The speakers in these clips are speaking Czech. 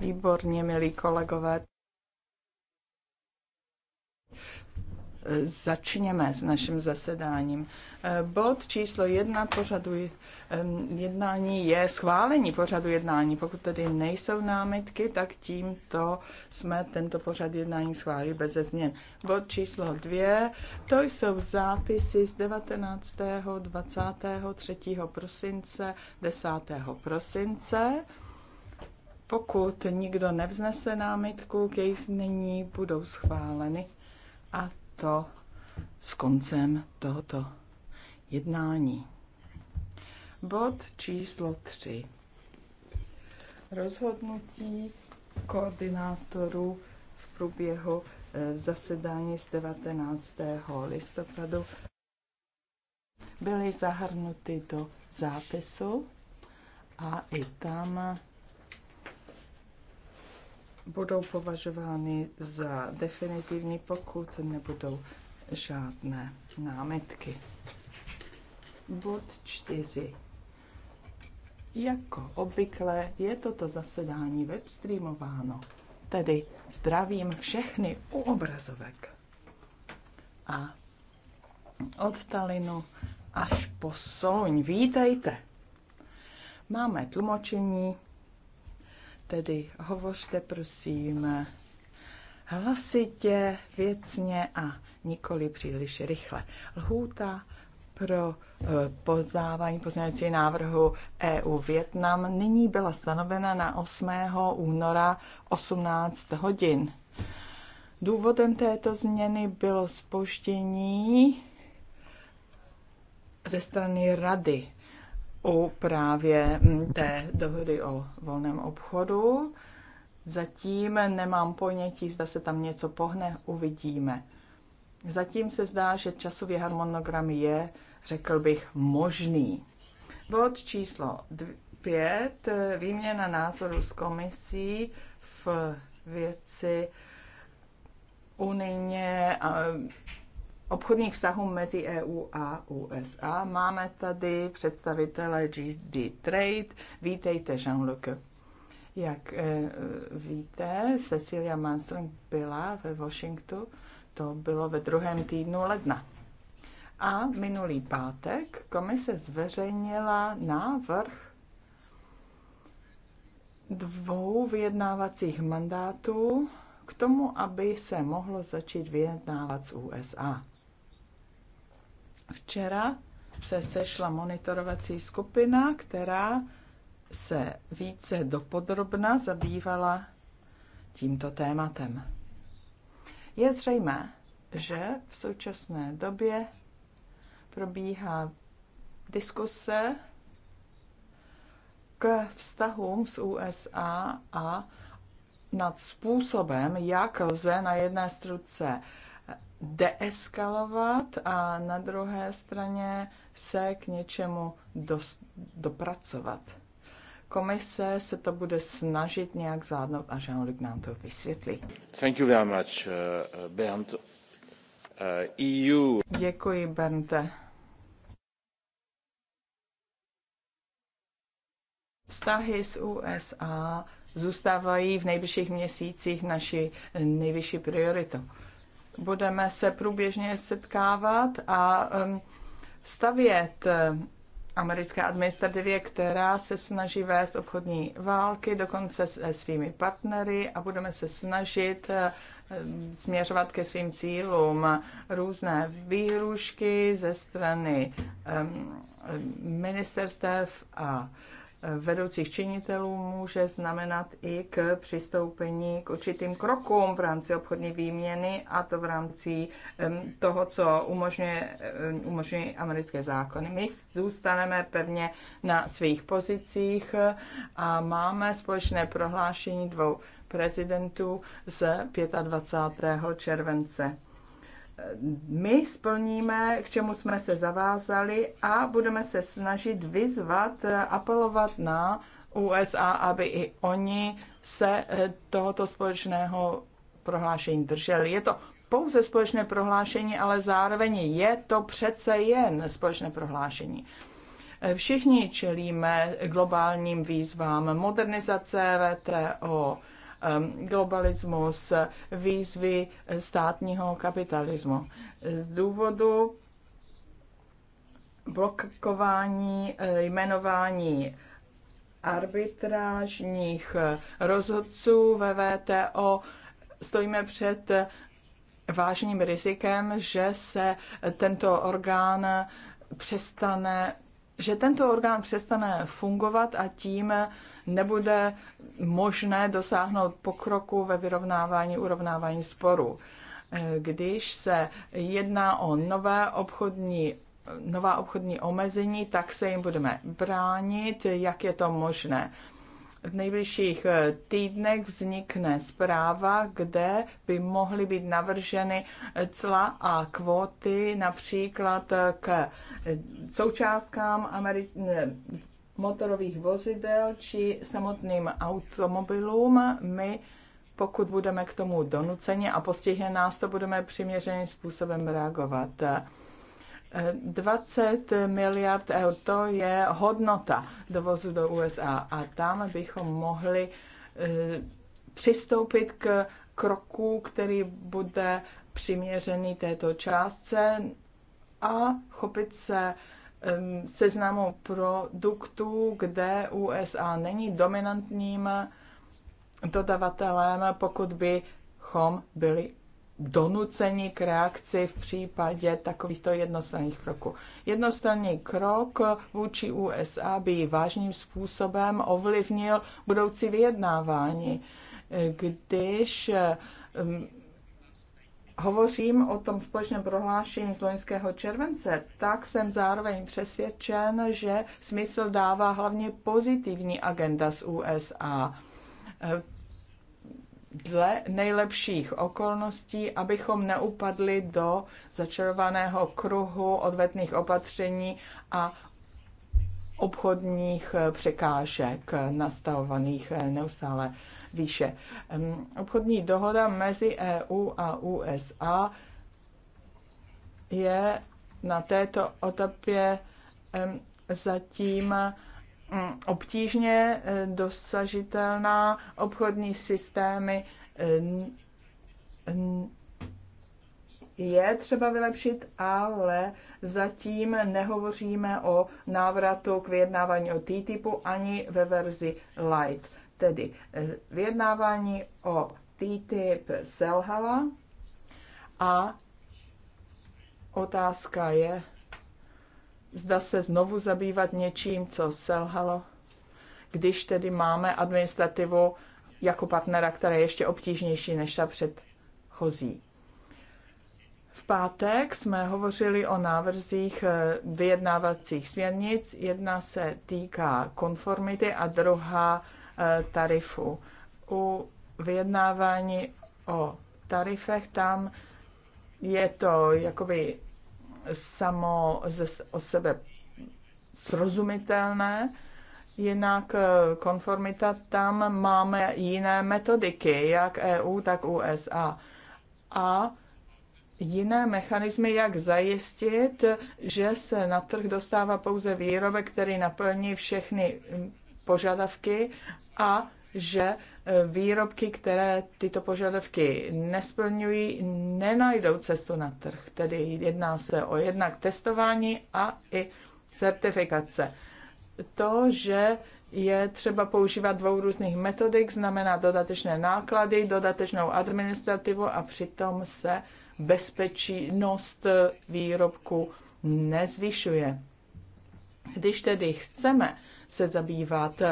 Výborně, milí kolegové. Začněme s naším zasedáním. Bod číslo jedna pořadu jednání je schválení pořadu jednání. Pokud tedy nejsou námitky, tak tímto jsme tento pořad jednání schválili bez změn. Bod číslo dvě, to jsou zápisy z 19. 23. prosince, 10. prosince pokud nikdo nevznese námitku k jejich znění, budou schváleny a to s koncem tohoto jednání. Bod číslo 3. Rozhodnutí koordinátorů v průběhu eh, zasedání z 19. listopadu byly zahrnuty do zápisu a i tam budou považovány za definitivní, pokud nebudou žádné námitky. Bod čtyři. Jako obvykle je toto zasedání webstreamováno, tedy zdravím všechny u obrazovek. A od Talinu až po Soň. Vítejte! Máme tlumočení Tedy hovořte prosím hlasitě, věcně a nikoli příliš rychle. Lhůta pro eh, poznávání poznávací návrhu EU Větnam nyní byla stanovena na 8. února 18 hodin. Důvodem této změny bylo spoždění ze strany rady u právě mm, té dohody o volném obchodu. Zatím nemám ponětí, zda se tam něco pohne, uvidíme. Zatím se zdá, že časový harmonogram je, řekl bych, možný. Bod číslo 5. Výměna názoru s komisí v věci unijně obchodních vztahů mezi EU a USA. Máme tady představitele GD Trade. Vítejte, Jean-Luc. Jak eh, víte, Cecilia Malmström byla ve Washingtonu, to bylo ve druhém týdnu ledna. A minulý pátek komise zveřejnila návrh dvou vyjednávacích mandátů k tomu, aby se mohlo začít vyjednávat s USA. Včera se sešla monitorovací skupina, která se více dopodrobna zabývala tímto tématem. Je zřejmé, že v současné době probíhá diskuse k vztahům s USA a nad způsobem, jak lze na jedné struce deeskalovat a na druhé straně se k něčemu dost, dopracovat. Komise se to bude snažit nějak zvládnout a Jean-Luc nám to vysvětlí. Thank you very much, uh, uh Bernd. Uh, EU. Děkuji, Bernte. Vztahy s USA zůstávají v nejbližších měsících naší nejvyšší prioritou budeme se průběžně setkávat a um, stavět eh, americké administrativě, která se snaží vést obchodní války, dokonce se eh, svými partnery a budeme se snažit eh, směřovat ke svým cílům různé výhrušky ze strany ministerstev a vedoucích činitelů může znamenat i k přistoupení k určitým krokům v rámci obchodní výměny a to v rámci toho, co umožňuje, umožňují americké zákony. My zůstaneme pevně na svých pozicích eh, a máme společné prohlášení dvou prezidentů z 25. července my splníme, k čemu jsme se zavázali a budeme se snažit vyzvat, apelovat na USA, aby i oni se eh, tohoto společného prohlášení drželi. Je to pouze společné prohlášení, ale zároveň je to přece jen společné prohlášení. Eh, všichni čelíme globálním výzvám modernizace VTO, Ehm, globalismus, výzvy státního kapitalismu. Z důvodu blokování eh, jmenování arbitrážních rozhodců ve VTO stojíme před vážným rizikem, že se tento orgán přestane, že tento orgán přestane fungovat a tím nebude možné dosáhnout pokroku ve vyrovnávání, urovnávání sporů. Když se jedná o nové obchodní nová obchodní omezení, tak se jim budeme bránit, jak je to možné. V nejbližších eh, týdnech vznikne zpráva, kde by mohly být navrženy cla a kvóty například eh, k eh, součástkám Ameri- motorových vozidel či samotným automobilům. My, pokud budeme k tomu donuceni a postihne nás to, budeme přiměřeným způsobem reagovat. 20 miliard eur, to je hodnota dovozu do USA a tam bychom mohli eh, přistoupit k kroku, který bude přiměřený této částce a chopit se seznamu produktů, kde USA není dominantním dodavatelem, pokud bychom byli donuceni k reakci v případě takovýchto jednostranných kroků. Jednostranný krok vůči USA by vážným způsobem ovlivnil budoucí vyjednávání, když hovořím o tom společném prohlášení z loňského července, tak jsem zároveň přesvědčen, že smysl dává hlavně pozitivní agenda z USA. Dle nejlepších okolností, abychom neupadli do začarovaného kruhu odvetných opatření a obchodních překážek nastavovaných neustále výše. Obchodní dohoda mezi EU a USA je na této otapě zatím obtížně e, dosažitelná. Obchodní systémy je třeba vylepšit, ale zatím nehovoříme o návratu k vyjednávání o TTIPu ani ve verzi light. Tedy eh, vyjednávání o TTIP selhala a otázka je, zda se znovu zabývat něčím, co selhalo, když tedy máme administrativu jako partnera, která je ještě obtížnější než ta předchozí. V pátek jsme hovořili o návrzích eh, vyjednávacích směrnic. Jedna se týká konformity a druhá tarifu. U vyjednávání o tarifech tam je to jakoby samo ze, o sebe srozumitelné, jinak e, konformita tam máme jiné metodiky, jak EU, tak USA. A jiné mechanismy, jak zajistit, že se na trh dostává pouze výrobek, který naplní všechny požadavky a že e, výrobky, které tyto požadavky nesplňují, nenajdou cestu na trh. Tedy jedná se o jednak testování a i certifikace. To, že je třeba používat dvou různých metodik, znamená dodatečné náklady, dodatečnou administrativu a přitom se bezpečnost výrobku nezvyšuje. Když tedy chceme se zabývat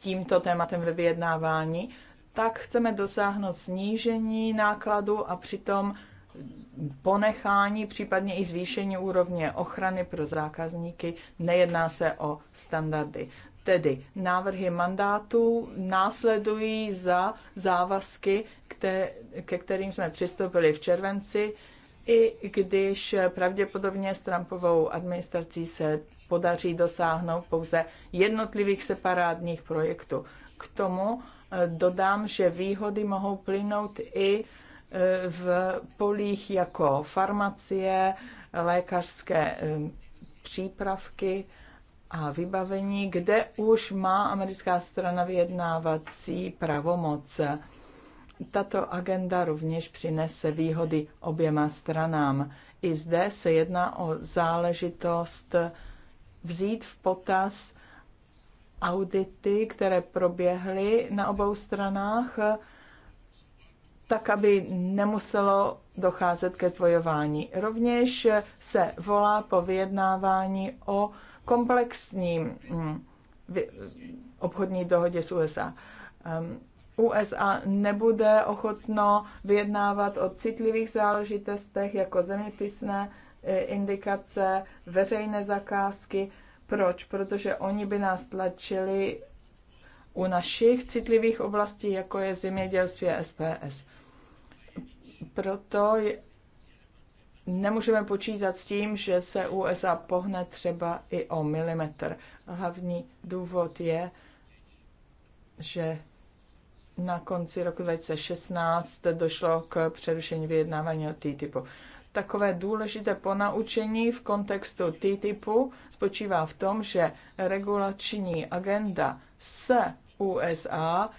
tímto tématem ve vyjednávání, tak chceme dosáhnout snížení nákladu a přitom ponechání, případně i zvýšení úrovně ochrany pro zákazníky. Nejedná se o standardy. Tedy návrhy mandátů následují za závazky, které, ke kterým jsme přistoupili v červenci, i když pravděpodobně s Trumpovou administrací se podaří dosáhnout pouze jednotlivých separátních projektů. K tomu eh, dodám, že výhody mohou plynout i eh, v polích jako farmacie, lékařské eh, přípravky a vybavení, kde už má americká strana vyjednávací pravomoc. Tato agenda rovněž přinese výhody oběma stranám. I zde se jedná o záležitost vzít v potaz audity, které proběhly na obou stranách, tak aby nemuselo docházet ke zdvojování. Rovněž se volá po vyjednávání o komplexním mm, obchodní dohodě s USA. Ehm, USA nebude ochotno vyjednávat o citlivých záležitostech jako zeměpisné E, indikace, veřejné zakázky. Proč? Protože oni by nás tlačili u našich citlivých oblastí, jako je zemědělství a SPS. Proto je, nemůžeme počítat s tím, že se USA pohne třeba i o milimetr. Hlavní důvod je, že na konci roku 2016 došlo k přerušení vyjednávání o TTIPu takové důležité ponaučení v kontextu TTIPu spočívá v tom, že regulační agenda s USA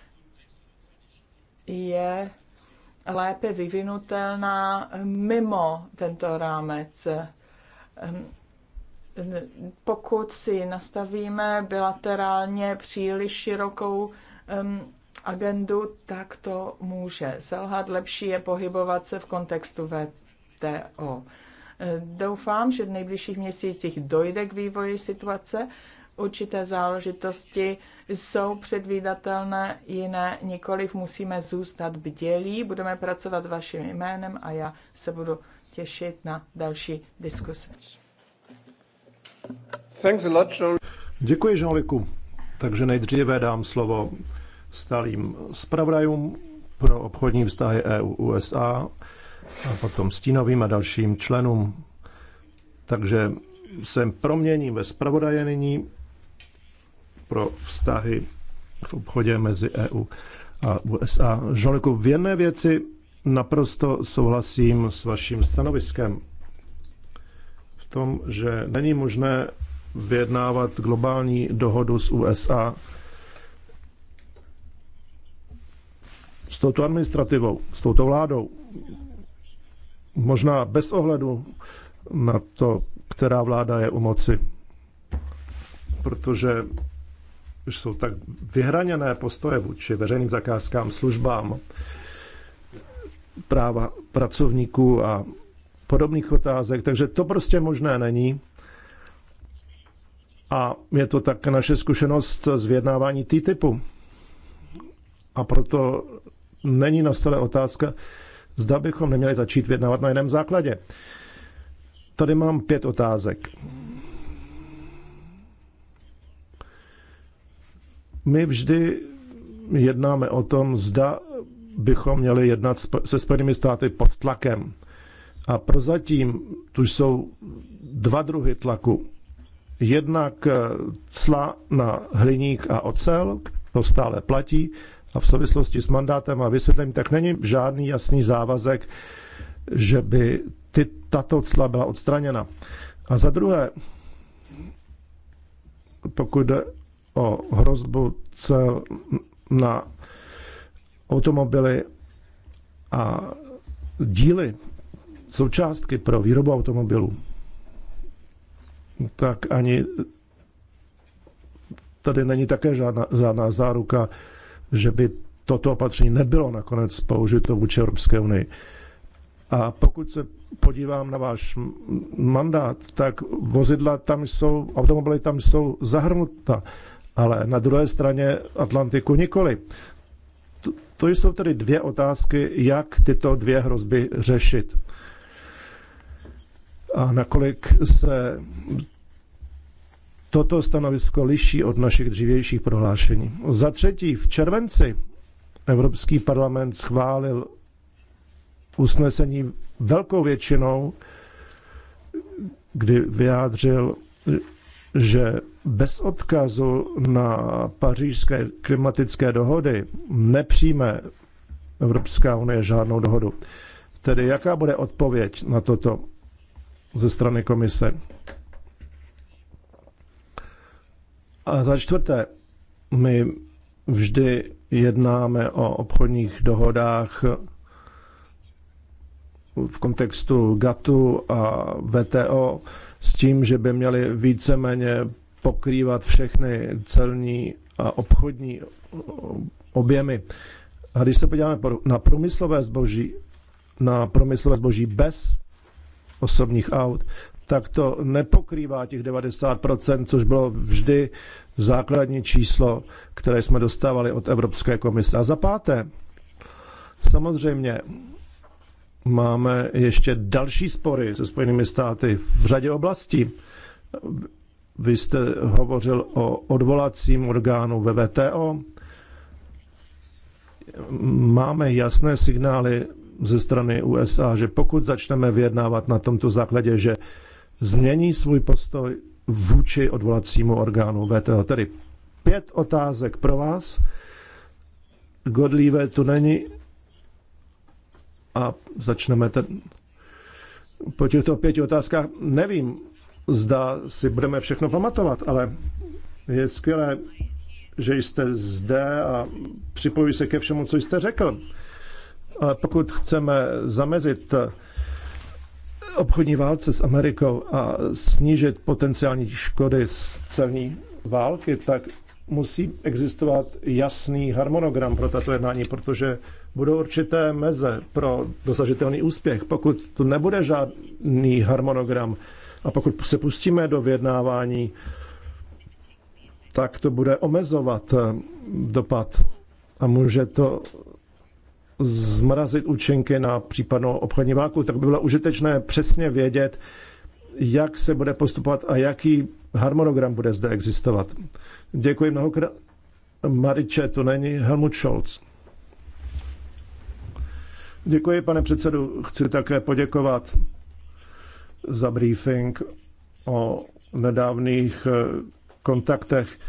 je lépe vyvinutelná mimo tento rámec. Ehm, pokud si nastavíme bilaterálně příliš širokou ehm, agendu, tak to může selhat. Lepší je pohybovat se v kontextu VT WTO. E, doufám, že v nejbližších měsících dojde k vývoji situace. Určité záležitosti jsou předvídatelné, jiné nikoliv. Musíme zůstat bdělí, budeme pracovat vaším jménem a já se budu těšit na další diskuse. Děkuji, Jean-Lucu. Takže nejdříve dám slovo stálým zpravodajům pro obchodní vztahy EU-USA a potom stínovým a dalším členům. Takže jsem proměním ve zpravodaje nyní pro vztahy v obchodě mezi EU a USA. Žoliku, v jedné věci naprosto souhlasím s vaším stanoviskem. V tom, že není možné vyjednávat globální dohodu s USA s touto administrativou, s touto vládou, možná bez ohledu na to, která vláda je u moci, protože jsou tak vyhraněné postoje vůči veřejným zakázkám, službám, práva pracovníků a podobných otázek, takže to prostě možné není. A je to tak naše zkušenost z vyjednávání typu A proto není na stole otázka, Zda bychom neměli začít vyjednávat na jiném základě. Tady mám pět otázek. My vždy jednáme o tom, zda bychom měli jednat se Spojenými státy pod tlakem. A prozatím tu jsou dva druhy tlaku. Jednak eh, cla na hliník a ocel, to stále platí, a v souvislosti s mandátem a vysvětlením, tak není žádný jasný závazek, že by ty, tato cla byla odstraněna. A za druhé, pokud jde o hrozbu cel na automobily a díly, součástky pro výrobu automobilů, tak ani tady není také žádná, žádná záruka že by toto opatření nebylo nakonec použito vůči Evropské unii. A pokud se podívám na váš mandát, tak vozidla tam jsou, automobily tam jsou zahrnuta, ale na druhé straně Atlantiku nikoli. To, to jsou tedy dvě otázky, jak tyto dvě hrozby řešit. A nakolik se toto stanovisko liší od našich dřívějších prohlášení. Za třetí, v červenci Evropský parlament schválil usnesení velkou většinou, kdy vyjádřil, že bez odkazu na pařížské klimatické dohody nepřijme Evropská unie žádnou dohodu. Tedy jaká bude odpověď na toto ze strany komise? A za čtvrté, my vždy jednáme o obchodních dohodách v kontextu GATU a VTO s tím, že by měly víceméně pokrývat všechny celní a obchodní objemy. A když se podíváme na průmyslové zboží, na průmyslové zboží bez osobních aut, tak to nepokrývá těch 90%, což bylo vždy základní číslo, které jsme dostávali od Evropské komise. A za páté, samozřejmě máme ještě další spory se Spojenými státy v řadě oblastí. Vy jste hovořil o odvolacím orgánu ve VTO. Máme jasné signály ze strany USA, že pokud začneme vyjednávat na tomto základě, že změní svůj postoj vůči odvolacímu orgánu VTO. Tedy pět otázek pro vás. Godlíve tu není. A začneme ten... Po těchto pěti otázkách nevím, zda si budeme všechno pamatovat, ale je skvělé, že jste zde a připojuji se ke všemu, co jste řekl. Ale pokud chceme zamezit obchodní válce s Amerikou a snížit potenciální škody z celní války, tak musí existovat jasný harmonogram pro tato jednání, protože budou určité meze pro dosažitelný úspěch. Pokud tu nebude žádný harmonogram a pokud se pustíme do vyjednávání, tak to bude omezovat eh, dopad a může to zmrazit účinky na případnou obchodní válku, tak by bylo užitečné přesně vědět, jak se bude postupovat a jaký harmonogram bude zde existovat. Děkuji mnohokrát. Mariče, to není Helmut Scholz. Děkuji, pane předsedu. Chci také poděkovat za briefing o nedávných eh, kontaktech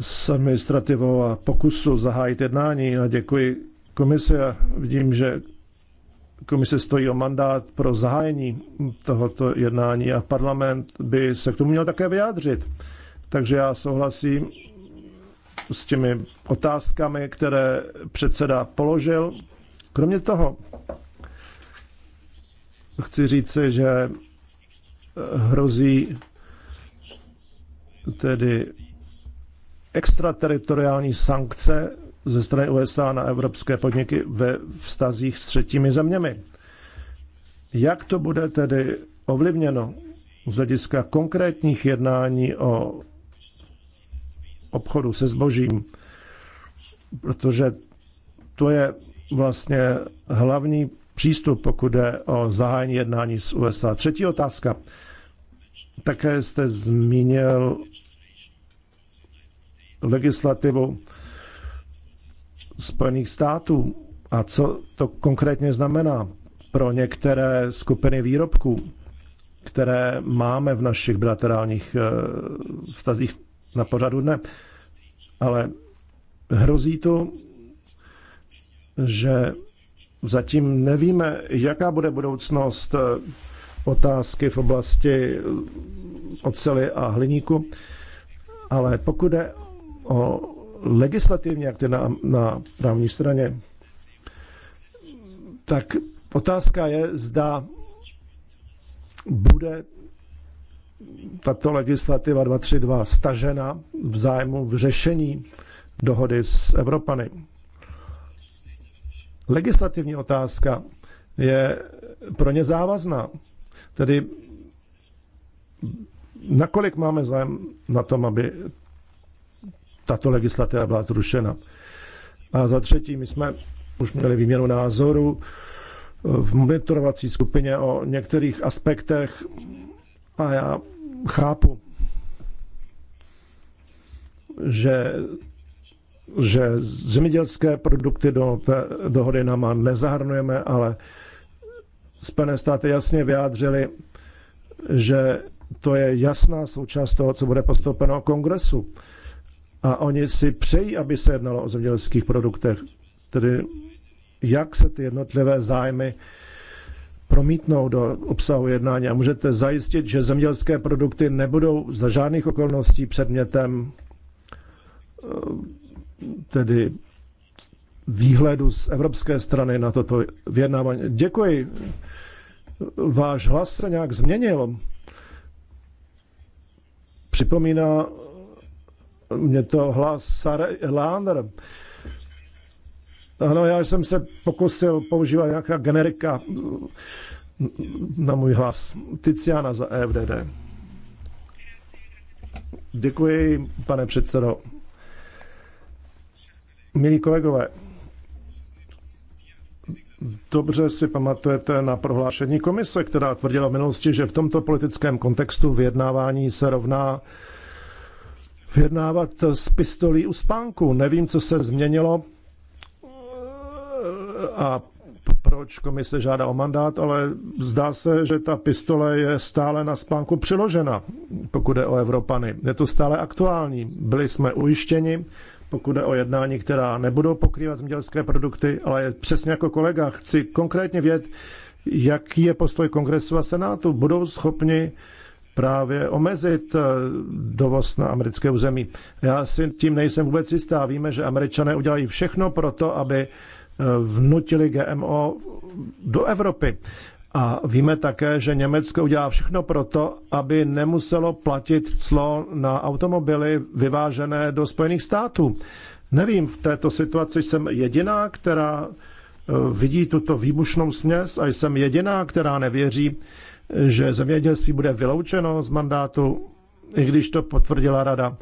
s administrativou a pokusu zahájit jednání a děkuji komise. Vidím, že komise stojí o mandát pro zahájení tohoto jednání a parlament by se k tomu měl také vyjádřit. Takže já souhlasím s těmi otázkami, které předseda položil. Kromě toho chci říci, že hrozí tedy extrateritoriální sankce ze strany USA na evropské podniky ve vztazích s třetími zeměmi. Jak to bude tedy ovlivněno z hlediska konkrétních jednání o obchodu se zbožím? Protože to je vlastně hlavní přístup, pokud jde o zahájení jednání s USA. Třetí otázka. Také jste zmínil legislativu Spojených států a co to konkrétně znamená pro některé skupiny výrobků, které máme v našich bilaterálních eh, vztazích na pořadu dne. Ale hrozí to, že zatím nevíme, jaká bude budoucnost eh, otázky v oblasti eh, ocely a hliníku, ale pokud je o legislativní akty na, na právní straně, tak otázka je, zda bude tato legislativa 232 stažena v zájmu v řešení dohody s Evropany. Legislativní otázka je pro ně závazná. Tedy nakolik máme zájem na tom, aby tato legislativa byla zrušena. A za třetí, my jsme už měli výměnu názoru eh, v monitorovací skupině o některých aspektech a já chápu, že, že zemědělské produkty do té dohody NAMA nezahrnujeme, ale Spojené státy jasně vyjádřili, že to je jasná součást toho, co bude postoupeno kongresu. A oni si přejí, aby se jednalo o zemědělských produktech. Tedy jak se ty jednotlivé zájmy promítnou do obsahu jednání a můžete zajistit, že zemědělské produkty nebudou za žádných okolností předmětem eh, tedy výhledu z evropské strany na toto vyjednávání. Děkuji. Váš hlas se nějak změnil. Připomíná mě to hlas Elander. Ano, já jsem se pokusil používat nějaká generika na můj hlas. Tiziana za EFDD. Děkuji, pane předsedo. Milí kolegové, dobře si pamatujete na prohlášení komise, která tvrdila v minulosti, že v tomto politickém kontextu vyjednávání se rovná vyjednávat s pistolí u spánku. Nevím, co se změnilo a proč komise žádá o mandát, ale zdá se, že ta pistole je stále na spánku přiložena, pokud je o Evropany. Je to stále aktuální. Byli jsme ujištěni, pokud je o jednání, která nebudou pokrývat zemědělské produkty, ale je přesně jako kolega. Chci konkrétně vědět, jaký je postoj kongresu a senátu. Budou schopni právě omezit eh, dovoz na americké území. Já si tím nejsem vůbec jistá. Víme, že američané udělají všechno pro to, aby eh, vnutili GMO do Evropy. A víme také, že Německo udělá všechno pro to, aby nemuselo platit clo na automobily vyvážené do Spojených států. Nevím, v této situaci jsem jediná, která eh, vidí tuto výbušnou směs a jsem jediná, která nevěří, že zemědělství bude vyloučeno z mandátu, i když to potvrdila rada.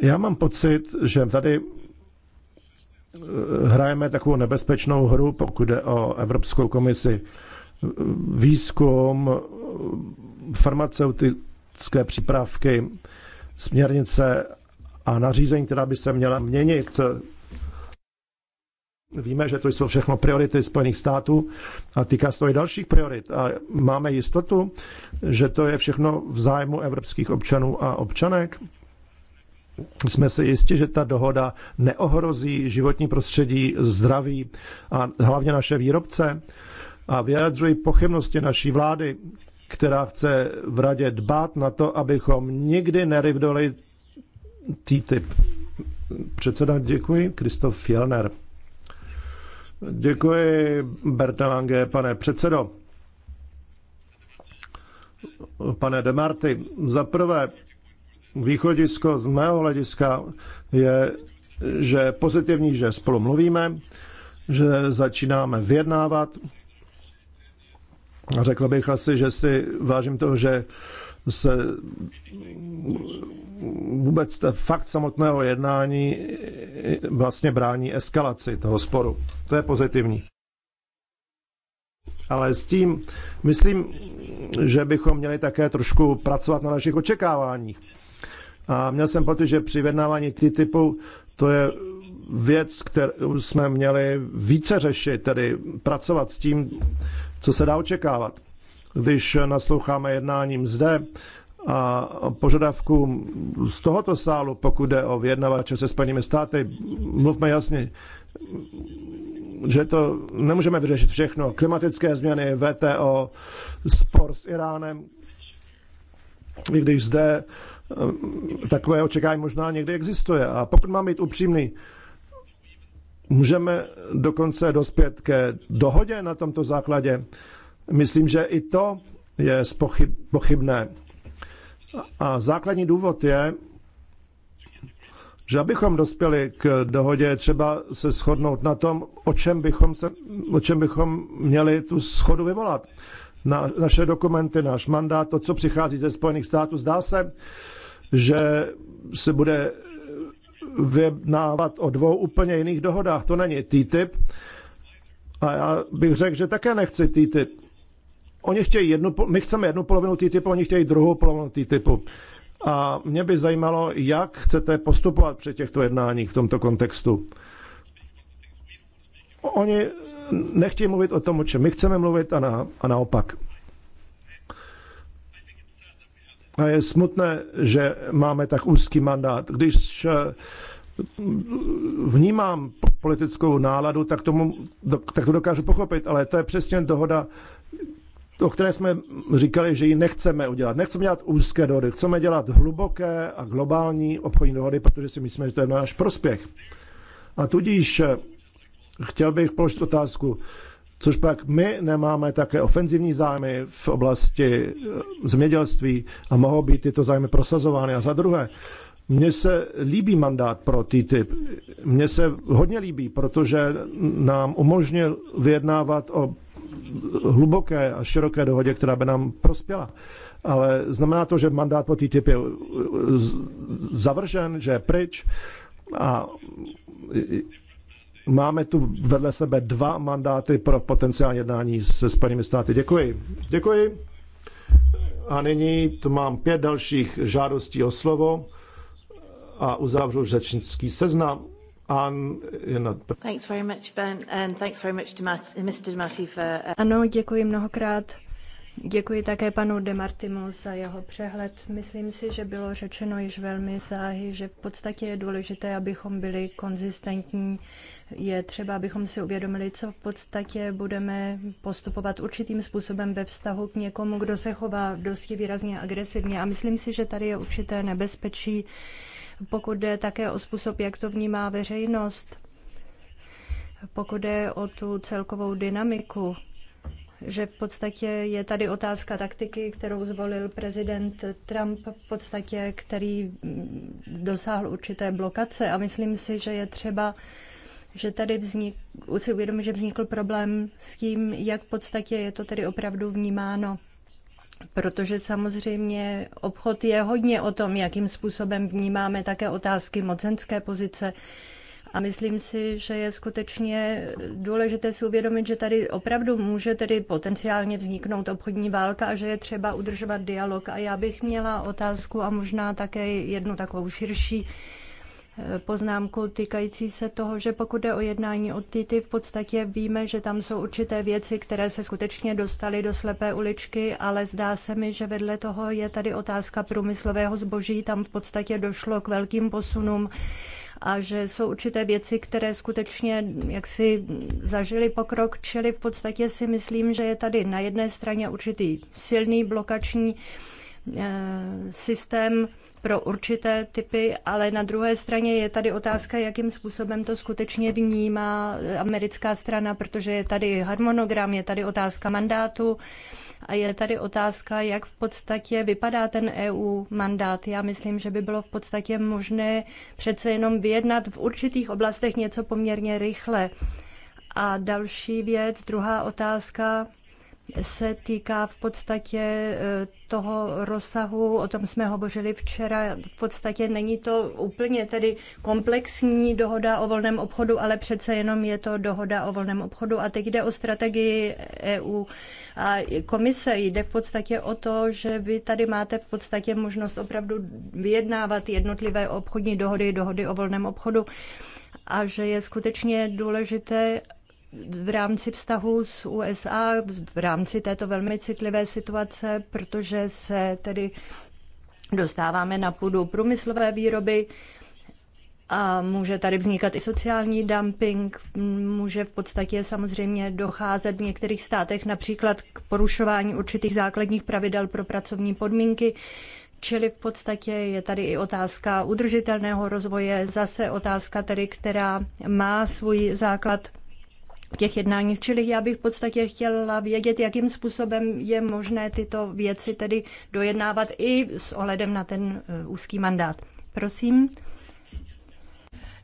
Já mám pocit, že tady eh, hrajeme takovou nebezpečnou hru, pokud jde o Evropskou komisi. Výzkum, farmaceutické přípravky, směrnice a nařízení, která by se měla měnit Víme, že to jsou všechno priority Spojených států a týká se to i dalších priorit. A máme jistotu, že to je všechno v zájmu evropských občanů a občanek. Jsme si jistí, že ta dohoda neohrozí životní prostředí, zdraví a hlavně naše výrobce. A vyjadřují pochybnosti naší vlády, která chce v radě dbát na to, abychom nikdy nerivdoli TTIP. Předseda, děkuji. Kristof Fjellner. Děkuji, Bertelange, pane předsedo. Pane Demarty, za prvé východisko z mého hlediska je, že pozitivní, že spolu mluvíme, že začínáme vyjednávat. řekl bych asi, že si vážím toho, že se vůbec fakt samotného jednání vlastně brání eskalaci toho sporu. To je pozitivní. Ale s tím myslím, že bychom měli také trošku pracovat na našich očekáváních. A měl jsem pocit, že při vyjednávání TTIPu to je věc, kterou jsme měli více řešit, tedy pracovat s tím, co se dá očekávat. Když nasloucháme jednáním zde, a požadavku z tohoto sálu, pokud jde o vyjednavače se Spojenými státy, mluvme jasně, že to nemůžeme vyřešit všechno. Klimatické změny, VTO, spor s Iránem, i když zde eh, takové očekávání možná někdy existuje. A pokud mám být upřímný, můžeme dokonce dospět ke dohodě na tomto základě. Myslím, že i to je pochybné. A základní důvod je, že abychom dospěli k dohodě, třeba se shodnout na tom, o čem bychom, se, o čem bychom měli tu schodu vyvolat. Na, naše dokumenty, náš mandát, to, co přichází ze Spojených států, zdá se, že se bude vyjednávat o dvou úplně jiných dohodách. To není TTIP. A já bych řekl, že také nechci TTIP. Oni chtějí jednu, my chceme jednu polovinu TTIPu, oni chtějí druhou polovinu TTIPu. A mě by zajímalo, jak chcete postupovat při těchto jednáních v tomto kontextu. Oni nechtějí mluvit o tom, o čem my chceme mluvit a, na, a naopak. A je smutné, že máme tak úzký mandát. Když eh, vnímám politickou náladu, tak, tomu, tak to dokážu pochopit, ale to je přesně dohoda o které jsme říkali, že ji nechceme udělat. Nechceme dělat úzké dohody, chceme dělat hluboké a globální obchodní dohody, protože si myslíme, že to je náš prospěch. A tudíž eh, chtěl bych položit otázku, což pak my nemáme také ofenzivní zájmy v oblasti eh, zemědělství a mohou být tyto zájmy prosazovány. A za druhé, mně se líbí mandát pro TTIP. Mně se hodně líbí, protože nám umožnil vyjednávat o hluboké a široké dohodě, která by nám prospěla. Ale znamená to, že mandát po TTIP je uh, zavržen, že je pryč a máme tu vedle sebe dva mandáty pro potenciální jednání se Spojenými státy. Děkuji. Děkuji. A nyní tu mám pět dalších žádostí o slovo a uzavřu řečnický seznam. Uh, ano, děkuji mnohokrát. Děkuji také panu Demartimu za jeho přehled. Myslím si, že bylo řečeno již velmi záhy, že v podstatě je důležité, abychom byli konzistentní. Je třeba, abychom si uvědomili, co v podstatě budeme postupovat určitým způsobem ve vztahu k někomu, kdo se chová dosti výrazně agresivně. A myslím si, že tady je určité nebezpečí, pokud jde také o způsob, jak to vnímá veřejnost, pokud jde o tu celkovou dynamiku, že v podstatě je tady otázka taktiky, kterou zvolil prezident Trump, v podstatě, který dosáhl určité blokace. A myslím si, že je třeba že tady vznik, si uvědomit, že vznikl problém s tím, jak v podstatě je to tedy opravdu vnímáno protože samozřejmě obchod je hodně o tom, jakým způsobem vnímáme také otázky mocenské pozice. A myslím si, že je skutečně důležité si uvědomit, že tady opravdu může tedy potenciálně vzniknout obchodní válka a že je třeba udržovat dialog. A já bych měla otázku a možná také jednu takovou širší poznámku týkající se toho, že pokud jde o jednání o TTIP, v podstatě víme, že tam jsou určité věci, které se skutečně dostaly do slepé uličky, ale zdá se mi, že vedle toho je tady otázka průmyslového zboží. Tam v podstatě došlo k velkým posunům a že jsou určité věci, které skutečně jaksi zažili pokrok, čili v podstatě si myslím, že je tady na jedné straně určitý silný blokační Eh, systém pro určité typy, ale na druhé straně je tady otázka, jakým způsobem to skutečně vnímá americká strana, protože je tady harmonogram, je tady otázka mandátu a je tady otázka, jak v podstatě vypadá ten EU mandát. Já myslím, že by bylo v podstatě možné přece jenom vyjednat v určitých oblastech něco poměrně rychle. A další věc, druhá otázka, se týká v podstatě eh, toho rozsahu, o tom jsme hovořili včera, v podstatě není to úplně tedy komplexní dohoda o volném obchodu, ale přece jenom je to dohoda o volném obchodu. A teď jde o strategii EU a komise. Jde v podstatě o to, že vy tady máte v podstatě možnost opravdu vyjednávat jednotlivé obchodní dohody, dohody o volném obchodu a že je skutečně důležité, v rámci vztahu s USA, v rámci této velmi citlivé situace, protože se tedy dostáváme na půdu průmyslové výroby a může tady vznikat i sociální dumping, může v podstatě samozřejmě docházet v některých státech například k porušování určitých základních pravidel pro pracovní podmínky. Čili v podstatě je tady i otázka udržitelného rozvoje, zase otázka tedy, která má svůj základ těch jednáních. Čili já bych v podstatě chtěla vědět, jakým způsobem je možné tyto věci tedy dojednávat i s ohledem na ten eh, úzký mandát. Prosím.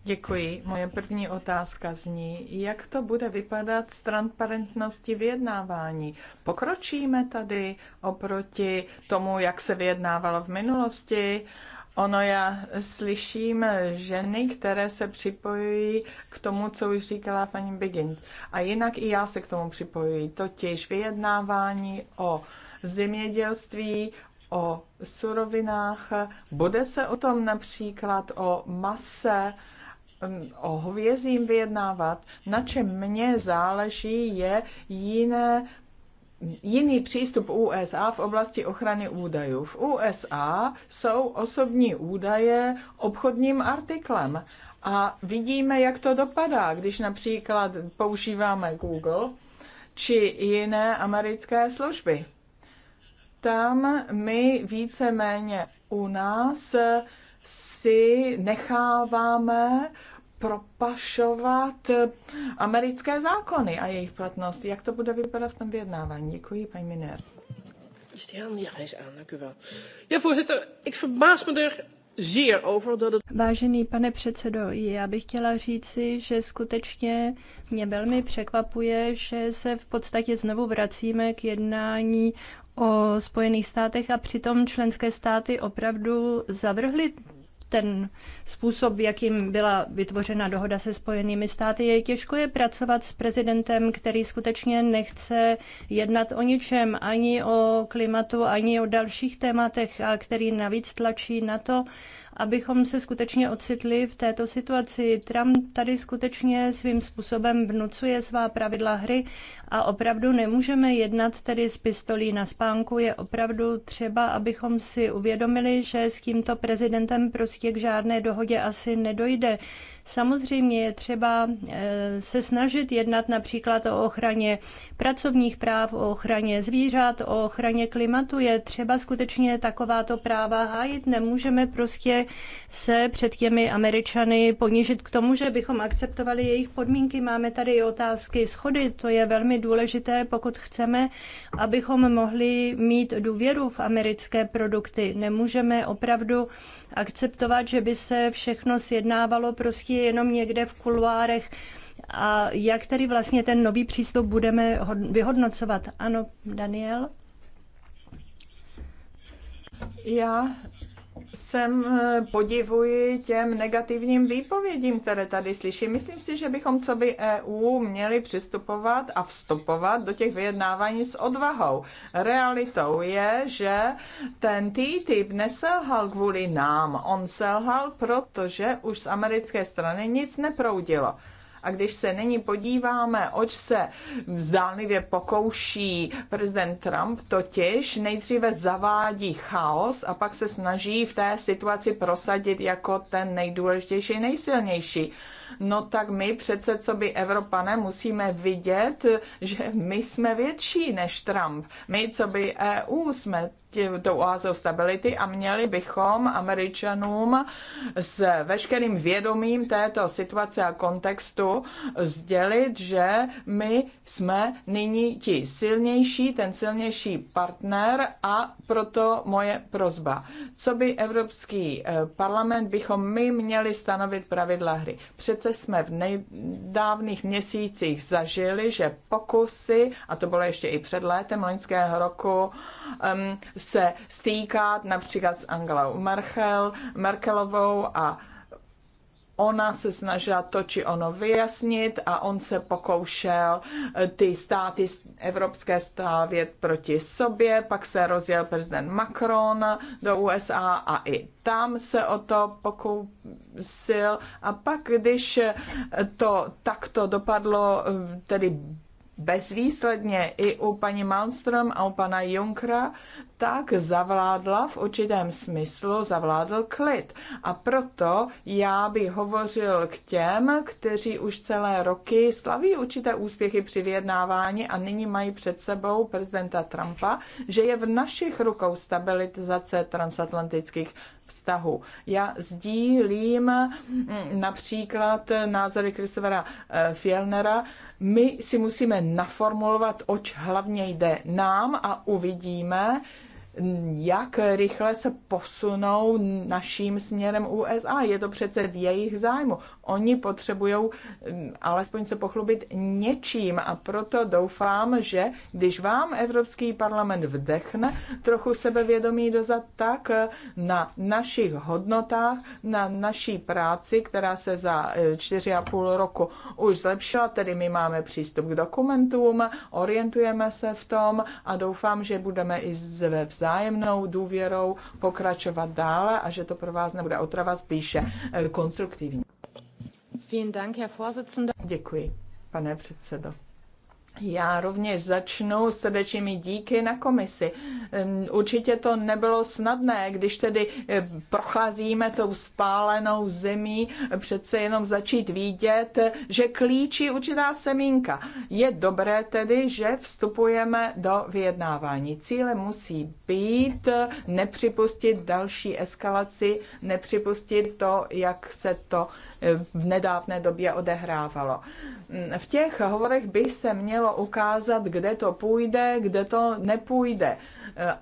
Děkuji. Moje první otázka zní, jak to bude vypadat s transparentností vyjednávání. Pokročíme tady oproti tomu, jak se vyjednávalo v minulosti? Uh, Ono já slyším ženy, které se připojují k tomu, co už říkala paní Begint. A jinak i já se k tomu připojuji. Totiž vyjednávání o zemědělství, o surovinách. Bude se o tom například o mase, mm, o hovězím vyjednávat. Na čem mně záleží, je jiné jiný přístup USA v oblasti ochrany údajů. V USA jsou osobní údaje obchodním artiklem a vidíme, jak to dopadá, když například používáme Google či jiné americké služby. Tam my víceméně u nás si necháváme propašovat eh, americké zákony a jejich platnost. Jak to bude vypadat v tom vyjednávání? Děkuji, paní Miner. Er Vážený pane předsedo, já bych chtěla říci, že skutečně mě velmi překvapuje, že se v podstatě znovu vracíme k jednání o Spojených státech a přitom členské státy opravdu zavrhly ten způsob, jakým byla vytvořena dohoda se Spojenými státy, je těžko je pracovat s prezidentem, který skutečně nechce jednat o ničem, ani o klimatu, ani o dalších tématech, a který navíc tlačí na to, abychom se skutečně ocitli v této situaci. Trump tady skutečně svým způsobem vnucuje svá pravidla hry a opravdu nemůžeme jednat tedy s pistolí na spánku. Je opravdu třeba, abychom si uvědomili, že s tímto prezidentem prostě k žádné dohodě asi nedojde. Samozřejmě je třeba eh, se snažit jednat například o ochraně pracovních práv, o ochraně zvířat, o ochraně klimatu. Je třeba skutečně takováto práva hájit. Nemůžeme prostě se před těmi Američany ponížit k tomu, že bychom akceptovali jejich podmínky. Máme tady i otázky schody. To je velmi důležité, pokud chceme, abychom mohli mít důvěru v americké produkty. Nemůžeme opravdu akceptovat, že by se všechno sjednávalo prostě je jenom někde v kuluárech. A jak tedy vlastně ten nový přístup budeme vyhodnocovat? Ano, Daniel? Já jsem eh, podivuji těm negativním výpovědím, které tady slyším. Myslím si, že bychom co by EU měli přistupovat a vstupovat do těch vyjednávání s odvahou. Realitou je, že ten TTIP neselhal kvůli nám. On selhal, protože už z americké strany nic neproudilo. A když se nyní podíváme, oč se zdánlivě pokouší prezident Trump, totiž nejdříve zavádí chaos a pak se snaží v té situaci prosadit jako ten nejdůležitější, nejsilnější. No tak my přece, co by Evropané, musíme vidět, že my jsme větší než Trump. My, co by EU, jsme tou oázou stability a měli bychom Američanům s veškerým vědomím této situace a kontextu sdělit, že my jsme nyní ti silnější, ten silnější partner a proto moje prozba. Co by Evropský eh, parlament bychom my měli stanovit pravidla hry? Přece jsme v nejdávných měsících zažili, že pokusy, a to bylo ještě i před létem loňského roku, um, se stýkat například s Angelou Merkel, Merkelovou a ona se snažila to či ono vyjasnit a on se pokoušel eh, ty státy evropské stávět proti sobě, pak se rozjel prezident Macron do USA a i tam se o to pokusil a pak, když to takto dopadlo, eh, tedy bezvýsledně i u paní Malmström a u pana Junkra, tak zavládla v určitém smyslu, zavládl klid. A proto já bych hovořil k těm, kteří už celé roky slaví určité úspěchy při vyjednávání a nyní mají před sebou prezidenta Trumpa, že je v našich rukou stabilizace transatlantických vztahu. Já sdílím mm, například názory Christophera eh, Fjellnera, my si musíme naformulovat, oč hlavně jde nám a uvidíme, jak rychle se posunou naším směrem USA. Je to přece v jejich zájmu. Oni potřebují mm, alespoň se pochlubit něčím a proto doufám, že když vám Evropský parlament vdechne trochu sebevědomí dozad, tak eh, na našich hodnotách, na naší práci, která se za eh, čtyři a půl roku už zlepšila, tedy my máme přístup k dokumentům, orientujeme se v tom a doufám, že budeme i ve vzájemnou důvěrou pokračovat dále a že to pro vás nebude otrava, spíše eh, konstruktivní. Děkuji, pane předsedo. Já rovněž začnu srdečnými díky na komisi. Určitě to nebylo snadné, když tedy e, procházíme tou spálenou zemí, přece jenom začít vidět, že klíčí určitá semínka. Je dobré tedy, že vstupujeme do vyjednávání. Cíle musí být e, nepřipustit další eskalaci, nepřipustit to, jak se to v nedávné době odehrávalo. V těch hovorech by se mělo ukázat, kde to půjde, kde to nepůjde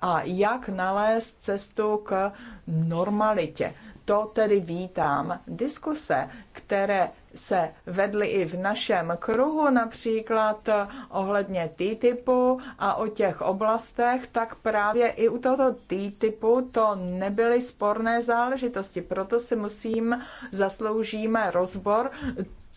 a jak nalézt cestu k normalitě to tedy vítám. Diskuse, které se vedly i v našem kruhu, například eh, ohledně T-typu a o těch oblastech, tak právě i u tohoto T-typu to nebyly sporné záležitosti. Proto si musím, zasloužíme rozbor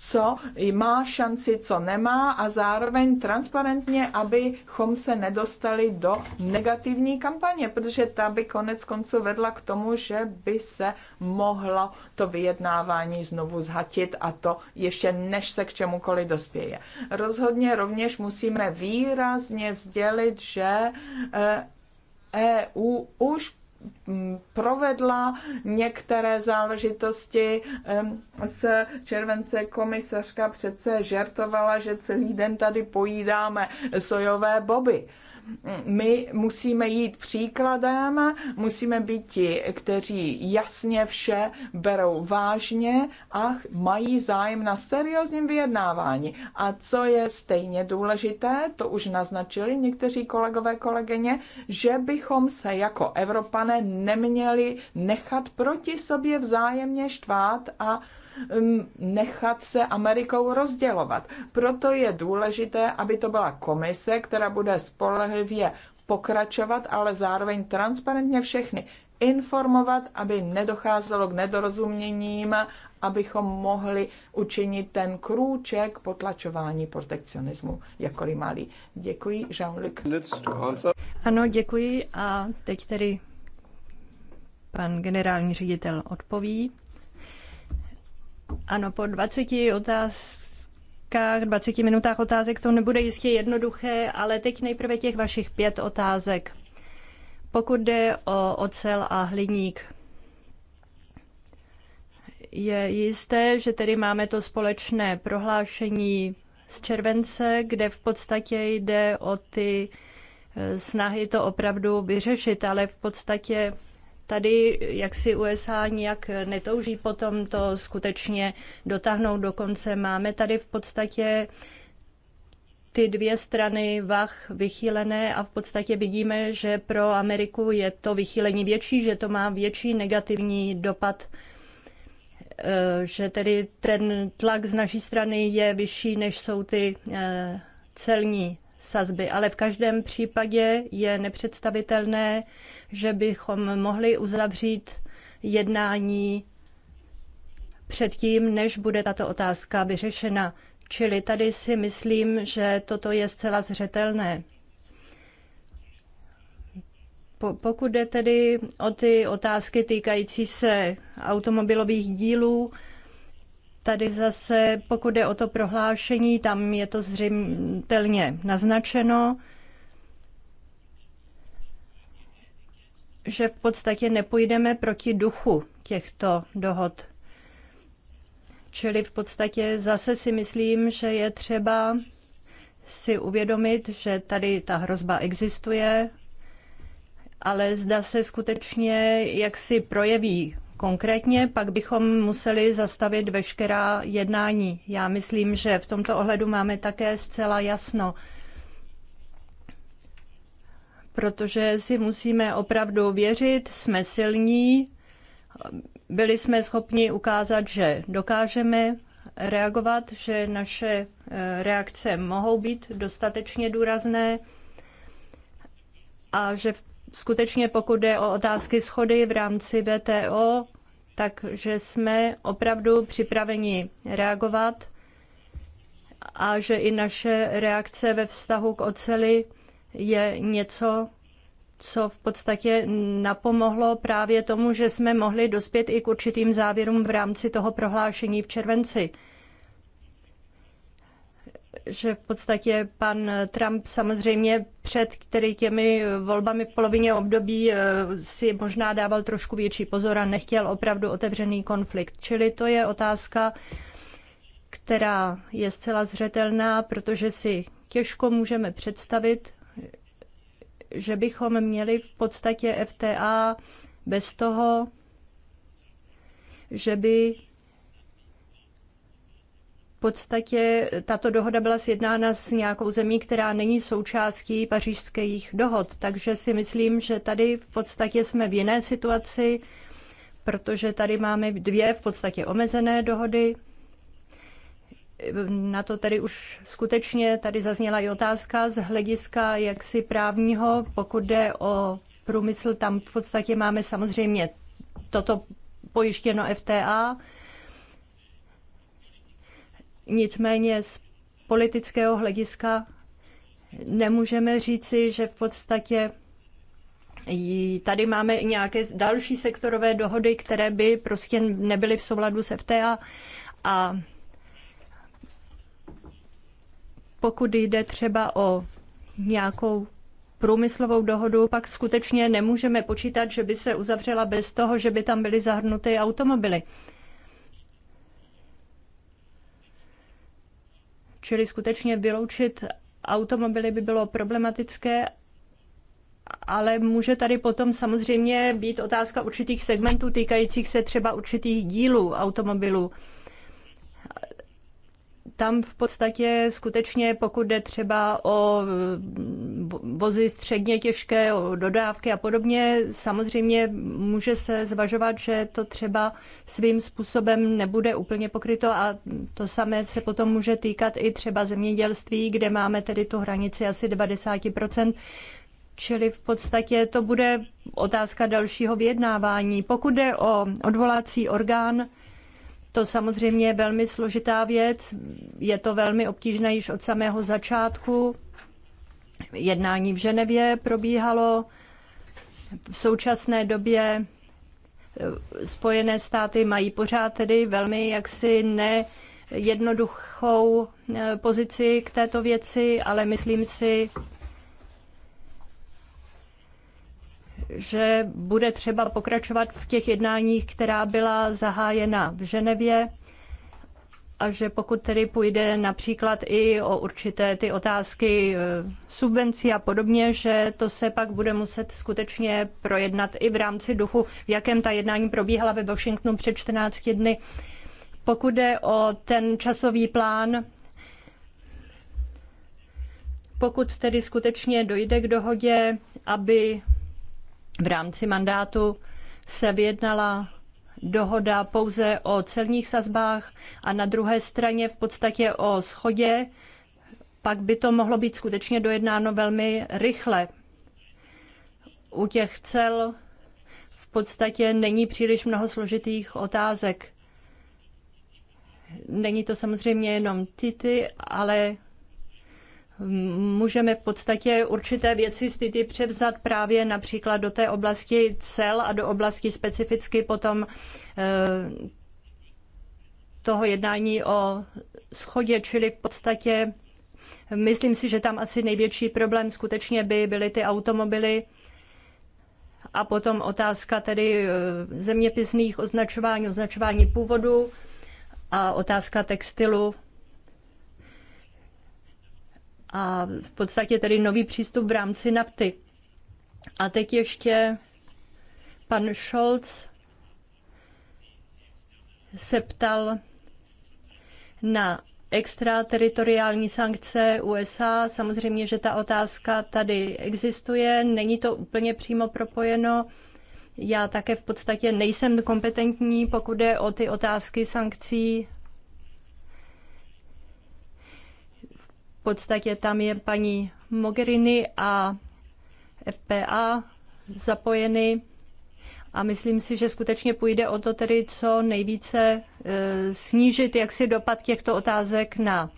co má šanci, co nemá a zároveň transparentně, abychom se nedostali do negativní kampaně, protože ta by konec konců vedla k tomu, že by se mohlo to vyjednávání znovu zhatit a to ještě než se k čemukoliv dospěje. Rozhodně rovněž musíme výrazně sdělit, že EU eh, e už Mm, provedla některé záležitosti z července komisařka přece žertovala, že celý den tady pojídáme sojové boby my musíme jít příkladem, musíme být ti, kteří jasně vše berou vážně a mají zájem na seriózním vyjednávání. A co je stejně důležité, to už naznačili někteří kolegové kolegyně, že bychom se jako Evropané neměli nechat proti sobě vzájemně štvát a Um, nechat se Amerikou rozdělovat. Proto je důležité, aby to byla komise, která bude spolehlivě pokračovat, ale zároveň transparentně všechny informovat, aby nedocházelo k nedorozuměním, abychom mohli učinit ten krůček potlačování protekcionismu, jakkoliv malý. Děkuji, Jean-Luc. Ano, děkuji a teď tedy pan generální ředitel odpoví. Ano, po 20 otázkách, 20 minutách otázek to nebude jistě jednoduché, ale teď nejprve těch vašich pět otázek. Pokud jde o ocel a hliník, je jisté, že tedy máme to společné prohlášení z července, kde v podstatě jde o ty eh, snahy to opravdu vyřešit, ale v podstatě tady jak si USA nijak netouží potom to skutečně dotáhnout do konce. Máme tady v podstatě ty dvě strany vach vychýlené a v podstatě vidíme, že pro Ameriku je to vychýlení větší, že to má větší negativní dopad eh, že tedy ten tlak z naší strany je vyšší, než jsou ty eh, celní sazby, ale v každém případě je nepředstavitelné, že bychom mohli uzavřít jednání předtím, než bude tato otázka vyřešena. Čili tady si myslím, že toto je zcela zřetelné. Po, pokud jde tedy o ty otázky týkající se automobilových dílů, Tady zase, pokud je o to prohlášení, tam je to zřejmě naznačeno, že v podstatě nepůjdeme proti duchu těchto dohod. Čili v podstatě zase si myslím, že je třeba si uvědomit, že tady ta hrozba existuje, ale zda se skutečně jaksi projeví konkrétně, pak bychom museli zastavit veškerá jednání. Já myslím, že v tomto ohledu máme také zcela jasno, protože si musíme opravdu věřit, jsme silní, byli jsme schopni ukázat, že dokážeme reagovat, že naše eh, reakce mohou být dostatečně důrazné a že v skutečně pokud jde o otázky schody v rámci VTO, takže jsme opravdu připraveni reagovat a že i naše reakce ve vztahu k oceli je něco, co v podstatě napomohlo právě tomu, že jsme mohli dospět i k určitým závěrům v rámci toho prohlášení v červenci že v podstatě pan Trump samozřejmě před který těmi volbami v polovině období eh, si možná dával trošku větší pozor a nechtěl opravdu otevřený konflikt. Čili to je otázka, která je zcela zřetelná, protože si těžko můžeme představit, že bychom měli v podstatě FTA bez toho, že by podstatě tato dohoda byla sjednána s nějakou zemí, která není součástí pařížských dohod. Takže si myslím, že tady v podstatě jsme v jiné situaci, protože tady máme dvě v podstatě omezené dohody. Na to tady už skutečně tady zazněla i otázka z hlediska jaksi právního, pokud jde o průmysl, tam v podstatě máme samozřejmě toto pojištěno FTA, Nicméně z politického hlediska nemůžeme říci, že v podstatě tady máme nějaké další sektorové dohody, které by prostě nebyly v souladu s FTA a pokud jde třeba o nějakou průmyslovou dohodu, pak skutečně nemůžeme počítat, že by se uzavřela bez toho, že by tam byly zahrnuty automobily. Čili skutečně vyloučit automobily by bylo problematické, ale může tady potom samozřejmě být otázka určitých segmentů týkajících se třeba určitých dílů automobilů tam v podstatě skutečně, pokud jde třeba o vozy středně těžké, o dodávky a podobně, samozřejmě může se zvažovat, že to třeba svým způsobem nebude úplně pokryto a to samé se potom může týkat i třeba zemědělství, kde máme tedy tu hranici asi 90%. Čili v podstatě to bude otázka dalšího vyjednávání. Pokud jde o odvolací orgán, to samozřejmě je velmi složitá věc, je to velmi obtížné již od samého začátku. Jednání v Ženevě probíhalo. V současné době eh, Spojené státy mají pořád tedy velmi jaksi ne jednoduchou eh, pozici k této věci, ale myslím si, že bude třeba pokračovat v těch jednáních, která byla zahájena v Ženevě a že pokud tedy půjde například i o určité ty otázky e, subvencí a podobně, že to se pak bude muset skutečně projednat i v rámci duchu, v jakém ta jednání probíhala ve Washingtonu před 14 dny. Pokud jde o ten časový plán, pokud tedy skutečně dojde k dohodě, aby v rámci mandátu se vyjednala dohoda pouze o celních sazbách a na druhé straně v podstatě o schodě, pak by to mohlo být skutečně dojednáno velmi rychle. U těch cel v podstatě není příliš mnoho složitých otázek. Není to samozřejmě jenom Tity, ale můžeme v podstatě určité věci z TTIP převzat právě například do té oblasti cel a do oblasti specificky potom eh, toho jednání o schodě, čili v podstatě myslím si, že tam asi největší problém skutečně by byly ty automobily a potom otázka tedy eh, zeměpisných označování, označování původu a otázka textilu a v podstatě tedy nový přístup v rámci nafty. A teď ještě pan Scholz se ptal na extrateritoriální sankce USA. Samozřejmě, že ta otázka tady existuje, není to úplně přímo propojeno. Já také v podstatě nejsem kompetentní, pokud jde o ty otázky sankcí podstatě tam je paní Mogherini a FPA zapojeny a myslím si, že skutečně půjde o to tedy co nejvíce e, snížit jaksi dopad těchto otázek na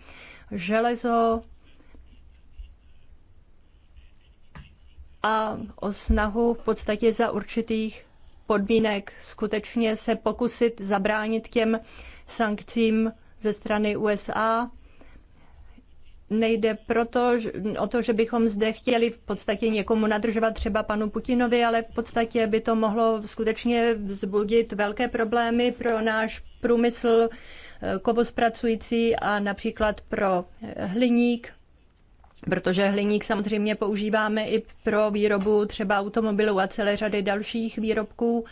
železo a o snahu v podstatě za určitých podmínek skutečně se pokusit zabránit těm sankcím ze strany USA nejde proto, o to, že bychom zde chtěli v podstatě někomu nadržovat třeba panu Putinovi, ale v podstatě by to mohlo skutečně vzbudit velké problémy pro náš průmysl eh, kovospracující a například pro eh, hliník, protože hliník samozřejmě používáme i pro výrobu třeba automobilů a celé řady dalších výrobků,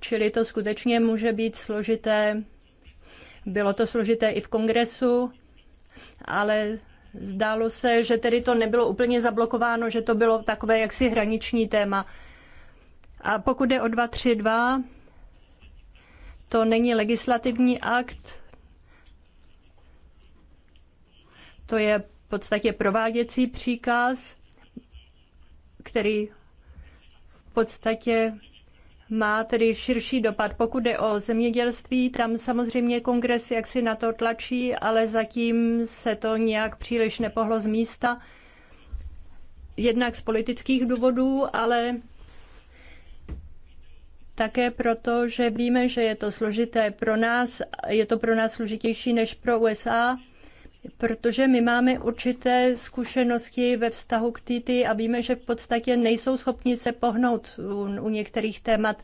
čili to skutečně může být složité. Bylo to složité i v kongresu, ale zdálo se, že tedy to nebylo úplně zablokováno, že to bylo takové jaksi hraniční téma. A pokud je o 232, to není legislativní akt, to je v podstatě prováděcí příkaz, který v podstatě má tedy širší dopad. Pokud jde o zemědělství, tam samozřejmě kongres jaksi na to tlačí, ale zatím se to nějak příliš nepohlo z místa. Jednak z politických důvodů, ale také proto, že víme, že je to složité pro nás, je to pro nás složitější než pro USA protože my máme určité zkušenosti ve vztahu k TT a víme, že v podstatě nejsou schopni se pohnout u, u některých témat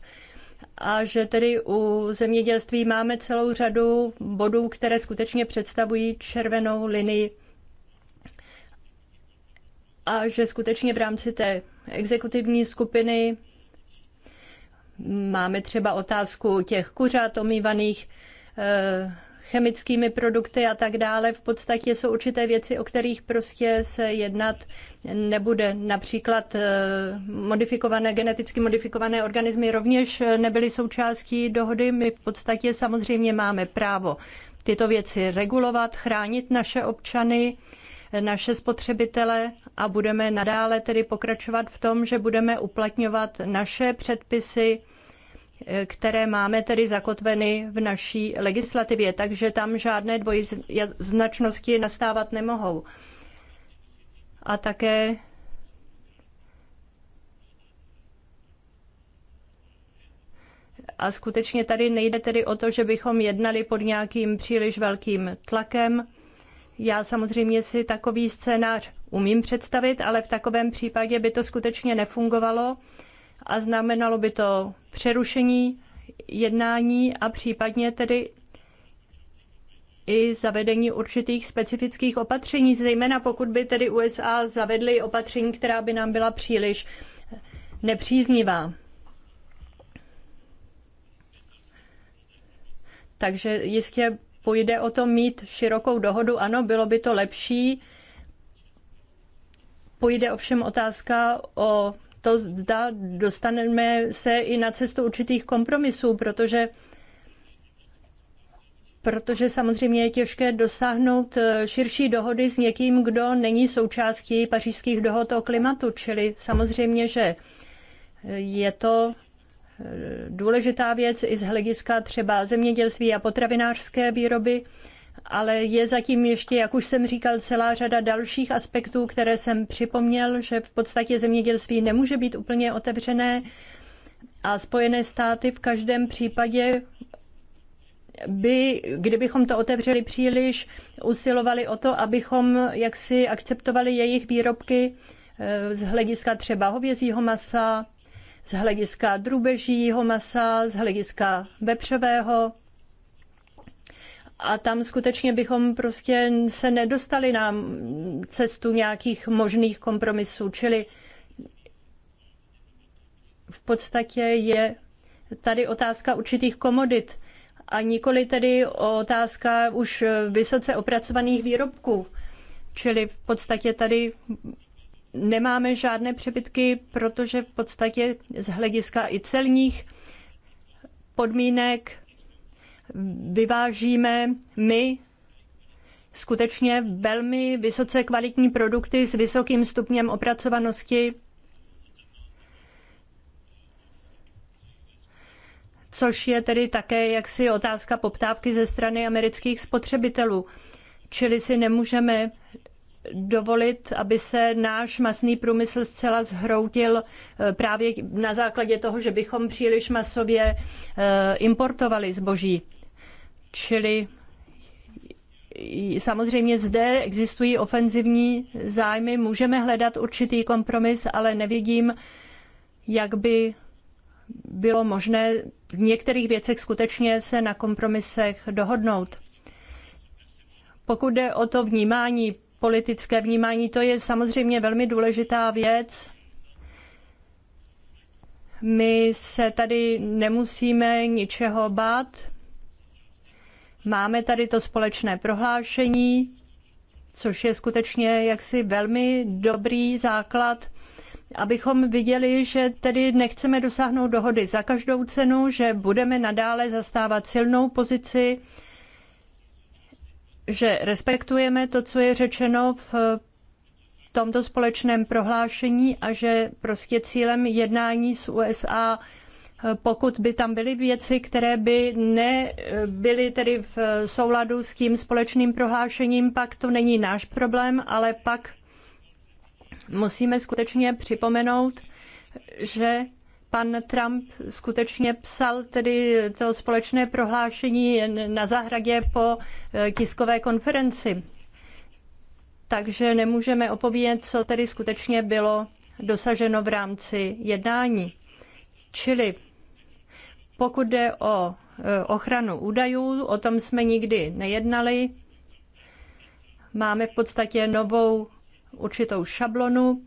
a že tedy u zemědělství máme celou řadu bodů, které skutečně představují červenou linii a že skutečně v rámci té exekutivní skupiny máme třeba otázku těch kuřat omývaných, eh, chemickými produkty a tak dále. V podstatě jsou určité věci, o kterých prostě se jednat nebude. Například eh, modifikované, geneticky modifikované organismy rovněž eh, nebyly součástí dohody. My v podstatě samozřejmě máme právo tyto věci regulovat, chránit naše občany, eh, naše spotřebitele a budeme nadále tedy pokračovat v tom, že budeme uplatňovat naše předpisy Eh, které máme tedy zakotveny v naší legislativě, takže tam žádné dvojznačnosti nastávat nemohou. A také a skutečně tady nejde tedy o to, že bychom jednali pod nějakým příliš velkým tlakem. Já samozřejmě si takový scénář umím představit, ale v takovém případě by to skutečně nefungovalo a znamenalo by to přerušení jednání a případně tedy i zavedení určitých specifických opatření, zejména pokud by tedy USA zavedly opatření, která by nám byla příliš nepříznivá. Takže jistě půjde o to mít širokou dohodu. Ano, bylo by to lepší. Půjde ovšem otázka o to, zda dostaneme se i na cestu určitých kompromisů, protože protože samozřejmě je těžké dosáhnout eh, širší dohody s někým, kdo není součástí pařížských dohod o klimatu. Čili samozřejmě, že eh, je to eh, důležitá věc i z hlediska třeba zemědělství a potravinářské výroby ale je zatím ještě, jak už jsem říkal, celá řada dalších aspektů, které jsem připomněl, že v podstatě zemědělství nemůže být úplně otevřené a Spojené státy v každém případě by, kdybychom to otevřeli příliš, usilovali o to, abychom jaksi akceptovali jejich výrobky eh, z hlediska třeba hovězího masa, z hlediska drůbežího masa, z hlediska vepřového a tam skutečně bychom prostě se nedostali na cestu nějakých možných kompromisů. Čili v podstatě je tady otázka určitých komodit a nikoli tedy otázka už vysoce opracovaných výrobků. Čili v podstatě tady nemáme žádné přebytky, protože v podstatě z hlediska i celních podmínek vyvážíme my skutečně velmi vysoce kvalitní produkty s vysokým stupněm opracovanosti, což je tedy také jaksi otázka poptávky ze strany amerických spotřebitelů. Čili si nemůžeme dovolit, aby se náš masný průmysl zcela zhroutil eh, právě na základě toho, že bychom příliš masově eh, importovali zboží. Čili samozřejmě zde existují ofenzivní zájmy, můžeme hledat určitý kompromis, ale nevidím, jak by bylo možné v některých věcech skutečně se na kompromisech dohodnout. Pokud jde o to vnímání, politické vnímání, to je samozřejmě velmi důležitá věc. My se tady nemusíme ničeho bát, Máme tady to společné prohlášení, což je skutečně jaksi velmi dobrý základ, abychom viděli, že tedy nechceme dosáhnout dohody za každou cenu, že budeme nadále zastávat silnou pozici, že respektujeme to, co je řečeno v tomto společném prohlášení a že prostě cílem jednání s USA Eh, pokud by tam byly věci, které by nebyly eh, tedy v eh, souladu s tím společným prohlášením, pak to není náš problém, ale pak musíme skutečně připomenout, že pan Trump skutečně psal tedy to společné prohlášení na zahradě po tiskové konferenci. Takže nemůžeme opovídat, co tedy skutečně bylo dosaženo v rámci jednání. Čili pokud jde o e, ochranu údajů, o tom jsme nikdy nejednali. Máme v podstatě novou určitou šablonu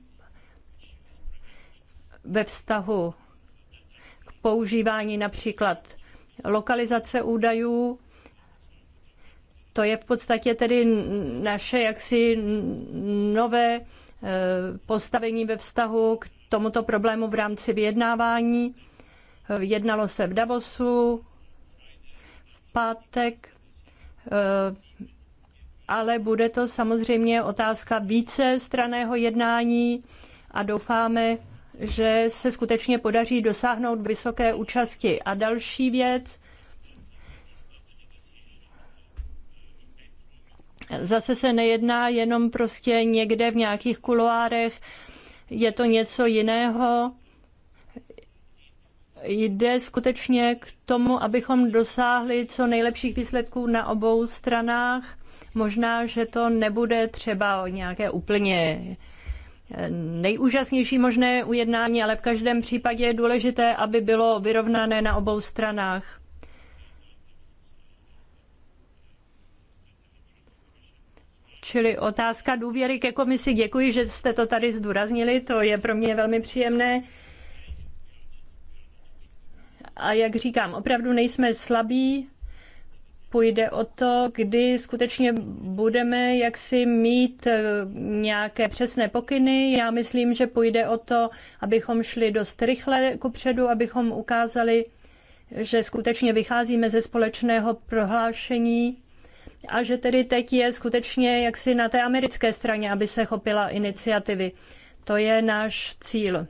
ve vztahu k používání například lokalizace údajů. To je v podstatě tedy naše jaksi nové e, postavení ve vztahu k tomuto problému v rámci vyjednávání. Jednalo se v Davosu v pátek, eh, ale bude to samozřejmě otázka více straného jednání a doufáme, že se skutečně podaří dosáhnout vysoké účasti. A další věc, zase se nejedná jenom prostě někde v nějakých kuloárech, je to něco jiného. Jde skutečně k tomu, abychom dosáhli co nejlepších výsledků na obou stranách. Možná, že to nebude třeba nějaké úplně eh, nejúžasnější možné ujednání, ale v každém případě je důležité, aby bylo vyrovnané na obou stranách. Čili otázka důvěry ke komisi. Děkuji, že jste to tady zdůraznili, to je pro mě velmi příjemné. A jak říkám, opravdu nejsme slabí, půjde o to, kdy skutečně budeme jaksi mít eh, nějaké přesné pokyny. Já myslím, že půjde o to, abychom šli dost rychle kupředu, abychom ukázali, že skutečně vycházíme ze společného prohlášení a že tedy teď je skutečně jaksi na té americké straně, aby se chopila iniciativy. To je náš cíl.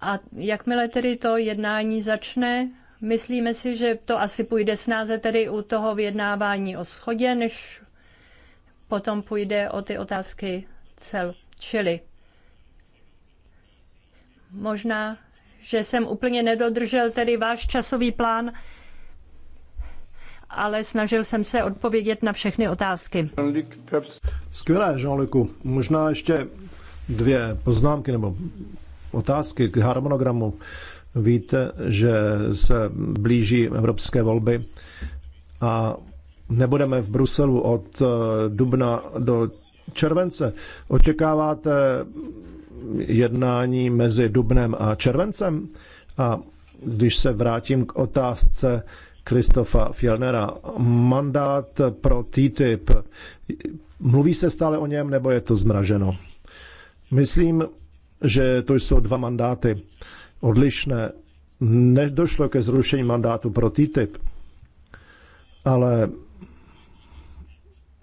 A jakmile tedy to jednání začne, myslíme si, že to asi půjde snáze tedy u toho vyjednávání o schodě, než potom půjde o ty otázky cel. Čili možná, že jsem úplně nedodržel tedy váš časový plán, ale snažil jsem se odpovědět na všechny otázky. Skvělé, jean -Luku. Možná ještě dvě poznámky nebo otázky k harmonogramu. Víte, že se blíží evropské volby a nebudeme v Bruselu od eh, dubna do července. Očekáváte jednání mezi dubnem a červencem? A když se vrátím k otázce Kristofa Fjellnera. Mandát pro TTIP, mluví se stále o něm, nebo je to zmraženo? Myslím, že to jsou dva mandáty odlišné. Nedošlo ke zrušení mandátu pro TTIP, ale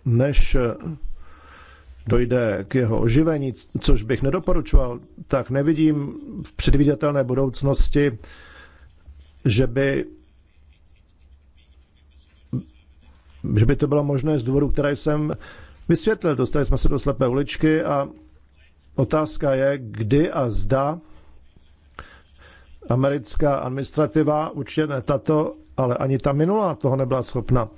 než dojde k jeho oživení, což bych nedoporučoval, tak nevidím v předvídatelné budoucnosti, že by že by to bylo možné z důvodu, které jsem vysvětlil. Dostali jsme se do slepé uličky a otázka je, kdy a zda americká administrativa, určitě ne tato, ale ani ta minulá toho nebyla schopna.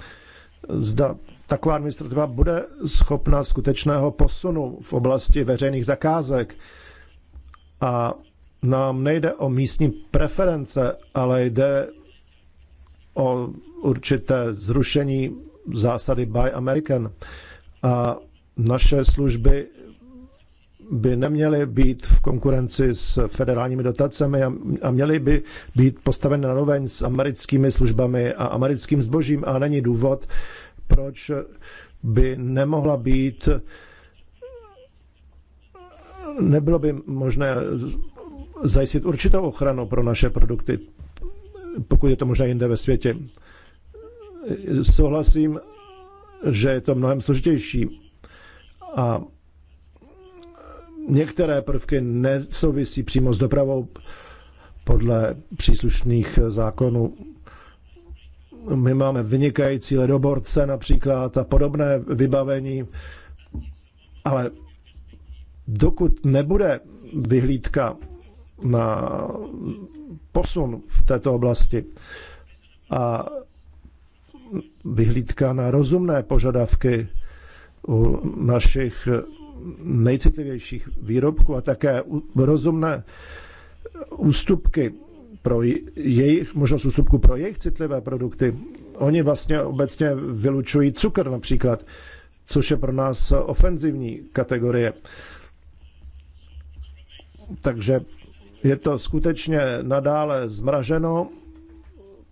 Zda taková administrativa bude schopna skutečného posunu v oblasti veřejných zakázek. A nám nejde o místní preference, ale jde o určité zrušení zásady Buy American. A naše služby by neměly být v konkurenci s federálními dotacemi a měly by být postaveny na roveň s americkými službami a americkým zbožím a není důvod, proč by nemohla být nebylo by možné zajistit určitou ochranu pro naše produkty, pokud je to možné jinde ve světě souhlasím, že je to mnohem složitější. A některé prvky nesouvisí přímo s dopravou podle příslušných zákonů. My máme vynikající ledoborce například a podobné vybavení, ale dokud nebude vyhlídka na posun v této oblasti a vyhlídka na rozumné požadavky u našich nejcitlivějších výrobků a také rozumné ústupky pro jejich, možnost ústupku pro jejich citlivé produkty. Oni vlastně obecně vylučují cukr například, což je pro nás ofenzivní kategorie. Takže je to skutečně nadále zmraženo,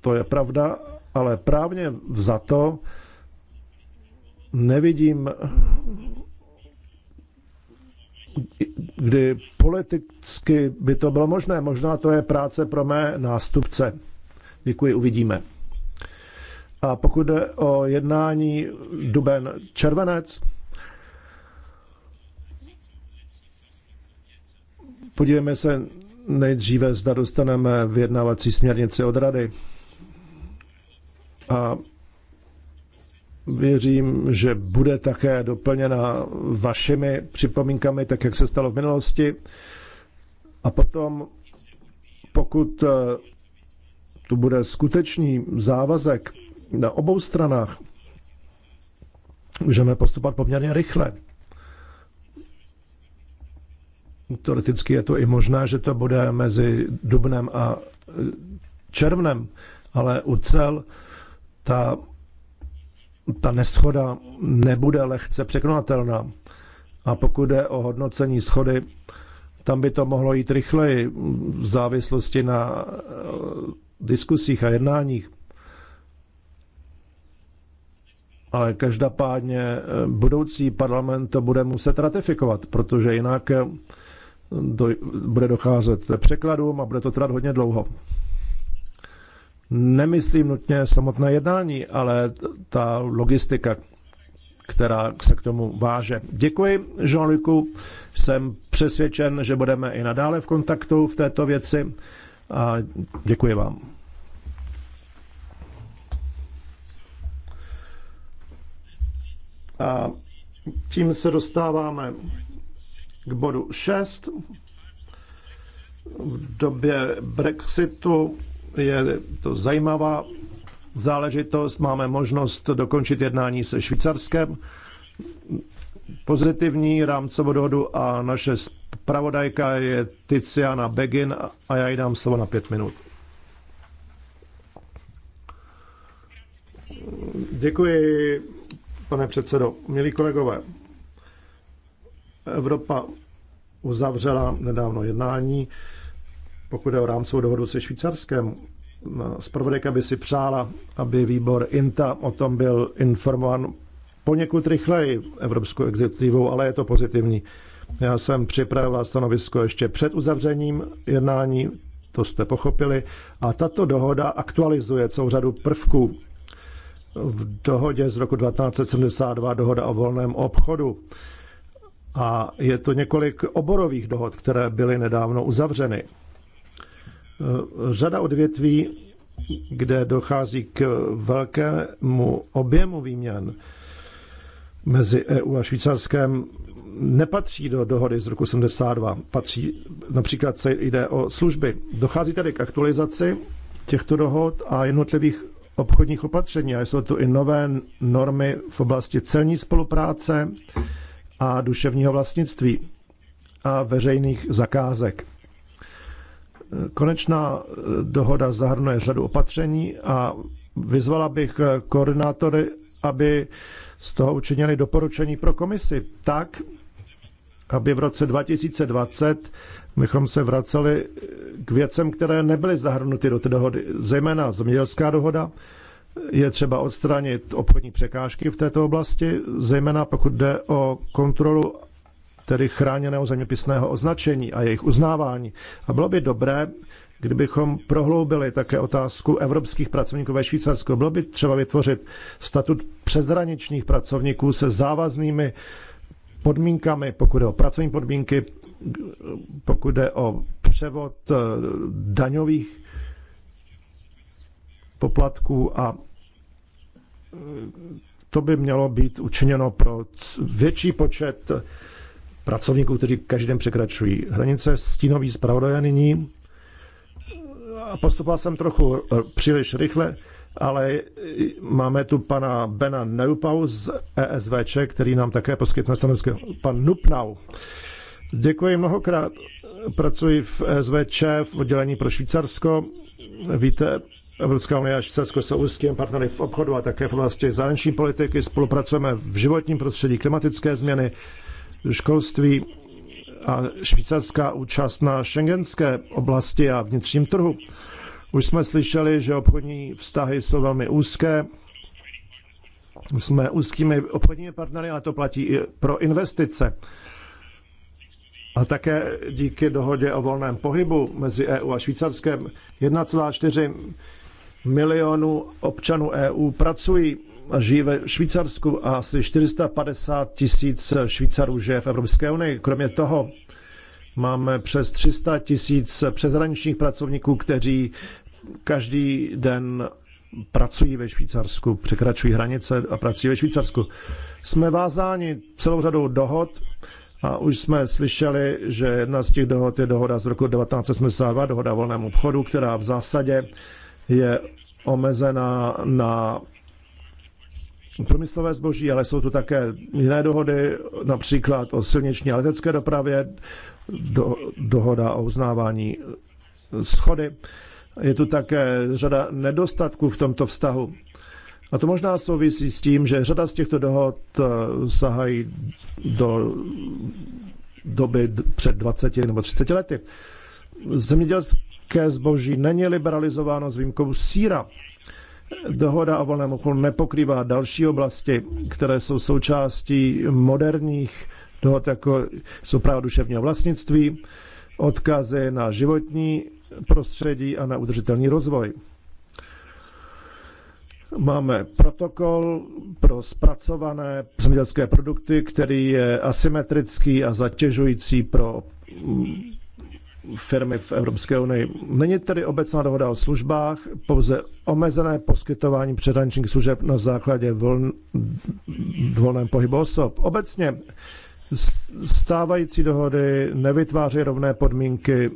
to je pravda, ale právně za to nevidím, kdy politicky by to bylo možné. Možná to je práce pro mé nástupce. Děkuji, uvidíme. A pokud jde o jednání duben červenec, podívejme se nejdříve, zda dostaneme vyjednávací směrnici od rady. A věřím, že bude také doplněna vašimi připomínkami, tak jak se stalo v minulosti. A potom, pokud eh, tu bude skutečný závazek na obou stranách, můžeme postupovat poměrně rychle. Teoreticky je to i možné, že to bude mezi dubnem a eh, červnem, ale u cel ta, ta neschoda nebude lehce překonatelná. A pokud jde o hodnocení schody, tam by to mohlo jít rychleji v závislosti na eh, diskusích a jednáních. Ale každopádně eh, budoucí parlament to bude muset ratifikovat, protože jinak eh, do, bude docházet překladům a bude to trvat hodně dlouho. Nemyslím nutně samotné jednání, ale ta logistika, která se k tomu váže. Děkuji jean -Luc. jsem přesvědčen, že budeme i nadále v kontaktu v této věci a děkuji vám. A tím se dostáváme k bodu 6. V době Brexitu je to zajímavá záležitost. Máme možnost dokončit jednání se Švýcarskem, pozitivní rámcovou dohodu a naše pravodajka je Tiziana Begin a já jí dám slovo na pět minut. Děkuji, pane předsedo. Milí kolegové, Evropa uzavřela nedávno jednání pokud je o rámcovou dohodu se Švýcarskem, no, zpravodajka by si přála, aby výbor INTA o tom byl informován poněkud rychleji evropskou exekutivou, ale je to pozitivní. Já jsem připravila stanovisko ještě před uzavřením jednání, to jste pochopili, a tato dohoda aktualizuje celou řadu prvků v dohodě z roku 1972, dohoda o volném obchodu. A je to několik oborových dohod, které byly nedávno uzavřeny. Eh, řada odvětví, kde dochází k velkému objemu výměn mezi EU a Švýcarskem, nepatří do dohody z roku 72. Patří, například se jde o služby. Dochází tedy k aktualizaci těchto dohod a jednotlivých obchodních opatření. A jsou tu i nové normy v oblasti celní spolupráce a duševního vlastnictví a veřejných zakázek. Konečná eh, dohoda zahrnuje řadu opatření a vyzvala bych eh, koordinátory, aby z toho učinili doporučení pro komisi tak, aby v roce 2020 bychom se vraceli eh, k věcem, které nebyly zahrnuty do té dohody, zejména zemědělská dohoda. Je třeba odstranit obchodní překážky v této oblasti, zejména pokud jde o kontrolu tedy chráněného zeměpisného označení a jejich uznávání. A bylo by dobré, kdybychom prohloubili také otázku evropských pracovníků ve Švýcarsku. Bylo by třeba vytvořit statut přezraničních pracovníků se závaznými podmínkami, pokud jde o pracovní podmínky, pokud jde o převod eh, daňových poplatků a eh, to by mělo být učiněno pro větší počet pracovníků, kteří každým překračují hranice. Stínový zpravodaj nyní postupoval jsem trochu eh, příliš rychle, ale máme tu pana Bena Neupau z ESVČ, který nám také poskytne stanovisko. Pan Nupnau. Děkuji mnohokrát. Pracuji v ESVČ v oddělení pro Švýcarsko. Víte, Evropská unie a Švýcarsko jsou úzkým partnery v obchodu a také v oblasti zahraniční politiky. Spolupracujeme v životním prostředí, klimatické změny, školství a švýcarská účast na šengenské oblasti a vnitřním trhu. Už jsme slyšeli, že obchodní vztahy jsou velmi úzké. Jsme úzkými obchodními partnery a to platí i pro investice. A také díky dohodě o volném pohybu mezi EU a Švýcarskem 1,4 milionů občanů EU pracují žije ve Švýcarsku a asi 450 tisíc Švýcarů žije v Evropské unii. Kromě toho máme přes 300 tisíc přeshraničních pracovníků, kteří každý den pracují ve Švýcarsku, překračují hranice a pracují ve Švýcarsku. Jsme vázáni celou řadou dohod a už jsme slyšeli, že jedna z těch dohod je dohoda z roku 1972, dohoda o volném obchodu, která v zásadě je omezená na průmyslové zboží, ale jsou tu také jiné dohody, například o silniční a letecké dopravě, do, dohoda o uznávání schody. Je tu také řada nedostatků v tomto vztahu. A to možná souvisí s tím, že řada z těchto dohod eh, sahají do doby před 20 nebo 30 lety. Zemědělské zboží není liberalizováno s výjimkou síra, Dohoda o volném obchodu nepokrývá další oblasti, které jsou součástí moderních dohod, jako jsou práva duševního vlastnictví, odkazy na životní prostředí a na udržitelný rozvoj. Máme protokol pro zpracované zemědělské produkty, který je asymetrický a zatěžující pro firmy v Evropské unii. Není tedy obecná dohoda o službách, pouze omezené poskytování předhraničních služeb na základě voln, volném pohybu osob. Obecně stávající dohody nevytváří rovné podmínky,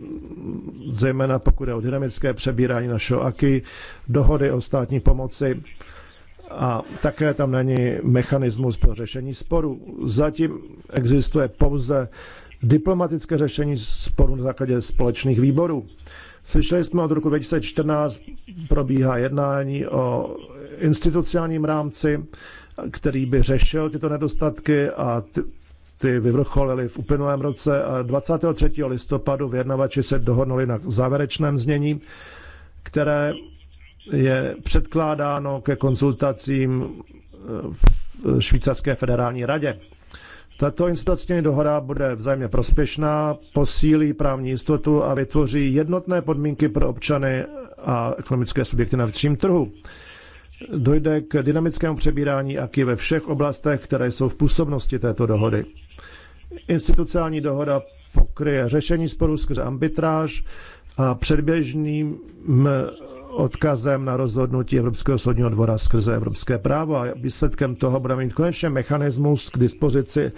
zejména pokud je o dynamické přebírání našeho AKI, dohody o státní pomoci a také tam není mechanismus pro řešení sporů. Zatím existuje pouze diplomatické řešení sporu na základě společných výborů. Slyšeli jsme od roku 2014 probíhá jednání o institucionálním rámci, který by řešil tyto nedostatky a ty, ty vyvrcholily v uplynulém roce 23. listopadu vyjednavači se dohodnuli na závěrečném znění, které je předkládáno ke konzultacím v Švýcarské federální radě. Tato institucionální dohoda bude vzájemně prospěšná, posílí právní jistotu a vytvoří jednotné podmínky pro občany a ekonomické subjekty na vnitřním trhu. Dojde k dynamickému přebírání AKI ve všech oblastech, které jsou v působnosti této dohody. Institucionální dohoda pokryje řešení sporů skrze ambitráž a předběžným odkazem na rozhodnutí Evropského soudního dvora skrze evropské právo a výsledkem toho bude mít konečně mechanismus k dispozici,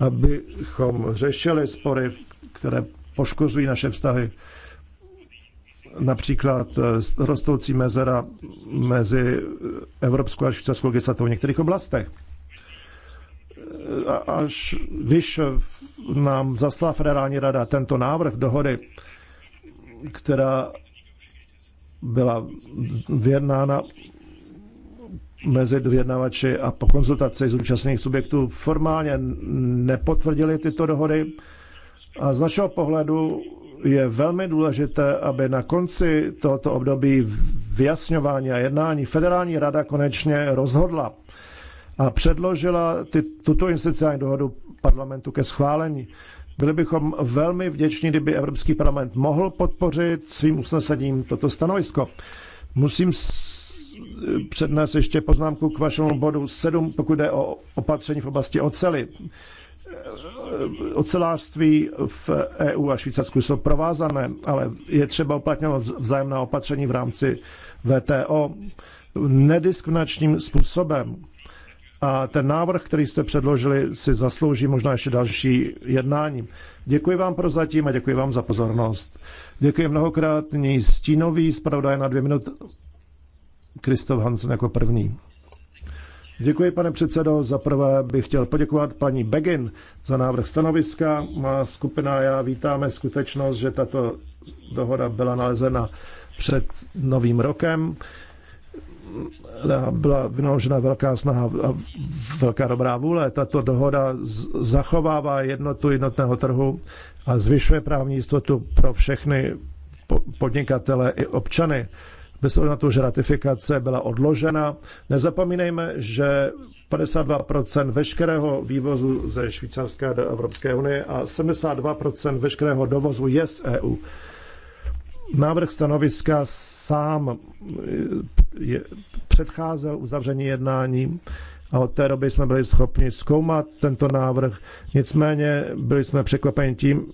abychom řešili spory, které poškozují naše vztahy například eh, rostoucí mezera mezi evropskou a švýcarskou legislativou v některých oblastech. Eh, až když nám zaslala Federální rada tento návrh dohody, která byla vyjednána mezi vyjednavači a po konzultaci zúčastněných subjektů formálně nepotvrdili tyto dohody. A z našeho pohledu je velmi důležité, aby na konci tohoto období vyjasňování a jednání Federální rada konečně rozhodla a předložila ty, tuto institucionální dohodu parlamentu ke schválení. Byli bychom velmi vděční, kdyby Evropský parlament mohl podpořit svým usnesením toto stanovisko. Musím přednést ještě poznámku k vašemu bodu 7, pokud jde o opatření v oblasti ocely. Ocelářství v EU a Švýcarsku jsou provázané, ale je třeba uplatňovat vzájemná opatření v rámci VTO nediskriminačním způsobem. A ten návrh, který jste předložili, si zaslouží možná ještě další jednání. Děkuji vám pro zatím a děkuji vám za pozornost. Děkuji mnohokrát. ní stínový zpravodaj na dvě minuty. Kristof Hansen jako první. Děkuji, pane předsedo. Za prvé bych chtěl poděkovat paní Begin za návrh stanoviska. Má skupina a já vítáme skutečnost, že tato dohoda byla nalezena před novým rokem byla vynaložena velká snaha a velká dobrá vůle. Tato dohoda zachovává jednotu jednotného trhu a zvyšuje právní jistotu pro všechny podnikatele i občany. Bez na to, že ratifikace byla odložena, nezapomínejme, že 52% veškerého vývozu ze Švýcarska do Evropské unie a 72% veškerého dovozu je z EU. Návrh stanoviska sám eh, je, předcházel uzavření jednání a od té doby jsme byli schopni zkoumat tento návrh. Nicméně byli jsme překvapeni tím,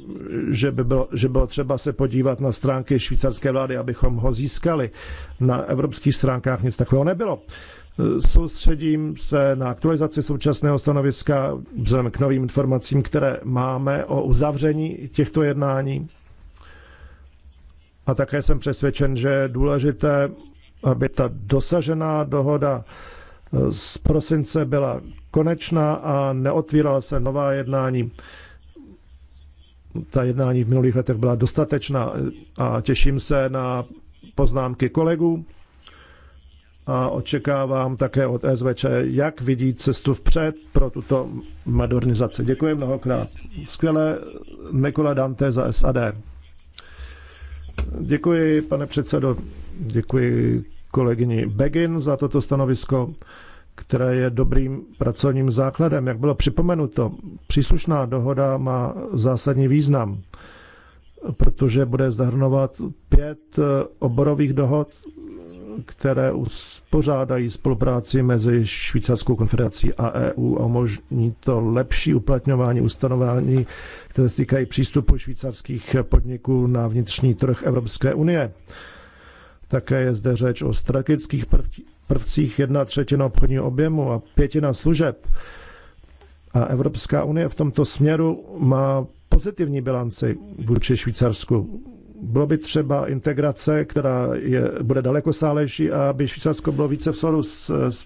že, by bylo, že bylo třeba se podívat na stránky švýcarské vlády, abychom ho získali. Na evropských stránkách nic takového nebylo. Soustředím se na aktualizaci současného stanoviska vzhledem k novým informacím, které máme o uzavření těchto jednání a také jsem přesvědčen, že je důležité, aby ta dosažená dohoda eh, z prosince byla konečná a neotvírala se nová jednání. Ta jednání v minulých letech byla dostatečná eh, a těším se na poznámky kolegů a očekávám také od SVČ, jak vidí cestu vpřed pro tuto modernizaci. Děkuji mnohokrát. Skvěle, Nikola Dante za SAD. Děkuji, pane předsedo. Děkuji kolegyni Begin za toto stanovisko, které je dobrým pracovním základem. Jak bylo připomenuto, příslušná dohoda má zásadní význam, protože bude zahrnovat pět oborových dohod které uspořádají spolupráci mezi Švýcarskou konfederací a EU a umožní to lepší uplatňování ustanování, které se týkají přístupu švýcarských podniků na vnitřní trh Evropské unie. Také je zde řeč o strategických prvcích jedna třetina obchodního objemu a pětina služeb. A Evropská unie v tomto směru má pozitivní bilanci vůči Švýcarsku bylo by třeba integrace, která je, bude daleko sálejší a aby Švýcarsko bylo více v souladu s, s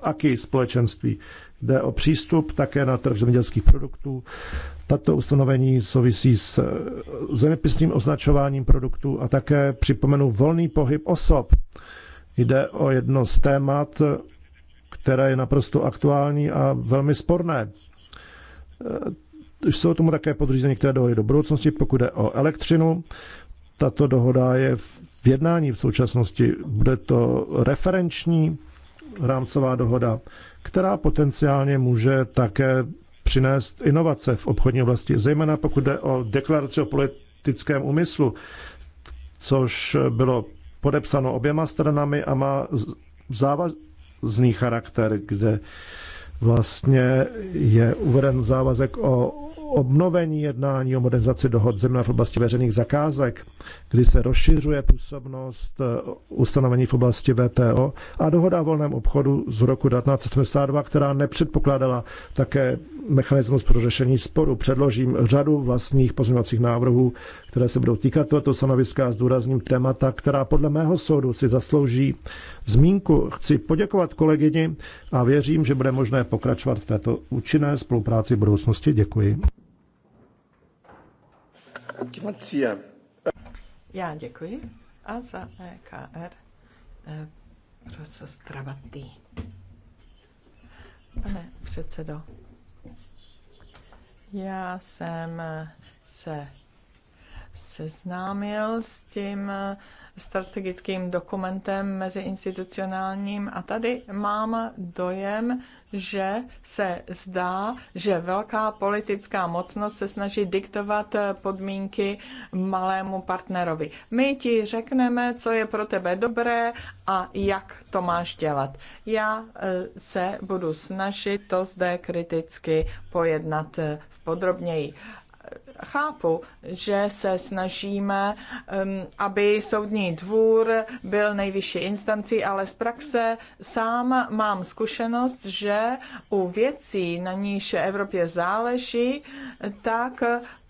aký společenství. Jde o přístup také na trh zemědělských produktů. Tato ustanovení souvisí s eh, zeměpisným označováním produktů a také připomenu volný pohyb osob. Jde o jedno z témat, které je naprosto aktuální a velmi sporné. Eh, jsou tomu také podřízení, některé dohody do budoucnosti, pokud jde o elektřinu tato dohoda je v jednání v současnosti. Bude to referenční rámcová dohoda, která potenciálně může také přinést inovace v obchodní oblasti, zejména pokud jde o deklaraci o politickém úmyslu, což bylo podepsáno oběma stranami a má závazný charakter, kde vlastně je uveden závazek o obnovení jednání o modernizaci dohod země v oblasti veřejných zakázek, kdy se rozšiřuje působnost eh, ustanovení v oblasti VTO a dohoda o volném obchodu z roku 1972, která nepředpokládala také mechanismus pro řešení sporu. Předložím řadu vlastních pozměňovacích návrhů, které se budou týkat tohoto stanoviska a zdůrazním témata, která podle mého soudu si zaslouží zmínku. Chci poděkovat kolegyni a věřím, že bude možné pokračovat v této účinné spolupráci v budoucnosti. Děkuji. Já děkuji. A za EKR eh, Rosso Stravatý. Pane předsedo, já jsem se seznámil s tím eh, strategickým dokumentem meziinstitucionálním a tady mám dojem, že se zdá, že velká politická mocnost se snaží diktovat eh, podmínky malému partnerovi. My ti řekneme, co je pro tebe dobré a jak to máš dělat. Já eh, se budu snažit to zde kriticky pojednat v podrobněji. Chápu, že se snažíme, um, aby soudní dvůr byl nejvyšší instancí, ale z praxe sám mám zkušenost, že u věcí, na níž Evropě záleží, tak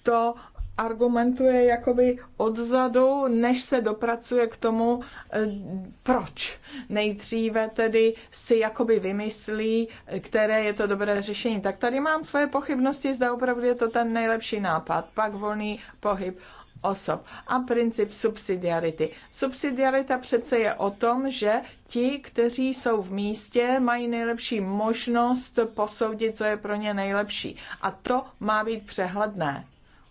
to argumentuje jakoby odzadu, než se dopracuje k tomu, eh, proč. Nejdříve tedy si jakoby vymyslí, eh, které je to dobré řešení. Tak tady mám svoje pochybnosti, zda opravdu je to ten nejlepší nápad. Pak volný pohyb osob a princip subsidiarity. Subsidiarita přece je o tom, že ti, kteří jsou v místě, mají nejlepší možnost posoudit, co je pro ně nejlepší. A to má být přehledné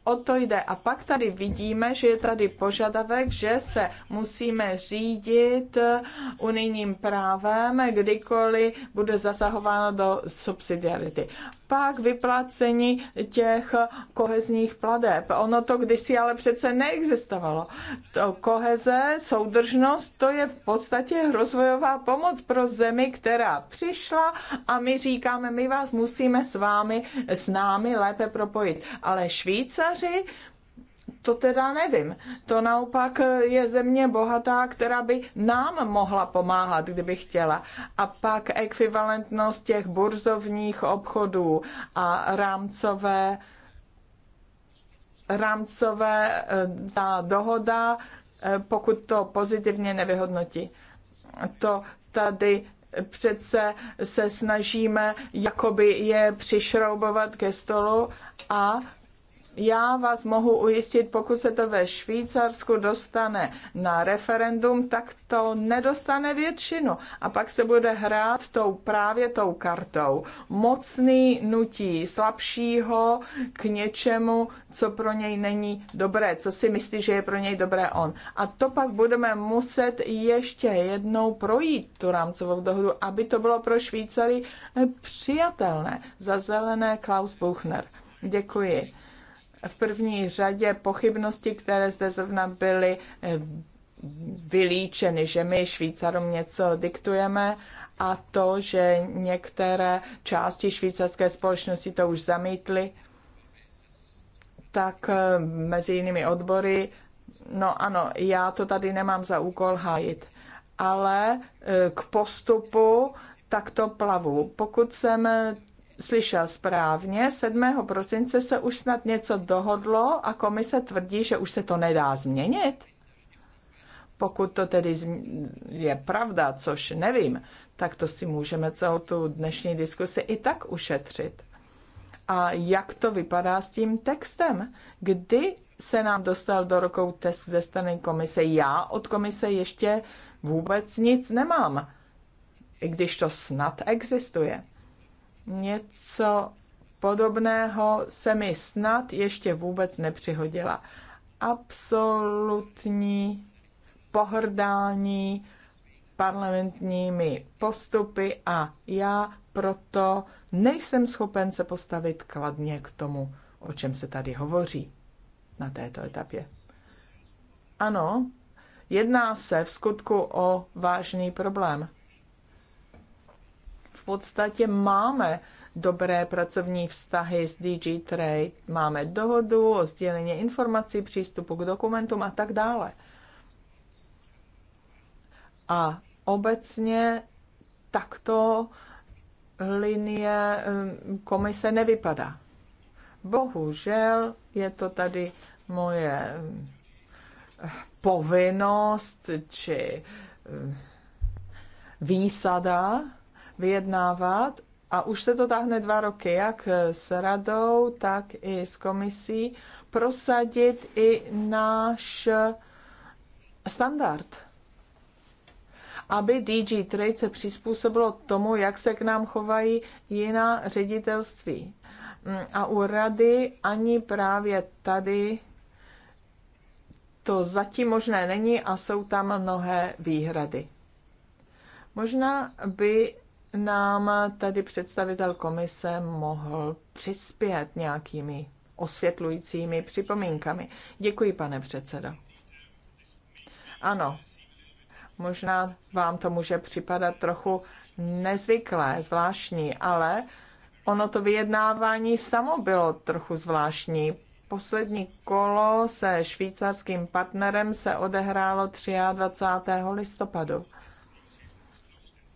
o to jde. A pak tady vidíme, že je tady požadavek, že se musíme řídit unijním právem, kdykoliv bude zasahováno do subsidiarity pak vyplácení těch kohezních pladeb. Ono to kdysi ale přece neexistovalo. To koheze, soudržnost, to je v podstatě rozvojová pomoc pro zemi, která přišla a my říkáme, my vás musíme s vámi, s námi lépe propojit. Ale Švýcaři to teda nevím. To naopak je země bohatá, která by nám mohla pomáhat, kdyby chtěla. A pak ekvivalentnost těch burzovních obchodů a rámcové rámcové eh, ta dohoda, eh, pokud to pozitivně nevyhodnotí. To tady přece se snažíme jakoby je přišroubovat ke stolu a já vás mohu ujistit, pokud se to ve Švýcarsku dostane na referendum, tak to nedostane většinu. A pak se bude hrát tou právě tou kartou. Mocný nutí slabšího k něčemu, co pro něj není dobré, co si myslí, že je pro něj dobré on. A to pak budeme muset ještě jednou projít tu rámcovou dohodu, aby to bylo pro Švýcary eh, přijatelné. Za zelené Klaus Buchner. Děkuji v první řadě pochybnosti, které zde zrovna byly eh, vylíčeny, že my Švýcarům něco diktujeme a to, že některé části švýcarské společnosti to už zamítly, tak eh, mezi jinými odbory, no ano, já to tady nemám za úkol hájit, ale eh, k postupu tak to plavu. Pokud jsem slyšel správně, 7. prosince se už snad něco dohodlo a komise tvrdí, že už se to nedá změnit. Pokud to tedy je pravda, což nevím, tak to si můžeme celou tu dnešní diskusi i tak ušetřit. A jak to vypadá s tím textem? Kdy se nám dostal do rukou test ze strany komise? Já od komise ještě vůbec nic nemám, i když to snad existuje. Něco podobného se mi snad ještě vůbec nepřihodila. Absolutní pohrdání parlamentními postupy a já proto nejsem schopen se postavit kladně k tomu, o čem se tady hovoří na této etapě. Ano, jedná se v skutku o vážný problém v podstatě máme dobré pracovní vztahy s DG Trade, máme dohodu o sdělení informací, přístupu k dokumentům a tak dále. A obecně takto linie komise nevypadá. Bohužel je to tady moje povinnost či výsada vyjednávat a už se to táhne dva roky, jak s radou, tak i s komisí, prosadit i náš standard. Aby DG Trade se přizpůsobilo tomu, jak se k nám chovají jiná ředitelství. A u rady ani právě tady to zatím možné není a jsou tam mnohé výhrady. Možná by nám tady představitel komise mohl přispět nějakými osvětlujícími připomínkami. Děkuji, pane předsedo. Ano, možná vám to může připadat trochu nezvyklé, zvláštní, ale ono to vyjednávání samo bylo trochu zvláštní. Poslední kolo se švýcarským partnerem se odehrálo 23. listopadu.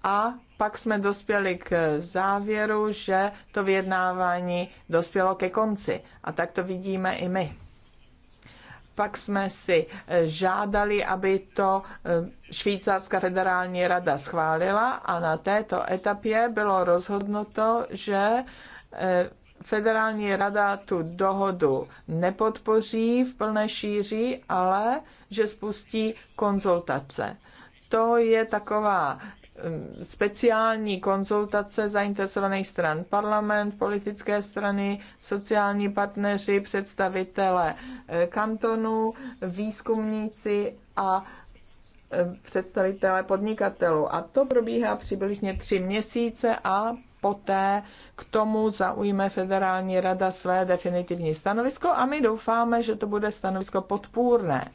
A pak jsme dospěli k závěru, že to vyjednávání dospělo ke konci. A tak to vidíme i my. Pak jsme si eh, žádali, aby to eh, Švýcarská federální rada schválila a na této etapě bylo rozhodnuto, že eh, federální rada tu dohodu nepodpoří v plné šíři, ale že spustí konzultace. To je taková speciální konzultace zainteresovaných stran, parlament, politické strany, sociální partneři, představitele eh, kantonů, výzkumníci a eh, představitele podnikatelů. A to probíhá přibližně tři měsíce a poté k tomu zaujme Federální rada své definitivní stanovisko a my doufáme, že to bude stanovisko podpůrné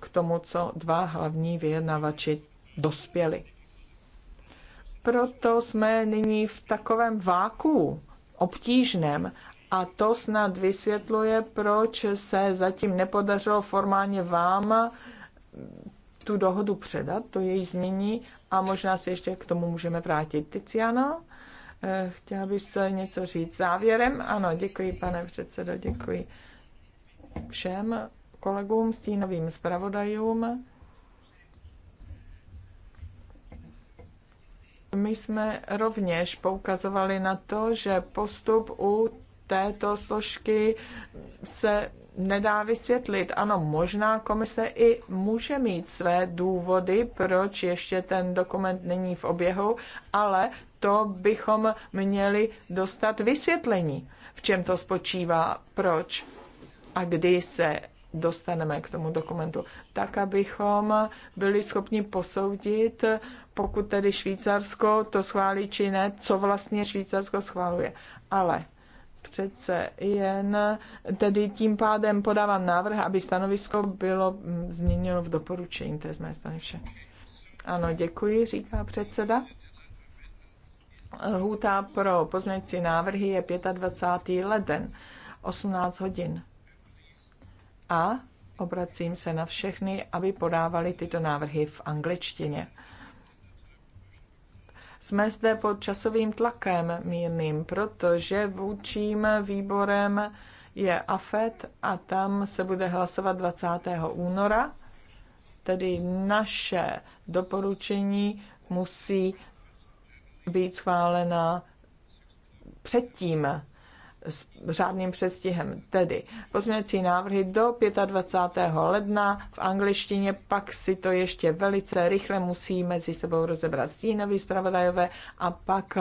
k tomu, co dva hlavní vyjednavači dospěli. Proto jsme nyní v takovém váku obtížném a to snad vysvětluje, proč se zatím nepodařilo formálně vám tu dohodu předat, to její změní a možná se ještě k tomu můžeme vrátit. Tiziana, eh, chtěla bys se něco říct závěrem? Ano, děkuji, pane předsedo, děkuji všem kolegům, stínovým zpravodajům My jsme rovněž poukazovali na to, že postup u této složky se nedá vysvětlit. Ano, možná komise i může mít své důvody, proč ještě ten dokument není v oběhu, ale to bychom měli dostat vysvětlení, v čem to spočívá, proč a kdy se dostaneme k tomu dokumentu, tak abychom byli schopni posoudit, pokud tedy Švýcarsko to schválí či ne, co vlastně Švýcarsko schváluje. Ale přece jen tedy tím pádem podávám návrh, aby stanovisko bylo mm, změněno v doporučení. To je z mé strany vše. Ano, děkuji, říká předseda. Lhůta pro pozměňující návrhy je 25. leden, 18 hodin. A obracím se na všechny, aby podávali tyto návrhy v angličtině. Jsme zde pod časovým tlakem mírným, protože vůčím výborem je AFET a tam se bude hlasovat 20. února, tedy naše doporučení musí být schválena předtím s řádným přestihem. Tedy pozměňovací návrhy do 25. ledna v angličtině, pak si to ještě velice rychle musí mezi sebou rozebrat stínoví zpravodajové a pak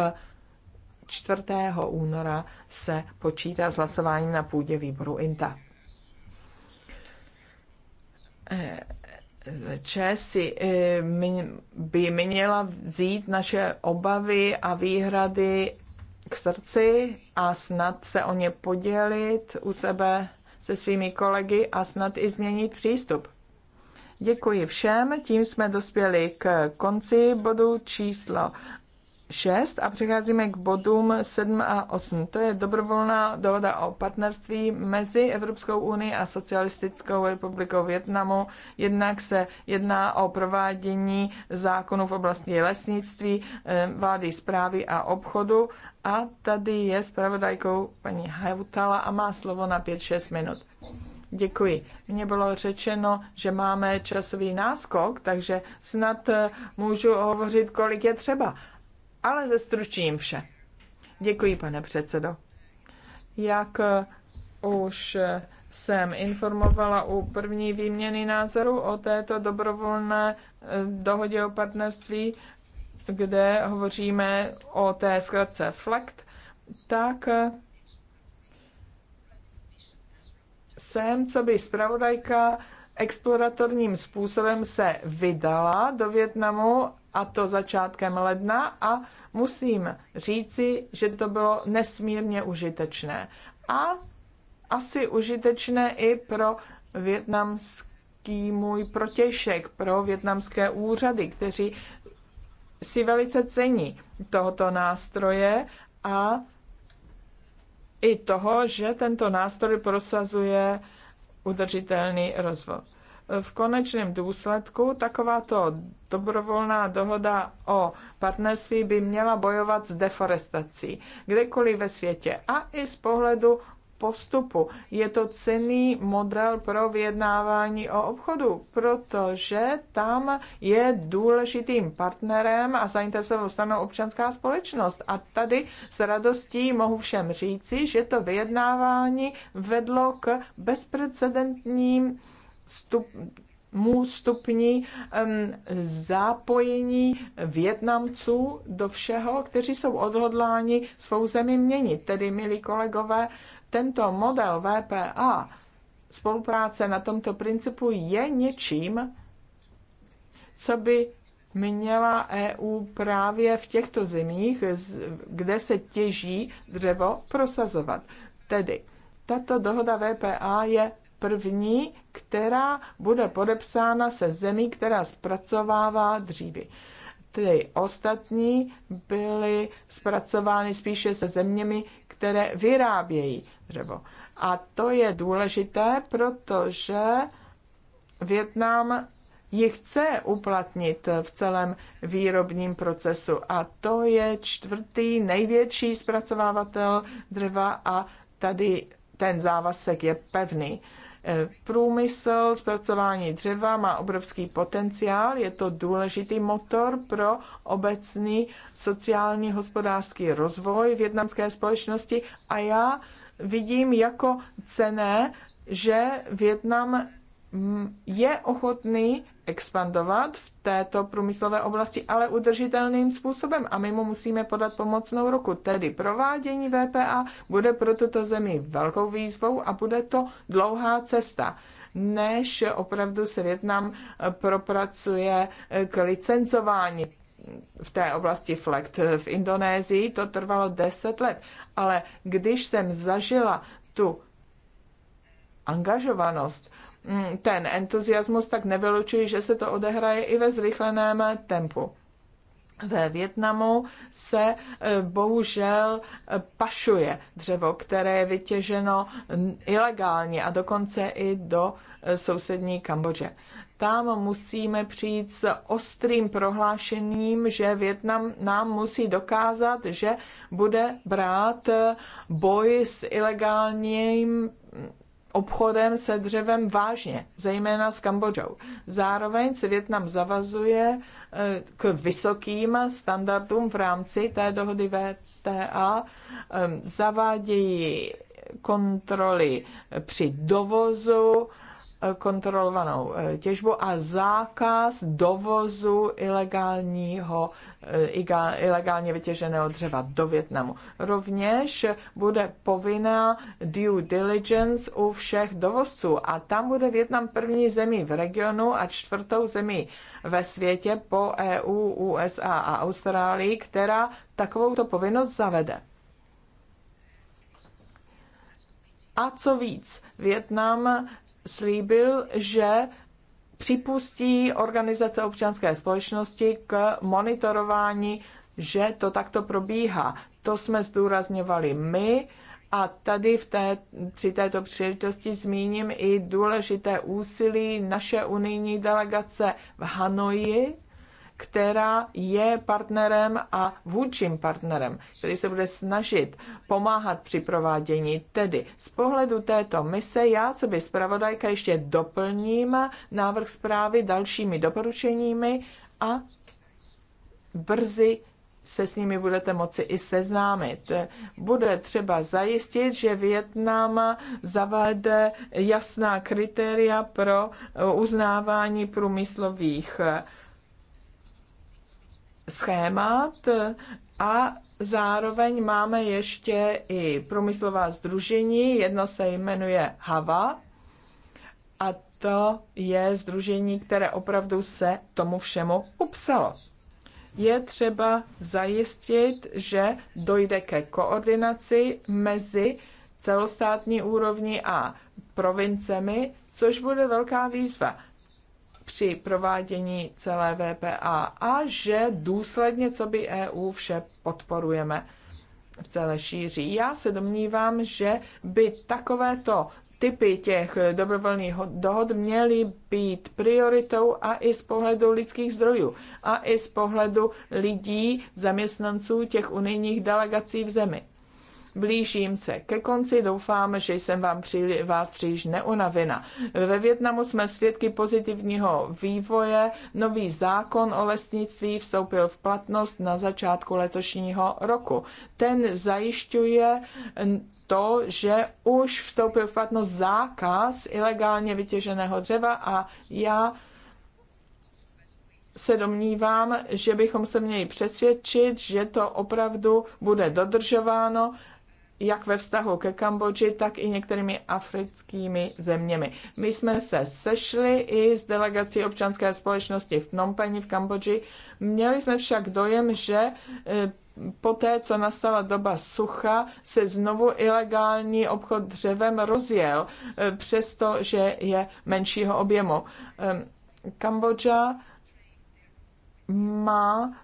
4. února se počítá s hlasováním na půdě výboru INTA. Česi eh, by měla vzít naše obavy a výhrady k srdci a snad se o ně podělit u sebe se svými kolegy a snad i změnit přístup. Děkuji všem, tím jsme dospěli k konci bodu číslo 6 a přecházíme k bodům 7 a 8. To je dobrovolná dohoda o partnerství mezi Evropskou unii a Socialistickou republikou Větnamu. Jednak se jedná o provádění zákonů v oblasti lesnictví, eh, vlády zprávy a obchodu. A tady je zpravodajkou paní Hajutala a má slovo na 5-6 minut. Děkuji. Mně bylo řečeno, že máme časový náskok, takže snad eh, můžu hovořit, kolik je třeba ale zestručím vše. Děkuji, pane předsedo. Jak eh, už eh, jsem informovala u první výměny názoru o této dobrovolné eh, dohodě o partnerství, kde hovoříme o té zkratce FLECT, tak jsem, co by zpravodajka, exploratorním způsobem se vydala do Větnamu a to začátkem ledna a musím říci, že to bylo nesmírně užitečné. A asi užitečné i pro větnamský můj protěšek, pro větnamské úřady, kteří si velice cení tohoto nástroje a i toho, že tento nástroj prosazuje udržitelný rozvoj v konečném důsledku takováto dobrovolná dohoda o partnerství by měla bojovat s deforestací kdekoliv ve světě a i z pohledu postupu. Je to cený model pro vyjednávání o obchodu, protože tam je důležitým partnerem a zainteresovanou stranou občanská společnost. A tady s radostí mohu všem říci, že to vyjednávání vedlo k bezprecedentním stup, mu stupni um, zápojení Větnamců do všeho, kteří jsou odhodláni svou zemi měnit. Tedy, milí kolegové, tento model VPA spolupráce na tomto principu je něčím, co by měla EU právě v těchto zemích, kde se těží dřevo, prosazovat. Tedy tato dohoda VPA je první, která bude podepsána se zemí, která zpracovává dříví. Ty ostatní byly zpracovány spíše se zeměmi, které vyrábějí dřevo. A to je důležité, protože Větnam ji chce uplatnit v celém výrobním procesu. A to je čtvrtý největší zpracovávatel dřeva a tady ten závazek je pevný. Průmysl zpracování dřeva má obrovský potenciál, je to důležitý motor pro obecný sociální hospodářský rozvoj větnamské společnosti a já vidím jako cené, že Větnam mm, je ochotný expandovat v této průmyslové oblasti, ale udržitelným způsobem a my mu musíme podat pomocnou ruku. Tedy provádění VPA bude pro tuto zemi velkou výzvou a bude to dlouhá cesta, než opravdu se Větnam eh, propracuje eh, k licencování v té oblasti FLECT. Eh, v Indonésii to trvalo 10 let, ale když jsem zažila tu angažovanost, Mm, ten entuziasmus, tak nevylučuji, že se to odehraje i ve zrychleném tempu. Ve Větnamu se e, bohužel e, pašuje dřevo, které je vytěženo ilegálně a dokonce i do e, sousední Kambodže tam musíme přijít s ostrým prohlášením, že Větnam nám musí dokázat, že bude brát boj s ilegálním obchodem se dřevem vážně, zejména s Kambodžou. Zároveň se Větnam zavazuje eh, k vysokým standardům v rámci té dohody VTA. Ehm, zavádějí kontroly při dovozu kontrolovanou eh, těžbu a zákaz dovozu ilegálního, eh, ilegálně vytěženého dřeva do Větnamu. Rovněž bude povinná due diligence u všech dovozců a tam bude Větnam první zemí v regionu a čtvrtou zemí ve světě po EU, USA a Austrálii, která takovouto povinnost zavede. A co víc, Větnam slíbil, že připustí organizace občanské společnosti k monitorování, že to takto probíhá. To jsme zdůrazňovali my a tady v té, při této příležitosti zmíním i důležité úsilí naše unijní delegace v Hanoji, která je partnerem a vůdčím partnerem, který se bude snažit pomáhat při provádění. Tedy z pohledu této mise já, co by zpravodajka, ještě doplním návrh zprávy dalšími doporučeními a brzy se s nimi budete moci i seznámit. Bude třeba zajistit, že Větnam zavede jasná kritéria pro uznávání průmyslových schémat a zároveň máme ještě i průmyslová združení. Jedno se jmenuje HAVA a to je združení, které opravdu se tomu všemu upsalo. Je třeba zajistit, že dojde ke koordinaci mezi celostátní úrovní a provincemi, což bude velká výzva při provádění celé VPA a že důsledně, co by EU vše podporujeme v celé šíři. Já se domnívám, že by takovéto typy těch dobrovolných dohod měly být prioritou a i z pohledu lidských zdrojů a i z pohledu lidí, zaměstnanců těch unijních delegací v zemi. Blížím se ke konci, doufám, že jsem vám příli, vás příliš neunavina. Ve Větnamu jsme svědky pozitivního vývoje. Nový zákon o lesnictví vstoupil v platnost na začátku letošního roku. Ten zajišťuje to, že už vstoupil v platnost zákaz ilegálně vytěženého dřeva a já se domnívám, že bychom se měli přesvědčit, že to opravdu bude dodržováno jak ve vztahu ke Kambodži, tak i některými africkými zeměmi. My jsme se sešli i s delegací občanské společnosti v Penh v Kambodži. Měli jsme však dojem, že e, poté, co nastala doba sucha, se znovu ilegální obchod dřevem rozjel, e, přestože je menšího objemu. E, Kambodža má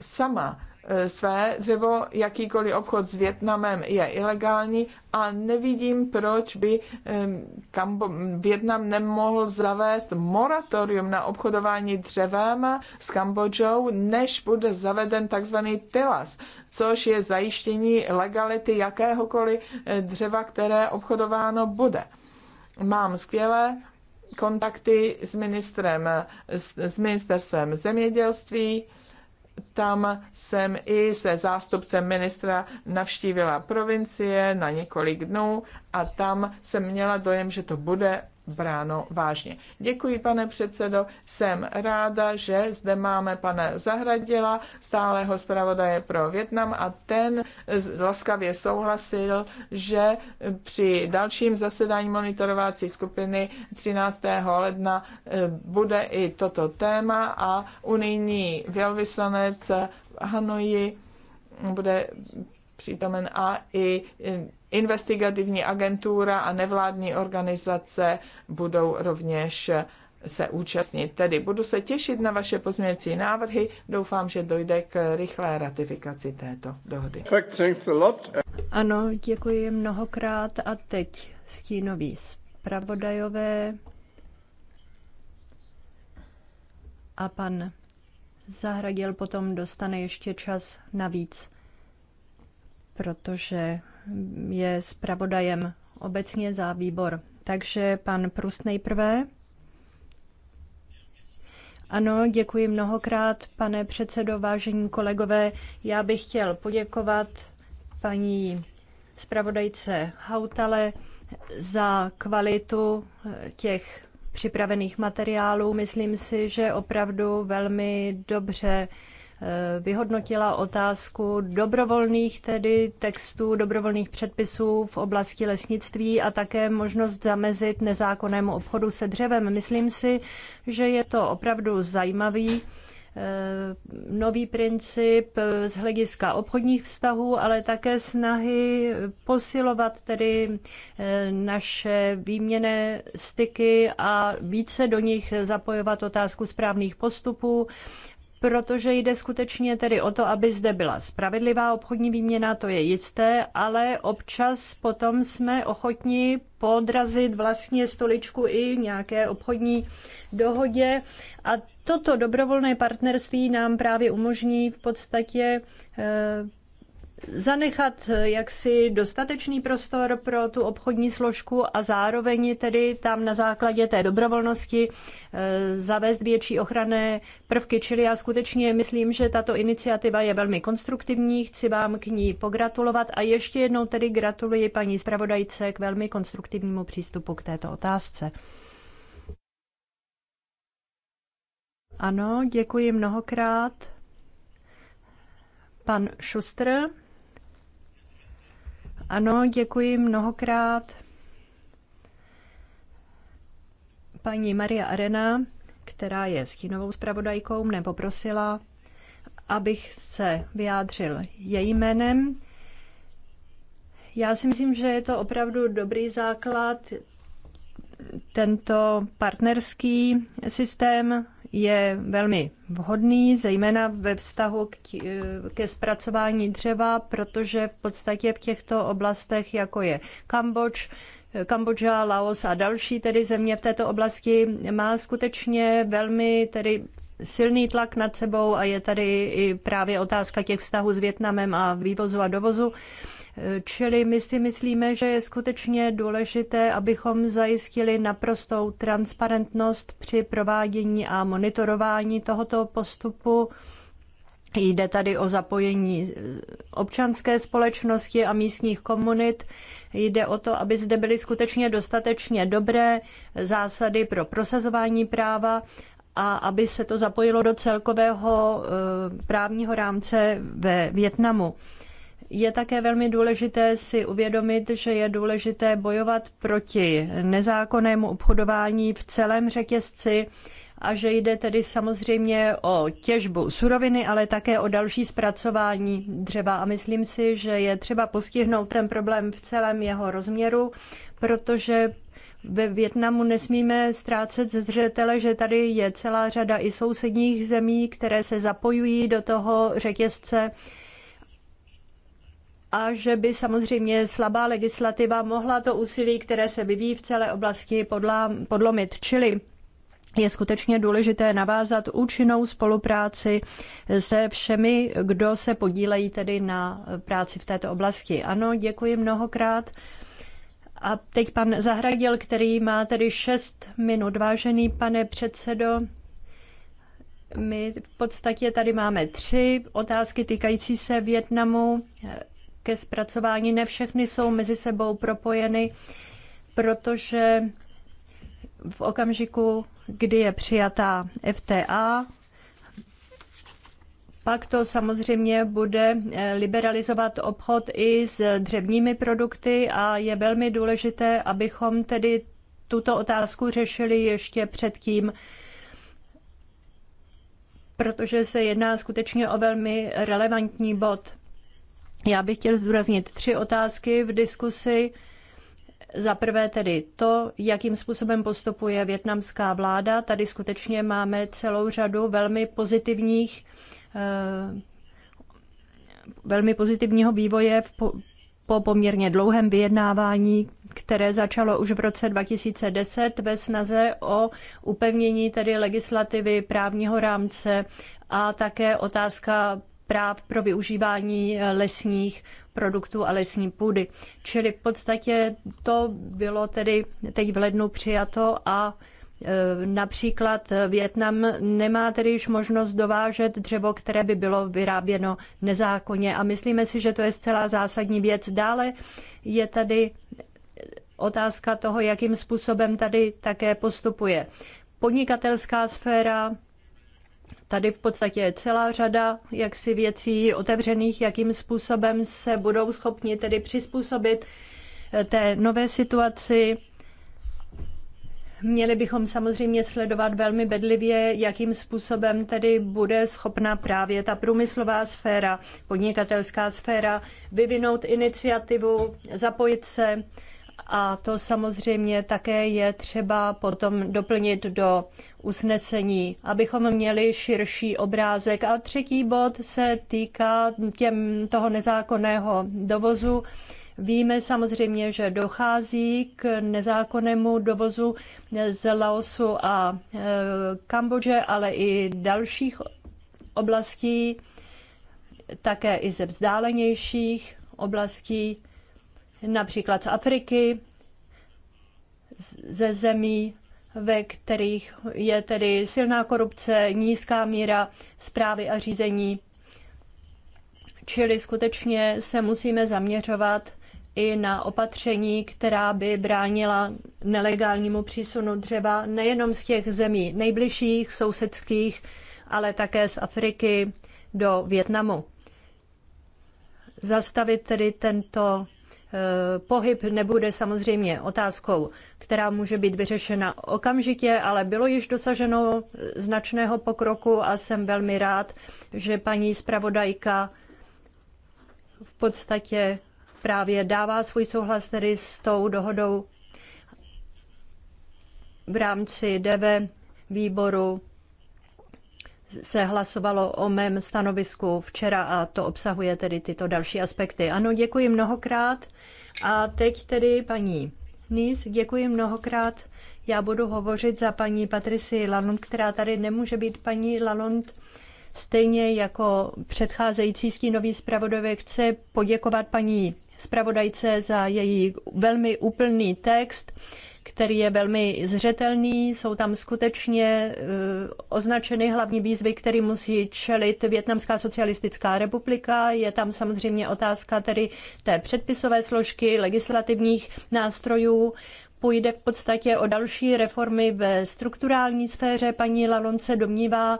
sama E, své dřevo, jakýkoliv obchod s Větnamem je ilegální a nevidím, proč by e, Kambo, Větnam nemohl zavést moratorium na obchodování dřevem s Kambodžou, než bude zaveden takzvaný TILAS, což je zajištění legality jakéhokoliv e, dřeva, které obchodováno bude. Mám skvělé kontakty s ministrem, s, s ministerstvem zemědělství, tam jsem i se zástupcem ministra navštívila provincie na několik dnů a tam jsem měla dojem, že to bude bráno vážně. Děkuji, pane předsedo. Jsem ráda, že zde máme pana Zahradila, stáleho zpravodaje pro Větnam a ten laskavě souhlasil, že při dalším zasedání monitorovací skupiny 13. ledna eh, bude i toto téma a unijní velvyslanec Hanoji bude přítomen a i e, investigativní agentura a nevládní organizace budou rovněž se účastnit. Tedy budu se těšit na vaše pozměňující návrhy. Doufám, že dojde k rychlé ratifikaci této dohody. Ano, děkuji mnohokrát a teď stínový zpravodajové a pan Zahradil potom dostane ještě čas navíc protože je zpravodajem obecně za výbor. Takže pan Prust nejprve. Ano, děkuji mnohokrát, pane předsedo, vážení kolegové. Já bych chtěl poděkovat paní zpravodajce Hautale za kvalitu těch připravených materiálů. Myslím si, že opravdu velmi dobře Eh, vyhodnotila otázku dobrovolných tedy textů, dobrovolných předpisů v oblasti lesnictví a také možnost zamezit nezákonnému obchodu se dřevem. Myslím si, že je to opravdu zajímavý eh, nový princip eh, z hlediska obchodních vztahů, ale také snahy posilovat tedy naše výměné styky a více do nich zapojovat otázku správných postupů, protože jde skutečně tedy o to, aby zde byla spravedlivá obchodní výměna, to je jisté, ale občas potom jsme ochotni podrazit vlastně stoličku i nějaké obchodní dohodě a toto dobrovolné partnerství nám právě umožní v podstatě eh, zanechat eh, jaksi dostatečný prostor pro tu obchodní složku a zároveň tedy tam na základě té dobrovolnosti eh, zavést větší ochranné prvky. Čili já skutečně myslím, že tato iniciativa je velmi konstruktivní, chci vám k ní pogratulovat a ještě jednou tedy gratuluji paní zpravodajce k velmi konstruktivnímu přístupu k této otázce. Ano, děkuji mnohokrát. Pan Šustr. Ano, děkuji mnohokrát. Paní Maria Arena, která je stínovou zpravodajkou, mne poprosila, abych se vyjádřil jejím jménem. Já si myslím, že je to opravdu dobrý základ, tento partnerský systém je velmi vhodný, zejména ve vztahu k, eh, ke zpracování dřeva, protože v podstatě v těchto oblastech, jako je Kambodž, eh, Kambodža, Laos a další tedy země v této oblasti, má skutečně velmi tedy silný tlak nad sebou a je tady i právě otázka těch vztahů s Větnamem a vývozu a dovozu. Čili my si myslíme, že je skutečně důležité, abychom zajistili naprostou transparentnost při provádění a monitorování tohoto postupu. Jde tady o zapojení občanské společnosti a místních komunit. Jde o to, aby zde byly skutečně dostatečně dobré zásady pro prosazování práva a aby se to zapojilo do celkového eh, právního rámce ve Větnamu. Je také velmi důležité si uvědomit, že je důležité bojovat proti nezákonnému obchodování v celém řetězci a že jde tedy samozřejmě o těžbu suroviny, ale také o další zpracování dřeva. A myslím si, že je třeba postihnout ten problém v celém jeho rozměru, protože ve Větnamu nesmíme ztrácet ze zřetele, že tady je celá řada i sousedních zemí, které se zapojují do toho řetězce a že by samozřejmě slabá legislativa mohla to úsilí, které se vyvíjí v celé oblasti, podlomit. Čili je skutečně důležité navázat účinnou spolupráci se všemi, kdo se podílejí tedy na práci v této oblasti. Ano, děkuji mnohokrát. A teď pan Zahradil, který má tedy 6 minut. Vážený pane předsedo, my v podstatě tady máme tři otázky týkající se Větnamu ke zpracování. Ne všechny jsou mezi sebou propojeny, protože v okamžiku, kdy je přijatá FTA, pak to samozřejmě bude eh, liberalizovat obchod i s dřevními produkty a je velmi důležité, abychom tedy tuto otázku řešili ještě předtím, protože se jedná skutečně o velmi relevantní bod. Já bych chtěl zdůraznit tři otázky v diskusi. Za prvé tedy to, jakým způsobem postupuje větnamská vláda. Tady skutečně máme celou řadu velmi pozitivních eh, velmi pozitivního vývoje v po poměrně dlouhém vyjednávání, které začalo už v roce 2010 ve snaze o upevnění tedy legislativy právního rámce a také otázka práv pro využívání eh, lesních produktů a lesní půdy. Čili v podstatě to bylo tedy teď v lednu přijato a eh, Například Větnam nemá tedy již možnost dovážet dřevo, které by bylo vyráběno nezákonně a myslíme si, že to je zcela zásadní věc. Dále je tady eh, otázka toho, jakým způsobem tady také postupuje podnikatelská sféra, Tady v podstatě je celá řada jaksi věcí otevřených, jakým způsobem se budou schopni tedy přizpůsobit eh, té nové situaci. Měli bychom samozřejmě sledovat velmi bedlivě, jakým způsobem tedy bude schopna právě ta průmyslová sféra, podnikatelská sféra vyvinout iniciativu, zapojit se a to samozřejmě také je třeba potom doplnit do usnesení, abychom měli širší obrázek. A třetí bod se týká těm toho nezákonného dovozu. Víme samozřejmě, že dochází k nezákonnému dovozu z Laosu a e, Kambodže, ale i dalších oblastí, také i ze vzdálenějších oblastí například z Afriky, ze zemí, ve kterých je tedy silná korupce, nízká míra zprávy a řízení. Čili skutečně se musíme zaměřovat i na opatření, která by bránila nelegálnímu přísunu dřeva nejenom z těch zemí nejbližších, sousedských, ale také z Afriky do Větnamu. Zastavit tedy tento Eh, pohyb nebude samozřejmě otázkou, která může být vyřešena okamžitě, ale bylo již dosaženo značného pokroku a jsem velmi rád, že paní zpravodajka v podstatě právě dává svůj souhlas tedy s tou dohodou v rámci DV výboru se hlasovalo o mém stanovisku včera a to obsahuje tedy tyto další aspekty. Ano, děkuji mnohokrát. A teď tedy paní Nýs, děkuji mnohokrát. Já budu hovořit za paní Patrici Lalond, která tady nemůže být. Paní Lalond stejně jako předcházející stínový zpravodově chce poděkovat paní zpravodajce za její velmi úplný text který je velmi zřetelný. Jsou tam skutečně e, označeny hlavní výzvy, které musí čelit Větnamská socialistická republika. Je tam samozřejmě otázka tedy té předpisové složky, legislativních nástrojů. Půjde v podstatě o další reformy ve strukturální sféře. Paní Lalonce domnívá,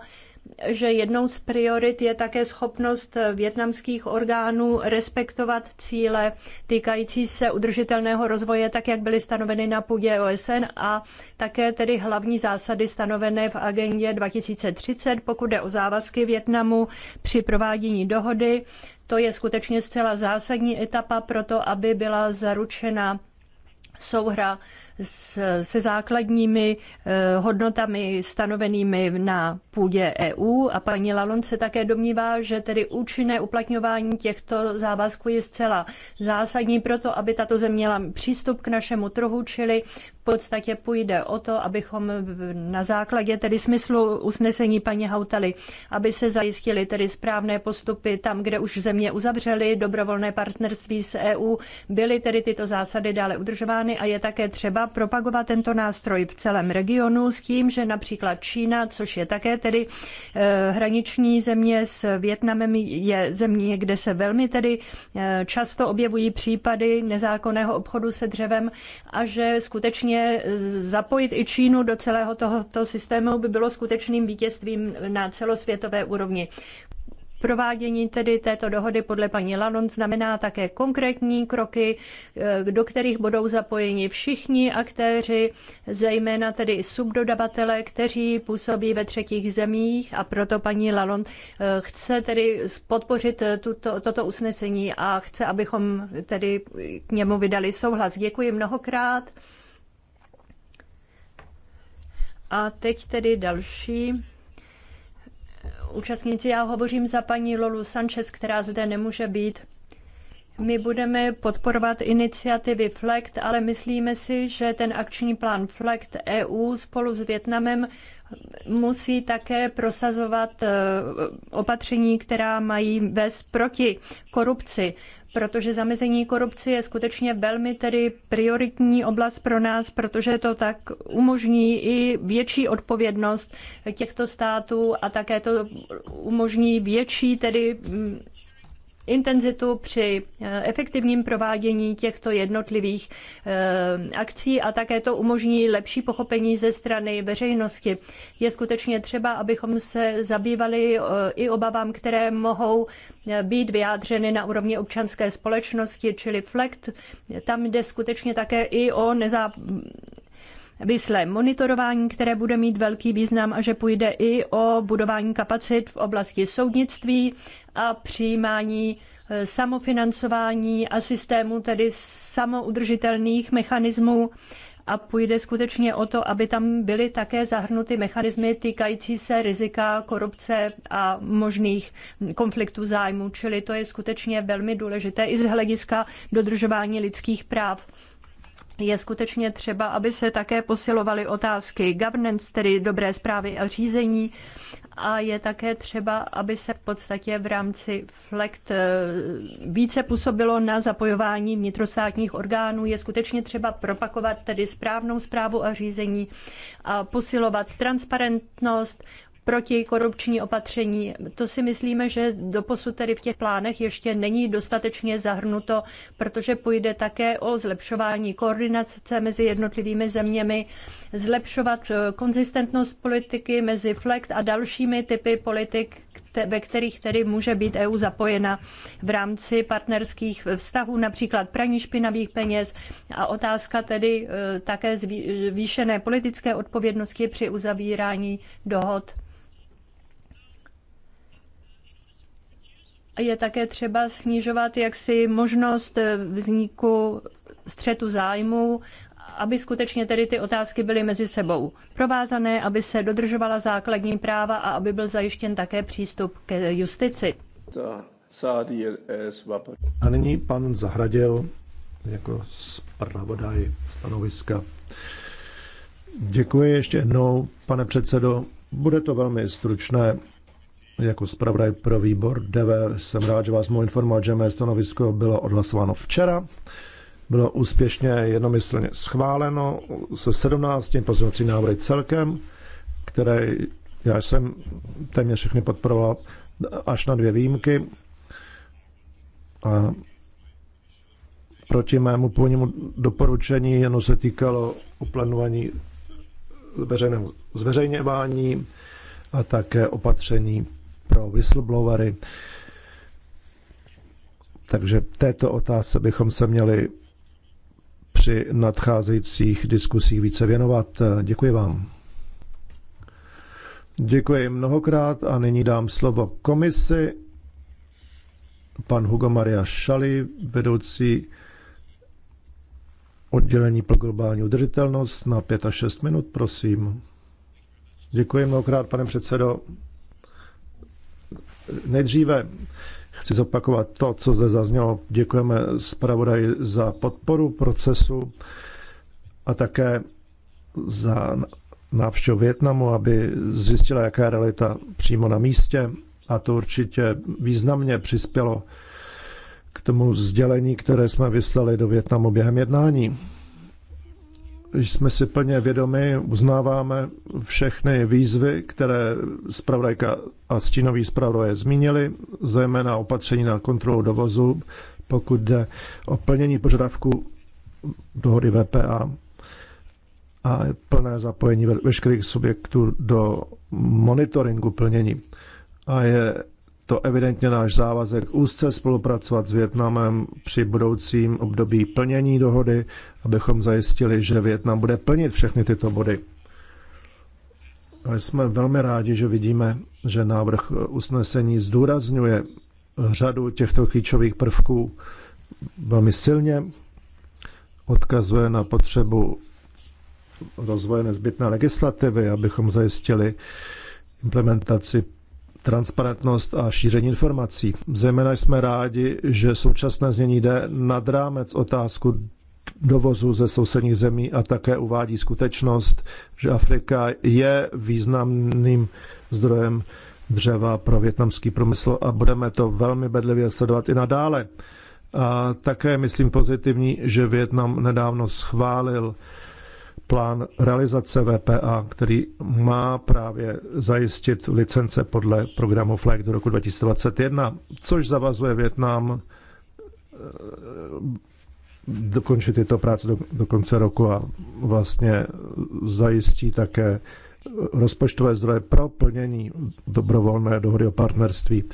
že jednou z priorit je také schopnost větnamských orgánů respektovat cíle týkající se udržitelného rozvoje, tak jak byly stanoveny na půdě OSN a také tedy hlavní zásady stanovené v agendě 2030, pokud jde o závazky Větnamu při provádění dohody. To je skutečně zcela zásadní etapa pro to, aby byla zaručena souhra se základními eh, hodnotami stanovenými na půdě EU a paní Lalonde se také domnívá, že tedy účinné uplatňování těchto závazků je zcela zásadní pro to, aby tato země měla přístup k našemu trhu, čili podstatě půjde o to, abychom na základě tedy smyslu usnesení paní Hautaly, aby se zajistili tedy správné postupy tam, kde už země uzavřely dobrovolné partnerství s EU, byly tedy tyto zásady dále udržovány a je také třeba propagovat tento nástroj v celém regionu s tím, že například Čína, což je také tedy eh, hraniční země s Větnamem, je země, kde se velmi tedy eh, často objevují případy nezákonného obchodu se dřevem a že skutečně zapojit i Čínu do celého tohoto systému by bylo skutečným vítězstvím na celosvětové úrovni. Provádění tedy této dohody podle paní Lanon znamená také konkrétní kroky, eh, do kterých budou zapojeni všichni aktéři, zejména tedy i subdodavatele, kteří působí ve třetích zemích a proto paní Lalon eh, chce tedy podpořit eh, tuto, toto usnesení a chce, abychom tedy k němu vydali souhlas. Děkuji mnohokrát. A teď tedy další účastníci. Já hovořím za paní Lolu Sanchez, která zde nemůže být. My budeme podporovat iniciativy FLECT, ale myslíme si, že ten akční plán FLECT EU spolu s Větnamem musí také prosazovat eh, opatření, která mají vést proti korupci protože zamezení korupce je skutečně velmi tedy prioritní oblast pro nás, protože to tak umožní i větší odpovědnost těchto států a také to umožní větší tedy mm, intenzitu při eh, efektivním provádění těchto jednotlivých eh, akcí a také to umožní lepší pochopení ze strany veřejnosti. Je skutečně třeba, abychom se zabývali eh, i obavám, které mohou být vyjádřeny na úrovni občanské společnosti, čili FLECT. Tam jde skutečně také i o nezá vyslé monitorování, které bude mít velký význam a že půjde i o budování kapacit v oblasti soudnictví, a přijímání e, samofinancování a systému tedy samoudržitelných mechanismů a půjde skutečně o to, aby tam byly také zahrnuty mechanismy týkající se rizika korupce a možných konfliktů zájmů, Čili to je skutečně velmi důležité i z hlediska dodržování lidských práv je skutečně třeba, aby se také posilovaly otázky governance, tedy dobré zprávy a řízení, a je také třeba, aby se v podstatě v rámci FLECT eh, více působilo na zapojování vnitrostátních orgánů. Je skutečně třeba propakovat tedy správnou zprávu a řízení a posilovat transparentnost, protikorupční opatření. To si myslíme, že doposud tedy v těch plánech ještě není dostatečně zahrnuto, protože půjde také o zlepšování koordinace mezi jednotlivými zeměmi, zlepšovat eh, konzistentnost politiky mezi FLECT a dalšími typy politik, ve kterých tedy může být EU zapojena v rámci partnerských vztahů, například praní špinavých peněz a otázka tedy e, také zvýšené politické odpovědnosti při uzavírání dohod. Je také třeba snižovat jaksi možnost e, vzniku střetu zájmů aby skutečně tedy ty otázky byly mezi sebou provázané, aby se dodržovala základní práva a aby byl zajištěn také přístup k justici. A nyní pan Zahradil jako zpravodaj stanoviska. Děkuji ještě jednou, pane předsedo. Bude to velmi stručné. Jako zpravodaj pro výbor DV jsem rád, že vás mohu informovat, že mé stanovisko bylo odhlasováno včera bylo úspěšně jednomyslně schváleno se 17 pozměňovací návrhy celkem, které já jsem téměř všechny podporoval až na dvě výjimky. A proti mému původnímu doporučení jen se týkalo uplanování veřejného zveřejňování a také opatření pro whistleblowery. Takže této otázce bychom se měli při nadcházejících diskusích více věnovat. Děkuji vám. Děkuji mnohokrát a nyní dám slovo komisi. Pan Hugo Maria Šali, vedoucí oddělení pro globální udržitelnost na 5 až 6 minut, prosím. Děkuji mnohokrát, pane předsedo. Nejdříve Chci zopakovat to, co zde zaznělo. Děkujeme zpravodaji za podporu procesu a také za návštěvu Větnamu, aby zjistila, jaká je realita přímo na místě. A to určitě významně přispělo k tomu sdělení, které jsme vyslali do Větnamu během jednání jsme si plně vědomi, uznáváme všechny výzvy, které zpravodajka a stínový zpravodaje zmínili, zejména opatření na kontrolu dovozu, pokud jde o plnění požadavku dohody VPA a plné zapojení veškerých subjektů do monitoringu plnění. A je to evidentně náš závazek úzce spolupracovat s Větnamem při budoucím období plnění dohody, abychom zajistili, že Větnam bude plnit všechny tyto body. Ale jsme velmi rádi, že vidíme, že návrh usnesení zdůrazňuje řadu těchto klíčových prvků velmi silně, odkazuje na potřebu rozvoje nezbytné legislativy, abychom zajistili implementaci transparentnost a šíření informací. Zejména jsme rádi, že současné změní jde nad rámec otázku dovozu ze sousedních zemí a také uvádí skutečnost, že Afrika je významným zdrojem dřeva pro větnamský průmysl a budeme to velmi bedlivě sledovat i nadále. A také myslím pozitivní, že Větnam nedávno schválil plán realizace VPA, který má právě zajistit licence podle programu FLEG do roku 2021, což zavazuje Větnam eh, dokončit tyto práce do, do konce roku a vlastně zajistí také rozpočtové zdroje pro plnění dobrovolné dohody o partnerství.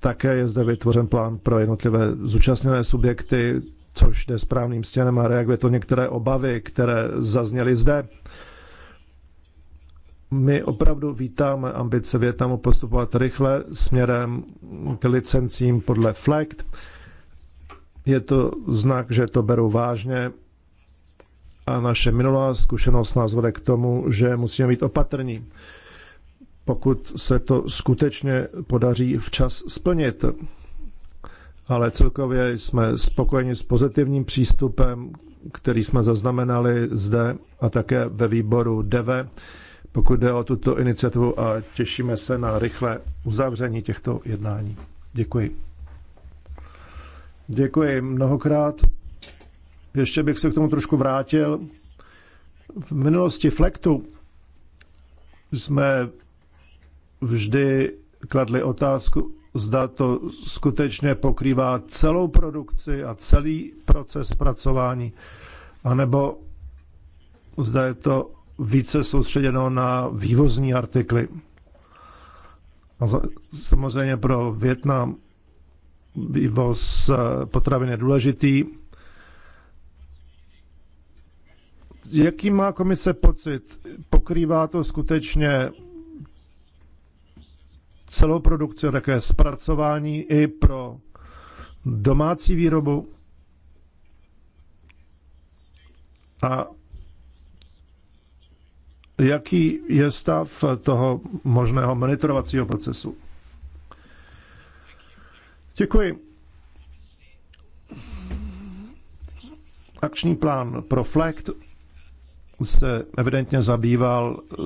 Také je zde vytvořen plán pro jednotlivé zúčastněné subjekty, což jde správným stěnem a reaguje to některé obavy, které zazněly zde. My opravdu vítáme ambice Větnamu postupovat rychle směrem k licencím podle FLECT. Je to znak, že to beru vážně a naše minulá zkušenost nás vede k tomu, že musíme být opatrní, pokud se to skutečně podaří včas splnit ale celkově jsme spokojeni s pozitivním přístupem, který jsme zaznamenali zde a také ve výboru DEVE, pokud jde o tuto iniciativu a těšíme se na rychlé uzavření těchto jednání. Děkuji. Děkuji mnohokrát. Ještě bych se k tomu trošku vrátil. V minulosti Flektu jsme vždy kladli otázku, zda to skutečně pokrývá celou produkci a celý proces zpracování, anebo zda je to více soustředěno na vývozní artikly. A samozřejmě pro Větnam vývoz eh, potravin je důležitý. Jaký má komise pocit? Pokrývá to skutečně celou produkci a také zpracování i pro domácí výrobu. A jaký je stav toho možného monitorovacího procesu? Děkuji. Akční plán pro FLECT se evidentně zabýval eh,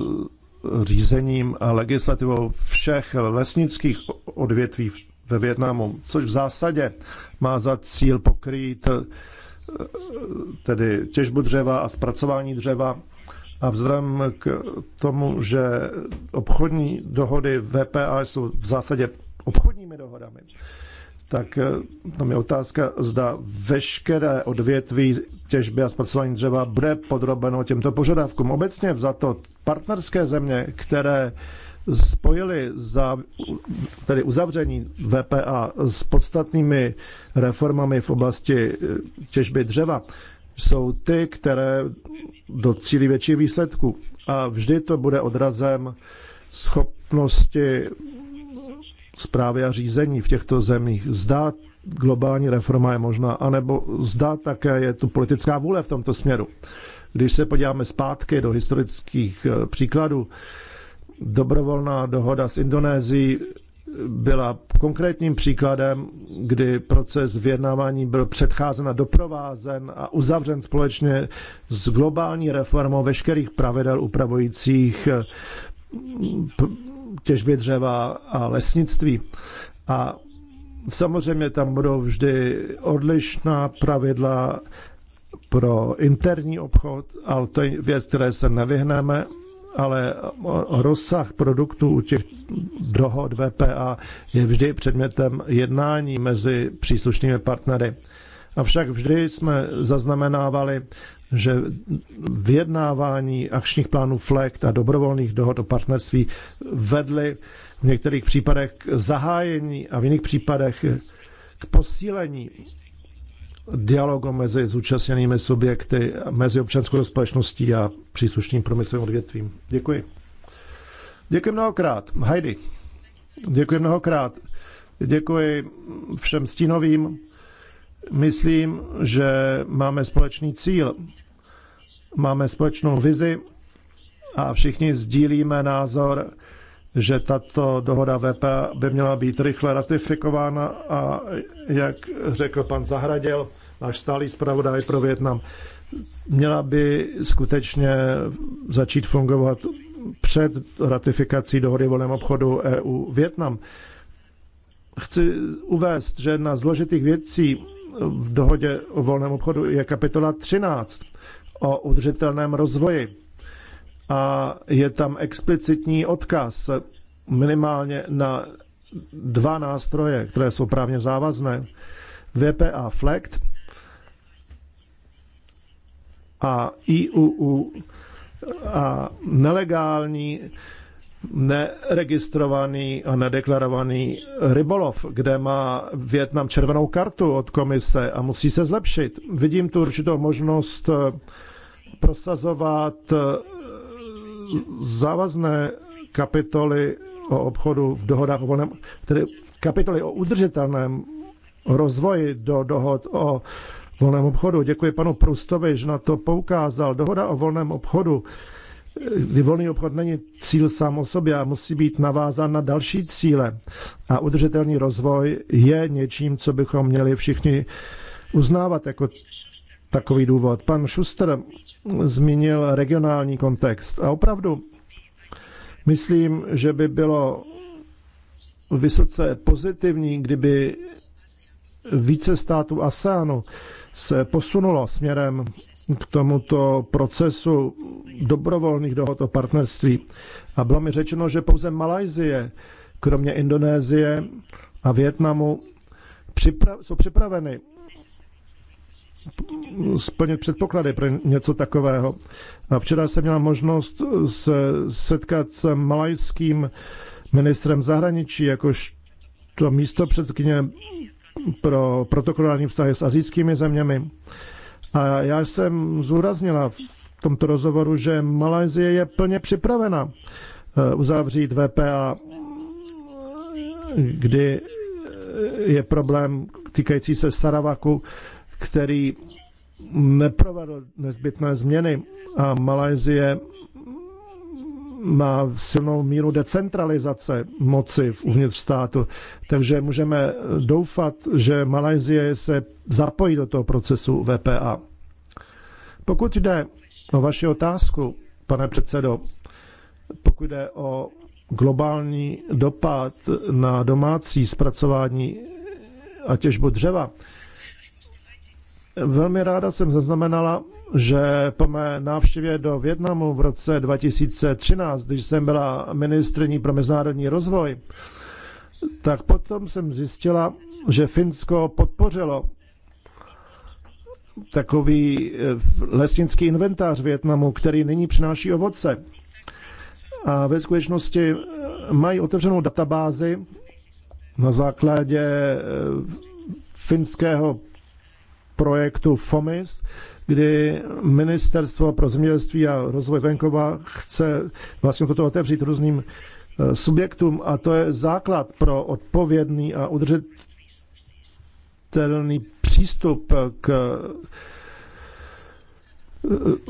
řízením a legislativou všech lesnických odvětví ve Větnamu, což v zásadě má za cíl pokrýt eh, tedy těžbu dřeva a zpracování dřeva. A vzhledem k tomu, že obchodní dohody VPA jsou v zásadě obchodními dohodami, tak eh, tam je otázka, zda veškeré odvětví těžby a zpracování dřeva bude podrobeno těmto požadavkům. Obecně to partnerské země, které spojili za, tedy uzavření VPA s podstatnými reformami v oblasti eh, těžby dřeva, jsou ty, které docílí větší výsledku. A vždy to bude odrazem schopnosti zprávy a řízení v těchto zemích. Zdá globální reforma je možná, anebo zdá také je tu politická vůle v tomto směru. Když se podíváme zpátky do historických eh, příkladů, dobrovolná dohoda s Indonésií byla konkrétním příkladem, kdy proces vyjednávání byl předcházen a doprovázen a uzavřen společně s globální reformou veškerých pravidel upravujících eh, těžby dřeva a lesnictví. A samozřejmě tam budou vždy odlišná pravidla pro interní obchod, ale to je věc, které se nevyhneme, ale rozsah produktů u těch dohod VPA je vždy předmětem jednání mezi příslušnými partnery. Avšak vždy jsme zaznamenávali že vyjednávání akčních plánů FLECT a dobrovolných dohod o partnerství vedly v některých případech k zahájení a v jiných případech k posílení dialogu mezi zúčastněnými subjekty, mezi občanskou společností a příslušným průmyslovým odvětvím. Děkuji. Děkuji mnohokrát. Heidi. Děkuji mnohokrát. Děkuji všem stínovým. Myslím, že máme společný cíl, máme společnou vizi a všichni sdílíme názor, že tato dohoda VP by měla být rychle ratifikována a jak řekl pan Zahradil, náš stálý zpravodaj pro Větnam, měla by skutečně začít fungovat před ratifikací dohody volném obchodu EU Větnam. Chci uvést, že jedna z důležitých věcí, v dohodě o volném obchodu je kapitola 13 o udržitelném rozvoji. A je tam explicitní odkaz minimálně na dva nástroje, které jsou právně závazné. VPA FLECT a IUU a nelegální neregistrovaný a nedeklarovaný rybolov, kde má Větnam červenou kartu od komise a musí se zlepšit. Vidím tu určitou možnost eh, prosazovat eh, závazné kapitoly o obchodu v dohodách o volném, tedy kapitoly o udržitelném rozvoji do dohod o volném obchodu. Děkuji panu Prustovi, že na to poukázal. Dohoda o volném obchodu Volný obchod není cíl sám o sobě a musí být navázán na další cíle. A udržitelný rozvoj je něčím, co bychom měli všichni uznávat jako takový důvod. Pan Schuster zmínil regionální kontext. A opravdu myslím, že by bylo vysoce pozitivní, kdyby více států ASEANu se posunulo směrem k tomuto procesu dobrovolných dohod o partnerství. A bylo mi řečeno, že pouze Malajzie, kromě Indonésie a Větnamu, připra- jsou připraveny splnit předpoklady pro něco takového. A včera jsem měla možnost se setkat s malajským ministrem zahraničí, jakož to místo předkyně pro protokolární vztahy s azijskými zeměmi. A já jsem zúraznila v tomto rozhovoru, že Malajzie je plně připravena eh, uzavřít VPA, kdy eh, je problém týkající se Saravaku, který neprovedl nezbytné změny a Malajzie má silnou míru decentralizace moci uvnitř státu. Takže můžeme doufat, že Malajzie se zapojí do toho procesu VPA. Pokud jde o vaši otázku, pane předsedo, pokud jde o globální dopad na domácí zpracování a těžbu dřeva, Velmi ráda jsem zaznamenala, že po mé návštěvě do Větnamu v roce 2013, když jsem byla ministrní pro mezinárodní rozvoj, tak potom jsem zjistila, že Finsko podpořilo takový eh, lesnický inventář Větnamu, který nyní přináší ovoce. A ve skutečnosti eh, mají otevřenou databázi na základě eh, finského projektu FOMIS, kdy Ministerstvo pro zemědělství a rozvoj venkova chce vlastně to otevřít různým eh, subjektům a to je základ pro odpovědný a udržitelný přístup k eh,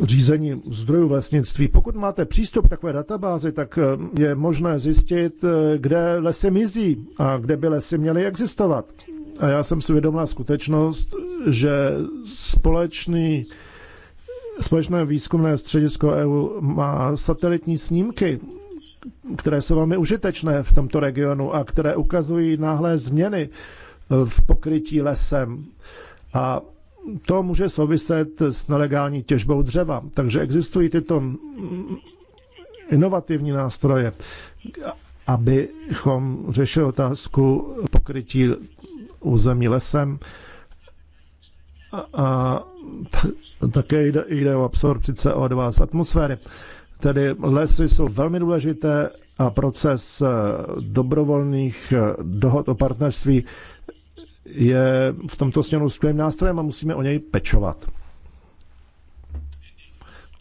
řízení zdrojů vlastnictví. Pokud máte přístup k takové databázi, tak eh, je možné zjistit, kde lesy mizí a kde by lesy měly existovat. A já jsem si vědomá skutečnost, že společný, společné výzkumné středisko EU má satelitní snímky, které jsou velmi užitečné v tomto regionu a které ukazují náhlé změny v pokrytí lesem. A to může souviset s nelegální těžbou dřeva. Takže existují tyto inovativní nástroje abychom řešili otázku pokrytí území lesem. A, a také jde, jde o absorpci CO2 z atmosféry. Tedy lesy jsou velmi důležité a proces eh, dobrovolných eh, dohod o partnerství je v tomto směru skvělým nástrojem a musíme o něj pečovat.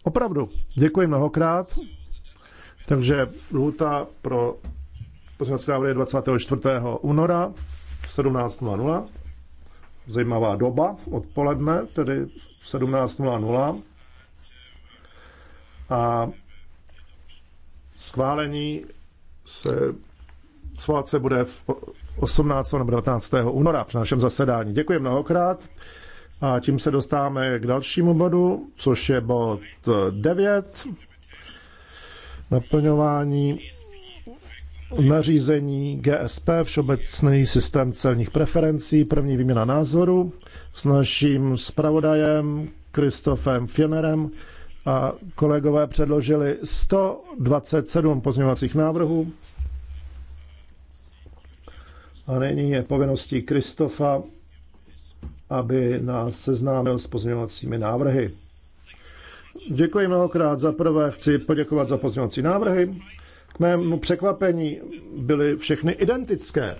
Opravdu, děkuji mnohokrát. Takže lhuta pro Pozměňovací návrh 24. února v 17.00. Zajímavá doba odpoledne, tedy 17.00. A schválení se, schválit se bude v 18. nebo 19. února při našem zasedání. Děkuji mnohokrát. A tím se dostáváme k dalšímu bodu, což je bod 9. Naplňování nařízení GSP, Všeobecný systém celních preferencí, první výměna názoru s naším zpravodajem Kristofem Fjenerem a kolegové předložili 127 pozměňovacích návrhů. A nyní je povinností Kristofa, aby nás seznámil s pozměňovacími návrhy. Děkuji mnohokrát. Za prvé chci poděkovat za pozměňovací návrhy k mému překvapení byly všechny identické.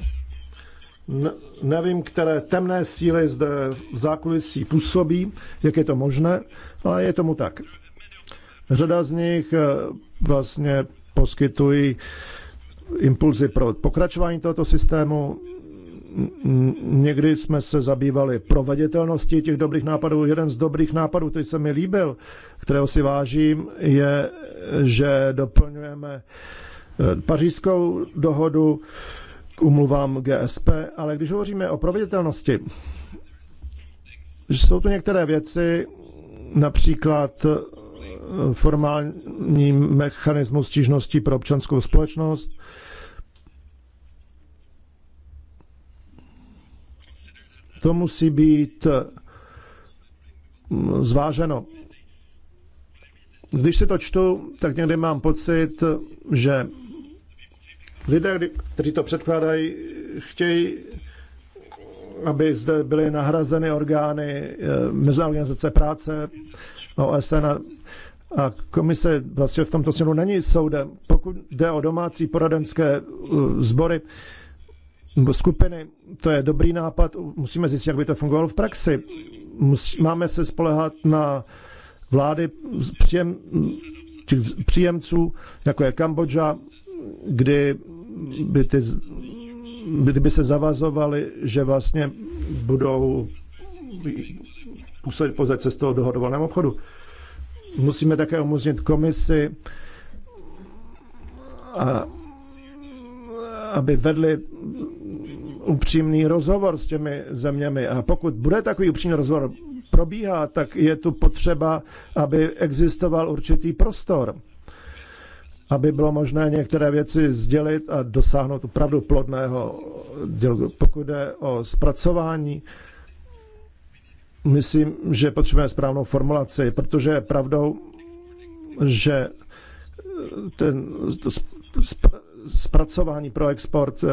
N- nevím, které temné síly zde v zákulisí působí, jak je to možné, ale je tomu tak. Řada z nich eh, vlastně poskytují impulzy pro pokračování tohoto systému. Někdy jsme se zabývali proveditelností těch dobrých nápadů. Jeden z dobrých nápadů, který se mi líbil, kterého si vážím, je, že doplňujeme eh, pařížskou dohodu k umluvám GSP, ale když hovoříme o proveditelnosti, jsou tu některé věci, například eh, formální mechanismus stížností pro občanskou společnost, To musí být mm, zváženo. Když si to čtu, tak někdy mám pocit, že lidé, kteří to předkládají, chtějí, aby zde byly nahrazeny orgány eh, Mezinárodní práce, OSN a, a komise vlastně v tomto směru není soudem. Pokud jde o domácí poradenské eh, sbory, uh, skupiny. To je dobrý nápad, musíme zjistit, jak by to fungovalo v praxi. Máme se spolehat na vlády příjem, těch příjemců, jako je Kambodža, kdy by, ty, kdyby se zavazovali, že vlastně budou působit pouze cestou dohodovaném obchodu. Musíme také umožnit komisi a aby vedli upřímný rozhovor s těmi zeměmi. A pokud bude takový upřímný rozhovor probíhat, tak je tu potřeba, aby existoval určitý prostor, aby bylo možné některé věci sdělit a dosáhnout opravdu plodného dělku. Pokud jde o zpracování, myslím, že potřebujeme správnou formulaci, protože je pravdou, že ten, to, zpracování pro export eh,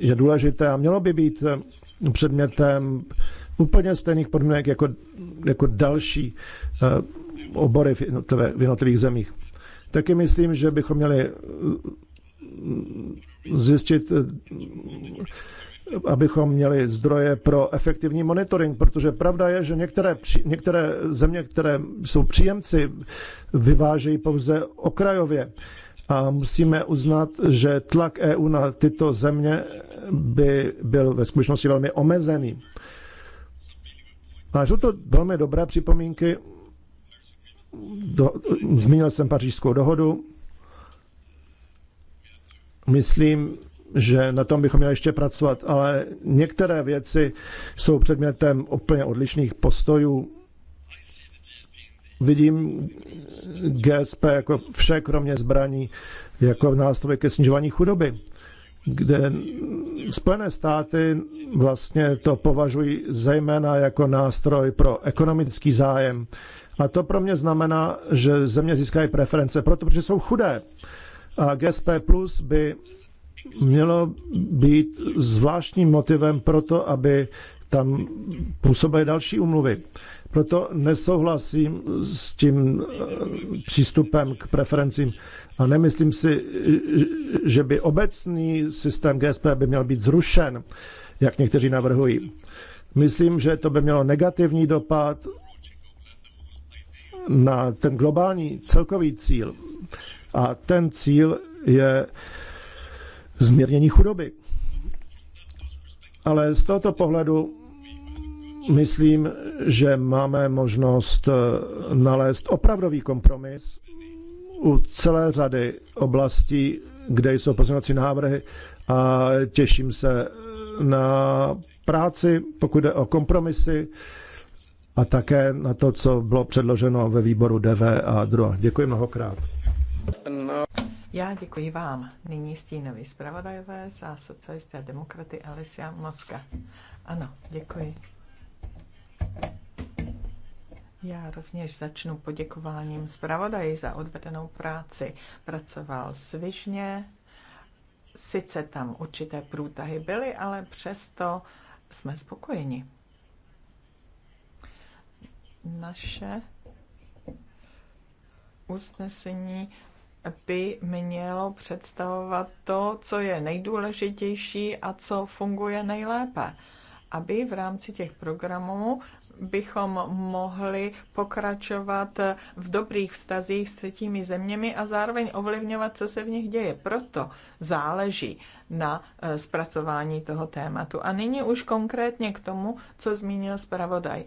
je důležité a mělo by být eh, předmětem úplně stejných podmínek jako, jako další eh, obory v, jednotlivé, v jednotlivých zemích. Taky myslím, že bychom měli zjistit abychom měli zdroje pro efektivní monitoring, protože pravda je, že některé, některé země, které jsou příjemci, vyvážejí pouze okrajově. A musíme uznat, že tlak EU na tyto země by byl ve skutečnosti velmi omezený. A jsou to velmi dobré připomínky. Do, zmínil jsem pařížskou dohodu. Myslím, že na tom bychom měli ještě pracovat, ale některé věci jsou předmětem úplně odlišných postojů. Vidím GSP jako vše, kromě zbraní, jako nástroj ke snižování chudoby, kde Spojené státy vlastně to považují zejména jako nástroj pro ekonomický zájem. A to pro mě znamená, že země získají preference, proto, protože jsou chudé. A GSP Plus by mělo být zvláštním motivem pro to, aby tam působily další umluvy. Proto nesouhlasím s tím eh, přístupem k preferencím a nemyslím si, že by obecný systém GSP by měl být zrušen, jak někteří navrhují. Myslím, že to by mělo negativní dopad na ten globální celkový cíl. A ten cíl je zmírnění chudoby. Ale z tohoto pohledu myslím, že máme možnost eh, nalézt opravdový kompromis u celé řady oblastí, kde jsou pozměňovací návrhy a těším se na práci, pokud jde o kompromisy a také na to, co bylo předloženo ve výboru DV a DRO. Děkuji mnohokrát. No. Já děkuji vám. Nyní stínový zpravodajové za socialisté a demokraty Alicia Moska. Ano, děkuji. Já rovněž začnu poděkováním zpravodaji za odvedenou práci. Pracoval svižně, sice tam určité průtahy byly, ale přesto jsme spokojeni. Naše usnesení by mělo představovat to, co je nejdůležitější a co funguje nejlépe. Aby v rámci těch programů bychom mohli pokračovat v dobrých vztazích s třetími zeměmi a zároveň ovlivňovat, co se v nich děje. Proto záleží na eh, zpracování toho tématu. A nyní už konkrétně k tomu, co zmínil zpravodaj.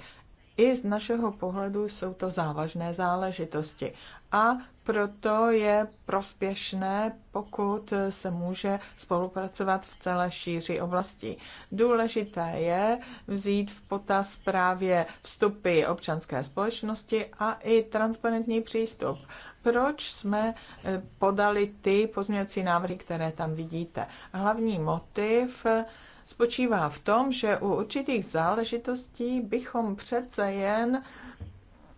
I z našeho pohledu jsou to závažné záležitosti. A proto je prospěšné, pokud se může spolupracovat v celé šíři oblasti. Důležité je vzít v potaz právě vstupy občanské společnosti a i transparentní přístup. Proč jsme eh, podali ty pozměňovací návrhy, které tam vidíte? Hlavní motiv eh, spočívá v tom, že u určitých záležitostí bychom přece jen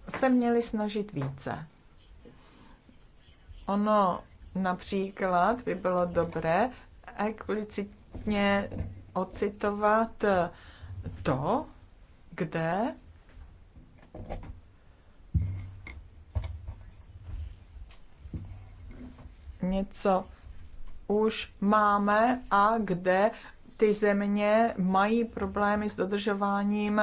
se měli snažit více Ono například by bylo dobré explicitně ocitovat to, kde něco už máme a kde ty země mají problémy s dodržováním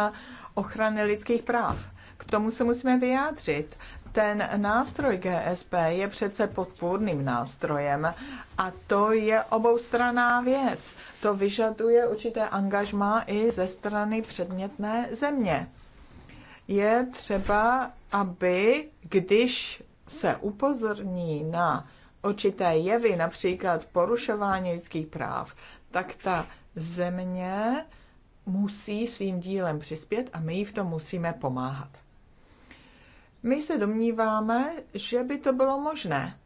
ochrany lidských práv. K tomu se musíme vyjádřit. Ten nástroj GSP je přece podpůrným nástrojem a to je oboustraná věc. To vyžaduje určité angažmá i ze strany předmětné země. Je třeba, aby když se upozorní na určité jevy, například porušování lidských práv, tak ta země musí svým dílem přispět a my jí v tom musíme pomáhat. My se domníváme, že by to bylo možné.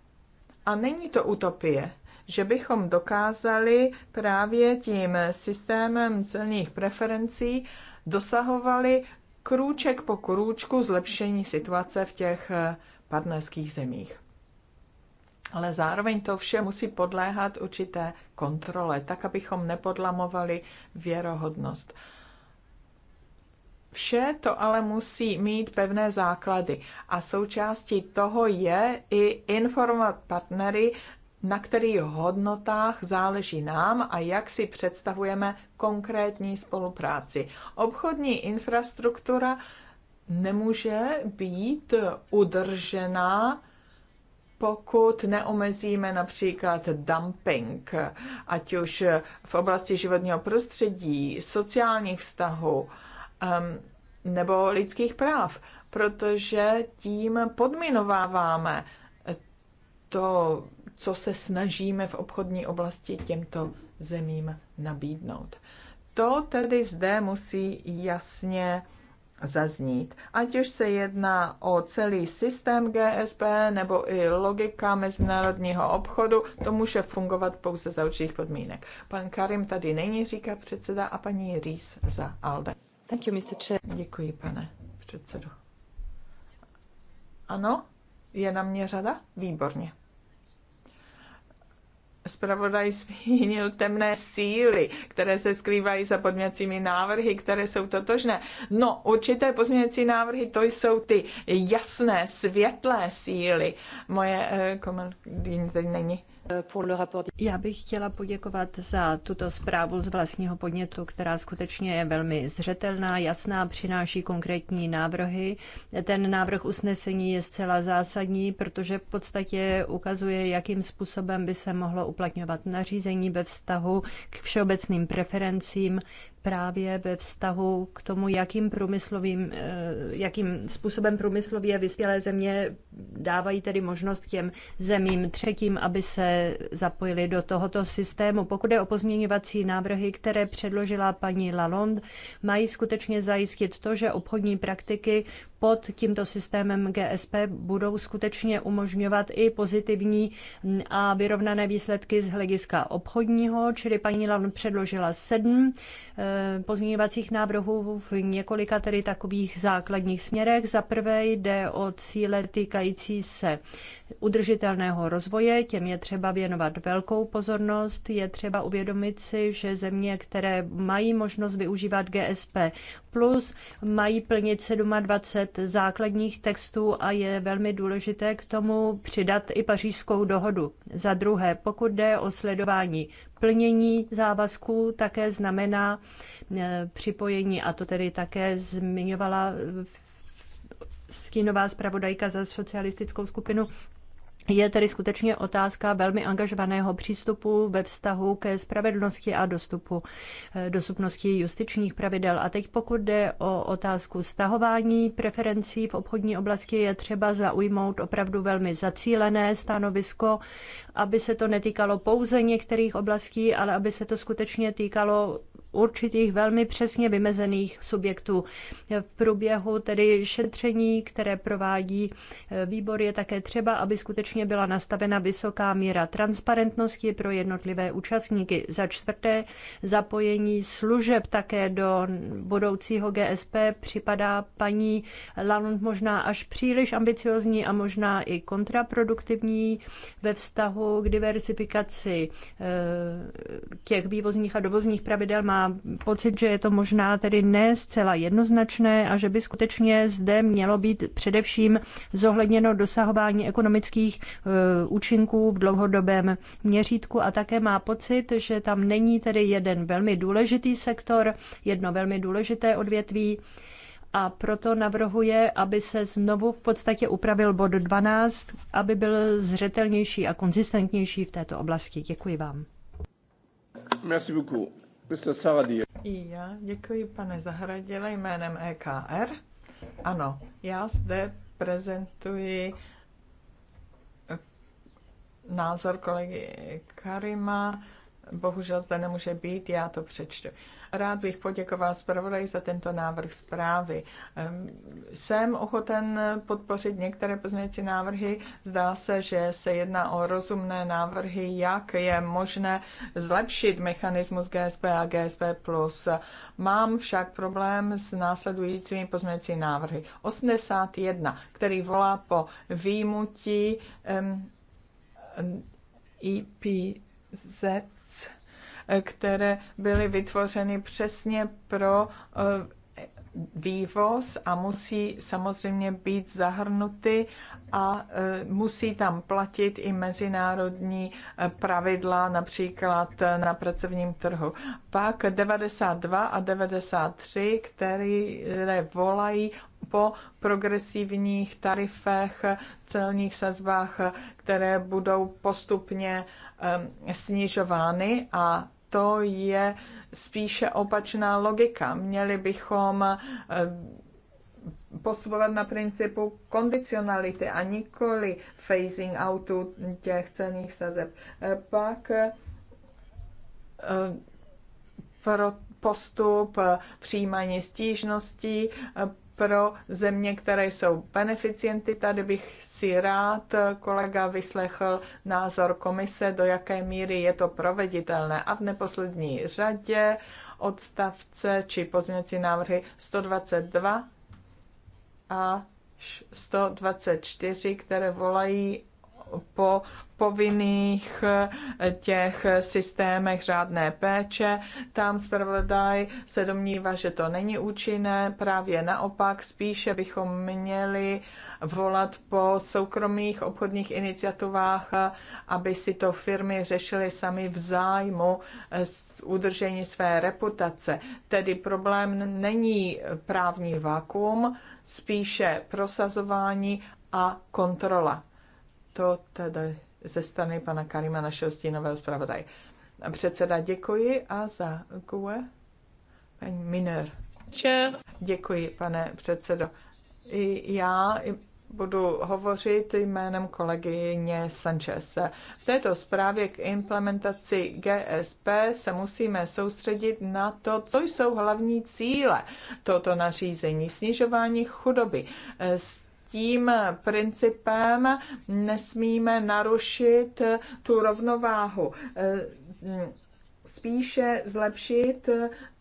A není to utopie, že bychom dokázali právě tím systémem celních preferencí dosahovali krůček po krůčku zlepšení situace v těch eh, partnerských zemích. Ale zároveň to vše musí podléhat určité kontrole, tak abychom nepodlamovali věrohodnost. Vše to ale musí mít pevné základy a součástí toho je i informovat partnery, na kterých hodnotách záleží nám a jak si představujeme konkrétní spolupráci. Obchodní infrastruktura nemůže být udržená, pokud neomezíme například dumping, ať už v oblasti životního prostředí, sociálních vztahů, um, nebo lidských práv, protože tím podminováváme to, co se snažíme v obchodní oblasti těmto zemím nabídnout. To tedy zde musí jasně zaznít. Ať už se jedná o celý systém GSP nebo i logika mezinárodního obchodu, to může fungovat pouze za určitých podmínek. Pan Karim tady není, říká předseda, a paní Rýs za ALDE. Thank you, Mr. Chair. Děkuji, pane předsedo. Ano, je na mě řada? Výborně. Spravodaj zmínil temné síly, které se skrývají za podměcími návrhy, které jsou totožné. No, určité pozměňovací návrhy, to jsou ty jasné, světlé síly. Moje eh, komentář není já bych chtěla poděkovat za tuto zprávu z vlastního podnětu, která skutečně je velmi zřetelná, jasná, přináší konkrétní návrhy. Ten návrh usnesení je zcela zásadní, protože v podstatě ukazuje, jakým způsobem by se mohlo uplatňovat nařízení ve vztahu k všeobecným preferencím právě ve vztahu k tomu, jakým průmyslovým, eh, jakým způsobem průmyslově vyspělé země dávají tedy možnost těm zemím třetím, aby se zapojili do tohoto systému. Pokud je o pozměňovací návrhy, které předložila paní Lalonde, mají skutečně zajistit to, že obchodní praktiky pod tímto systémem GSP budou skutečně umožňovat i pozitivní a vyrovnané výsledky z hlediska obchodního, čili paní Lalonde předložila sedm eh, Eh, pozměňovacích návrhů v několika tedy takových základních směrech. Za prvé jde o cíle týkající se udržitelného rozvoje, těm je třeba věnovat velkou pozornost, je třeba uvědomit si, že země, které mají možnost využívat GSP+, plus mají plnit 27 základních textů a je velmi důležité k tomu přidat i pařížskou dohodu. Za druhé, pokud jde o sledování plnění závazků také znamená e, připojení, a to tedy také zmiňovala e, stínová zpravodajka za socialistickou skupinu je tedy skutečně otázka velmi angažovaného přístupu ve vztahu ke spravedlnosti a dostupu, eh, dostupnosti justičních pravidel. A teď pokud jde o otázku stahování preferencí v obchodní oblasti, je třeba zaujmout opravdu velmi zacílené stanovisko, aby se to netýkalo pouze některých oblastí, ale aby se to skutečně týkalo určitých velmi přesně vymezených subjektů. V průběhu tedy šetření, které provádí e, výbor, je také třeba, aby skutečně byla nastavena vysoká míra transparentnosti pro jednotlivé účastníky. Za čtvrté, zapojení služeb také do budoucího GSP připadá paní Lalund možná až příliš ambiciozní a možná i kontraproduktivní ve vztahu k diversifikaci e, těch vývozních a dovozních pravidel má má pocit, že je to možná tedy ne zcela jednoznačné a že by skutečně zde mělo být především zohledněno dosahování ekonomických e, účinků v dlouhodobém měřítku a také má pocit, že tam není tedy jeden velmi důležitý sektor, jedno velmi důležité odvětví, a proto navrhuje, aby se znovu v podstatě upravil bod 12, aby byl zřetelnější a konzistentnější v této oblasti. Děkuji vám. Merci beaucoup. Mr. I já děkuji, pane Zahraděle jménem EKR. Ano, já zde prezentuji eh, názor kolegy Karima bohužel zde nemůže být, já to přečtu. Rád bych poděkoval zpravodaji za tento návrh zprávy. Ehm, jsem ochoten podpořit některé pozměňující návrhy. Zdá se, že se jedná o rozumné návrhy, jak je možné zlepšit mechanismus GSP a GSP+. Mám však problém s následujícími pozměňující návrhy. 81, který volá po výjimutí um, ehm, EP ZEC, které byly vytvořeny přesně pro eh, vývoz a musí samozřejmě být zahrnuty a e, musí tam platit i mezinárodní e, pravidla, například e, na pracovním trhu. Pak 92 a 93, které volají po progresivních tarifech, celních sazbách, které budou postupně snižovány a to je spíše opačná logika. Měli bychom postupovat na principu kondicionality a nikoli phasing outu těch cených sazeb. E, pak e, pro postup přijímání stížností e, pro země, které jsou beneficienty. Tady bych si rád kolega vyslechl názor komise, do jaké míry je to proveditelné. A v neposlední řadě odstavce či pozměňovací návrhy 122 a 124, které volají po povinných eh, těch systémech řádné péče. Tam zpravodaj se domnívá, že to není účinné, právě naopak spíše bychom měli volat po soukromých obchodních iniciativách, eh, aby si to firmy řešily sami v zájmu eh, udržení své reputace. Tedy problém není právní vakuum, spíše prosazování a kontrola. To tedy ze strany pana Karima, našeho stínového zpravodaje. Předseda, děkuji a za kůle. paní Miner. Děkuji, pane předsedo. I já budu hovořit jménem kolegyně Sanchez. V této zprávě k implementaci GSP se musíme soustředit na to, co jsou hlavní cíle tohoto nařízení. Snižování chudoby, tím principem nesmíme narušit tu rovnováhu. Spíše zlepšit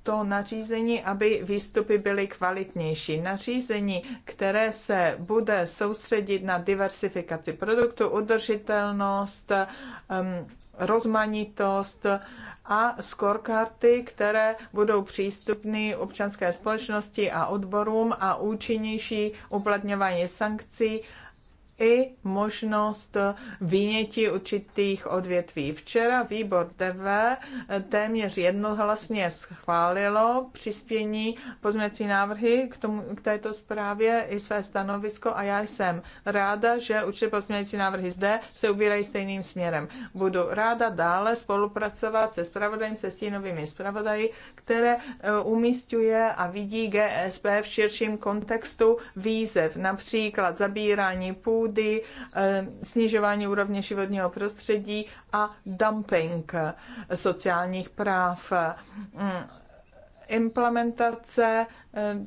to nařízení, aby výstupy byly kvalitnější. Nařízení, které se bude soustředit na diversifikaci produktu, udržitelnost, um, rozmanitost a scorekarty, které budou přístupny občanské společnosti a odborům a účinnější uplatňování sankcí i možnost vynětí určitých odvětví. Včera výbor DV téměř jednohlasně schválilo přispění pozměcí návrhy k, tomu, k této zprávě i své stanovisko a já jsem ráda, že určitě pozměcí návrhy zde se ubírají stejným směrem. Budu ráda dále spolupracovat se spravodajem, se stínovými spravodaji, které e, umístuje a vidí GSP v širším kontextu výzev, například zabírání půdy, půdy, eh, snižování úrovně životního prostředí a dumping sociálních práv. Mm, implementace eh,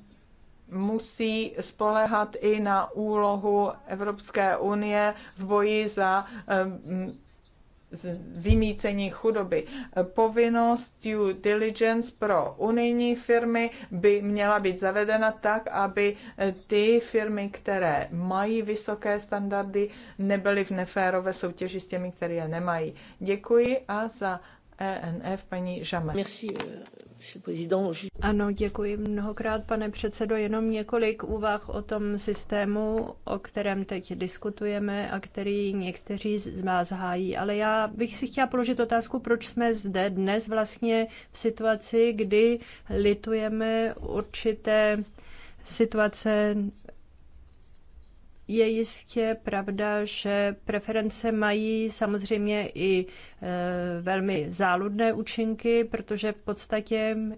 musí spolehat i na úlohu Evropské unie v boji za eh, vymícení chudoby. Povinnost due diligence pro unijní firmy by měla být zavedena tak, aby ty firmy, které mají vysoké standardy, nebyly v neférové soutěži s těmi, které je nemají. Děkuji a za ENF paní Žame. Merci. Euh, ano, děkuji mnohokrát, pane předsedo. Jenom několik úvah o tom systému, o kterém teď diskutujeme a který někteří z vás hájí. Ale já bych si chtěla položit otázku, proč jsme zde dnes vlastně v situaci, kdy litujeme určité situace je jistě pravda, že preference mají samozřejmě i Eh, velmi záludné účinky, protože v podstatě eh,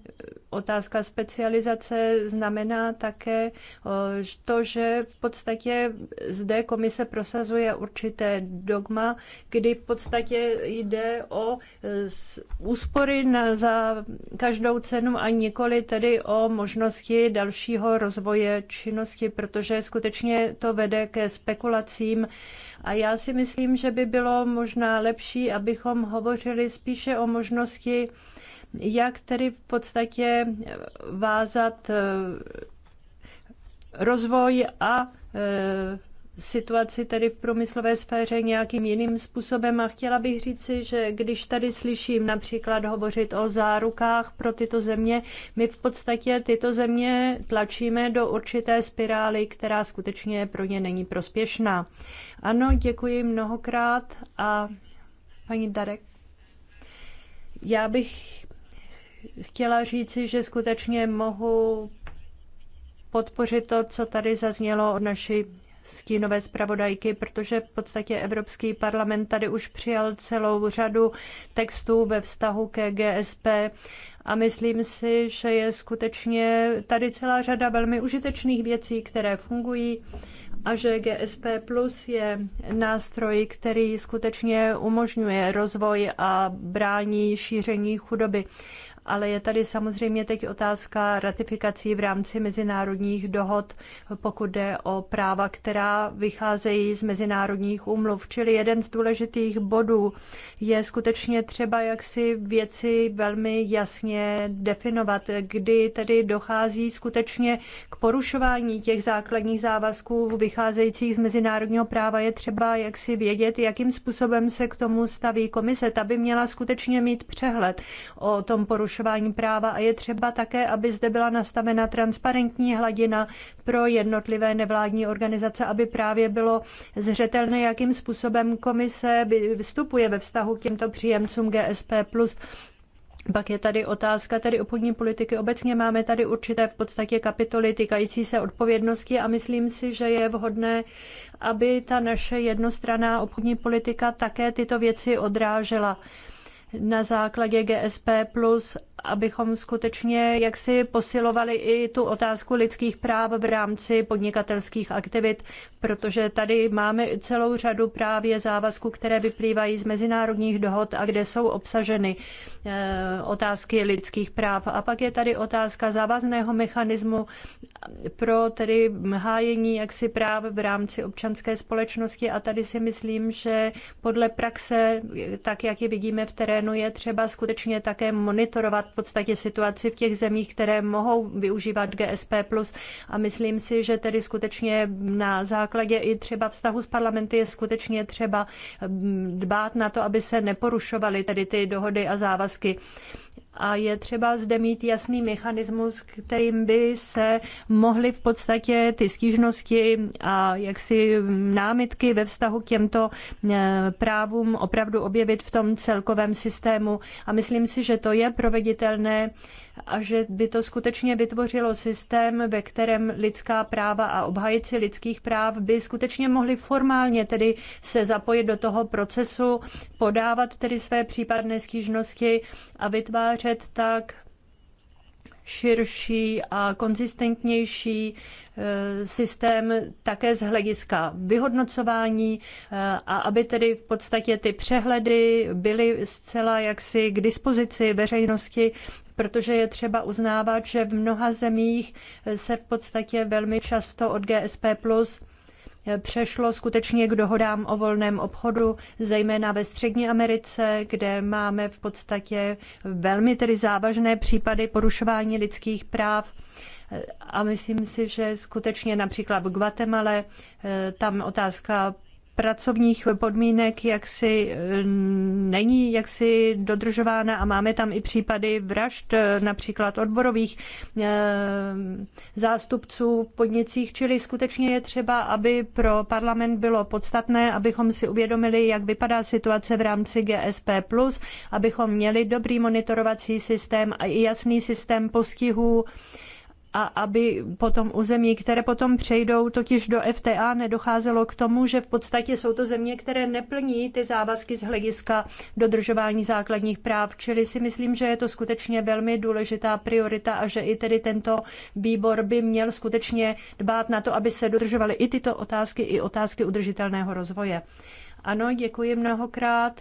otázka specializace znamená také eh, to, že v podstatě zde komise prosazuje určité dogma, kdy v podstatě jde o úspory na, za každou cenu a nikoli tedy o možnosti dalšího rozvoje činnosti, protože skutečně to vede ke spekulacím a já si myslím, že by bylo možná lepší, abychom hovořili spíše o možnosti, jak tedy v podstatě vázat eh, rozvoj a eh, situaci tedy v průmyslové sféře nějakým jiným způsobem a chtěla bych říci, že když tady slyším například hovořit o zárukách pro tyto země, my v podstatě tyto země tlačíme do určité spirály, která skutečně pro ně není prospěšná. Ano, děkuji mnohokrát a paní Darek. Já bych chtěla říci, že skutečně mohu podpořit to, co tady zaznělo od naší stínové zpravodajky, protože v podstatě Evropský parlament tady už přijal celou řadu textů ve vztahu ke GSP a myslím si, že je skutečně tady celá řada velmi užitečných věcí, které fungují a že GSP Plus je nástroj, který skutečně umožňuje rozvoj a brání šíření chudoby ale je tady samozřejmě teď otázka ratifikací v rámci mezinárodních dohod, pokud jde o práva, která vycházejí z mezinárodních úmluv. Čili jeden z důležitých bodů je skutečně třeba jaksi věci velmi jasně definovat, kdy tedy dochází skutečně k porušování těch základních závazků vycházejících z mezinárodního práva. Je třeba jaksi vědět, jakým způsobem se k tomu staví komise. Ta by měla skutečně mít přehled o tom porušování porušování práva a je třeba také, aby zde byla nastavena transparentní hladina pro jednotlivé nevládní organizace, aby právě bylo zřetelné, jakým způsobem komise vystupuje ve vztahu k těmto příjemcům GSP+, pak je tady otázka tady obchodní politiky. Obecně máme tady určité v podstatě kapitoly týkající se odpovědnosti a myslím si, že je vhodné, aby ta naše jednostranná obchodní politika také tyto věci odrážela na základě GSP plus abychom skutečně jaksi posilovali i tu otázku lidských práv v rámci podnikatelských aktivit, protože tady máme celou řadu právě závazků, které vyplývají z mezinárodních dohod a kde jsou obsaženy eh, otázky lidských práv. A pak je tady otázka závazného mechanismu pro tedy hájení jaksi práv v rámci občanské společnosti a tady si myslím, že podle praxe, tak jak ji vidíme v terénu, je třeba skutečně také monitorovat v podstatě situaci v těch zemích, které mohou využívat GSP+. A myslím si, že tedy skutečně na základě i třeba vztahu s parlamenty je skutečně třeba mm, dbát na to, aby se neporušovaly tedy ty dohody a závazky a je třeba zde mít jasný mechanismus, kterým by se mohly v podstatě ty stížnosti a jaksi námitky ve vztahu k těmto eh, právům opravdu objevit v tom celkovém systému. A myslím si, že to je proveditelné a že by to skutečně vytvořilo systém, ve kterém lidská práva a obhajici lidských práv by skutečně mohli formálně tedy se zapojit do toho procesu, podávat tedy své případné stížnosti a vytvářet tak širší a konzistentnější eh, systém také z hlediska vyhodnocování eh, a aby tedy v podstatě ty přehledy byly zcela jaksi k dispozici veřejnosti, protože je třeba uznávat, že v mnoha zemích eh, se v podstatě velmi často od GSP Plus přešlo skutečně k dohodám o volném obchodu, zejména ve Střední Americe, kde máme v podstatě velmi tedy závažné případy porušování lidských práv. A myslím si, že skutečně například v Guatemale eh, tam otázka pracovních podmínek jaksi eh, není jaksi dodržována a máme tam i případy vražd eh, například odborových eh, zástupců v podnicích, čili skutečně je třeba, aby pro parlament bylo podstatné, abychom si uvědomili, jak vypadá situace v rámci GSP+, abychom měli dobrý monitorovací systém a i jasný systém postihů a aby potom u zemí, které potom přejdou totiž do FTA, nedocházelo k tomu, že v podstatě jsou to země, které neplní ty závazky z hlediska dodržování základních práv. Čili si myslím, že je to skutečně velmi důležitá priorita a že i tedy tento výbor by měl skutečně dbát na to, aby se dodržovaly i tyto otázky, i otázky udržitelného rozvoje. Ano, děkuji mnohokrát.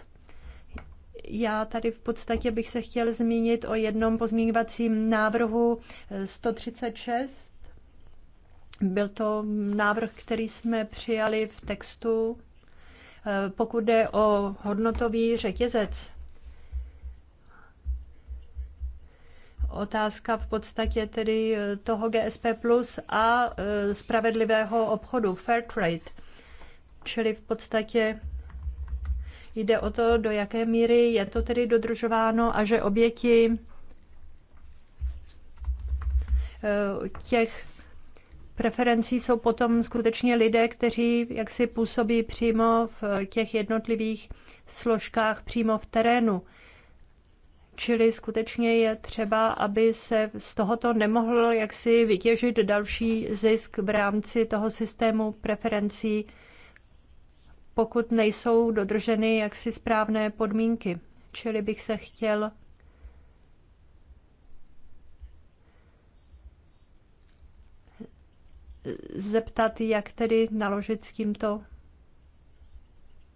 Já tady v podstatě bych se chtěl zmínit o jednom pozměňovacím návrhu eh, 136. Byl to návrh, který jsme přijali v textu, eh, pokud jde o hodnotový řetězec. Otázka v podstatě tedy eh, toho GSP plus a spravedlivého obchodu, fair trade. Čili v podstatě Jde o to, do jaké míry je to tedy dodržováno a že oběti eh, těch preferencí jsou potom skutečně lidé, kteří jaksi působí přímo v těch jednotlivých složkách, přímo v terénu. Čili skutečně je třeba, aby se z tohoto nemohlo jaksi vytěžit další zisk v rámci toho systému preferencí pokud nejsou dodrženy jaksi správné podmínky. Čili bych se chtěl zeptat, jak tedy naložit s tímto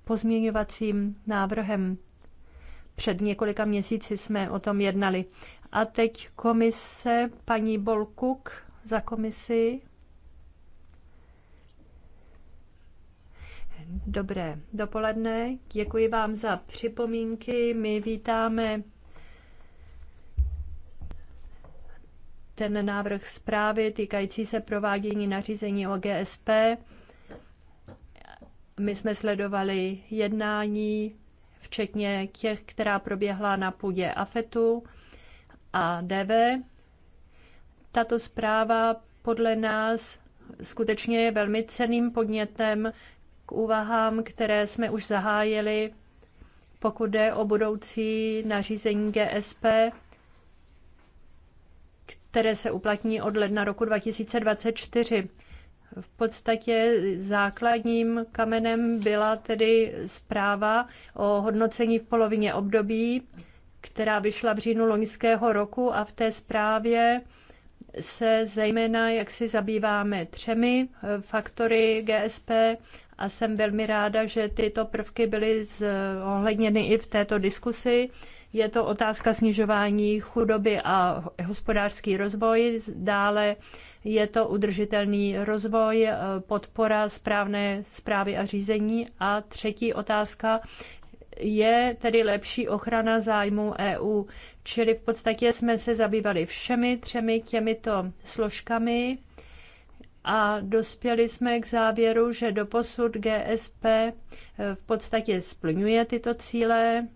pozměňovacím návrhem. Před několika měsíci jsme o tom jednali. A teď komise paní Bolkuk za komisi. Dobré dopoledne, děkuji vám za připomínky. My vítáme ten návrh zprávy týkající se provádění nařízení o GSP. My jsme sledovali jednání, včetně těch, která proběhla na půdě AFETu a DV. Tato zpráva podle nás skutečně je velmi ceným podnětem k úvahám, které jsme už zahájili, pokud jde o budoucí nařízení GSP, které se uplatní od ledna roku 2024. V podstatě základním kamenem byla tedy zpráva o hodnocení v polovině období, která vyšla v říjnu loňského roku a v té zprávě se zejména, jak si zabýváme třemi faktory GSP a jsem velmi ráda, že tyto prvky byly zohledněny i v této diskusi. Je to otázka snižování chudoby a hospodářský rozvoj. Dále je to udržitelný rozvoj, eh, podpora správné zprávy a řízení. A třetí otázka je tedy lepší ochrana zájmu EU. Čili v podstatě jsme se zabývali všemi třemi těmito složkami a dospěli jsme k závěru, že doposud GSP eh, v podstatě splňuje tyto cíle,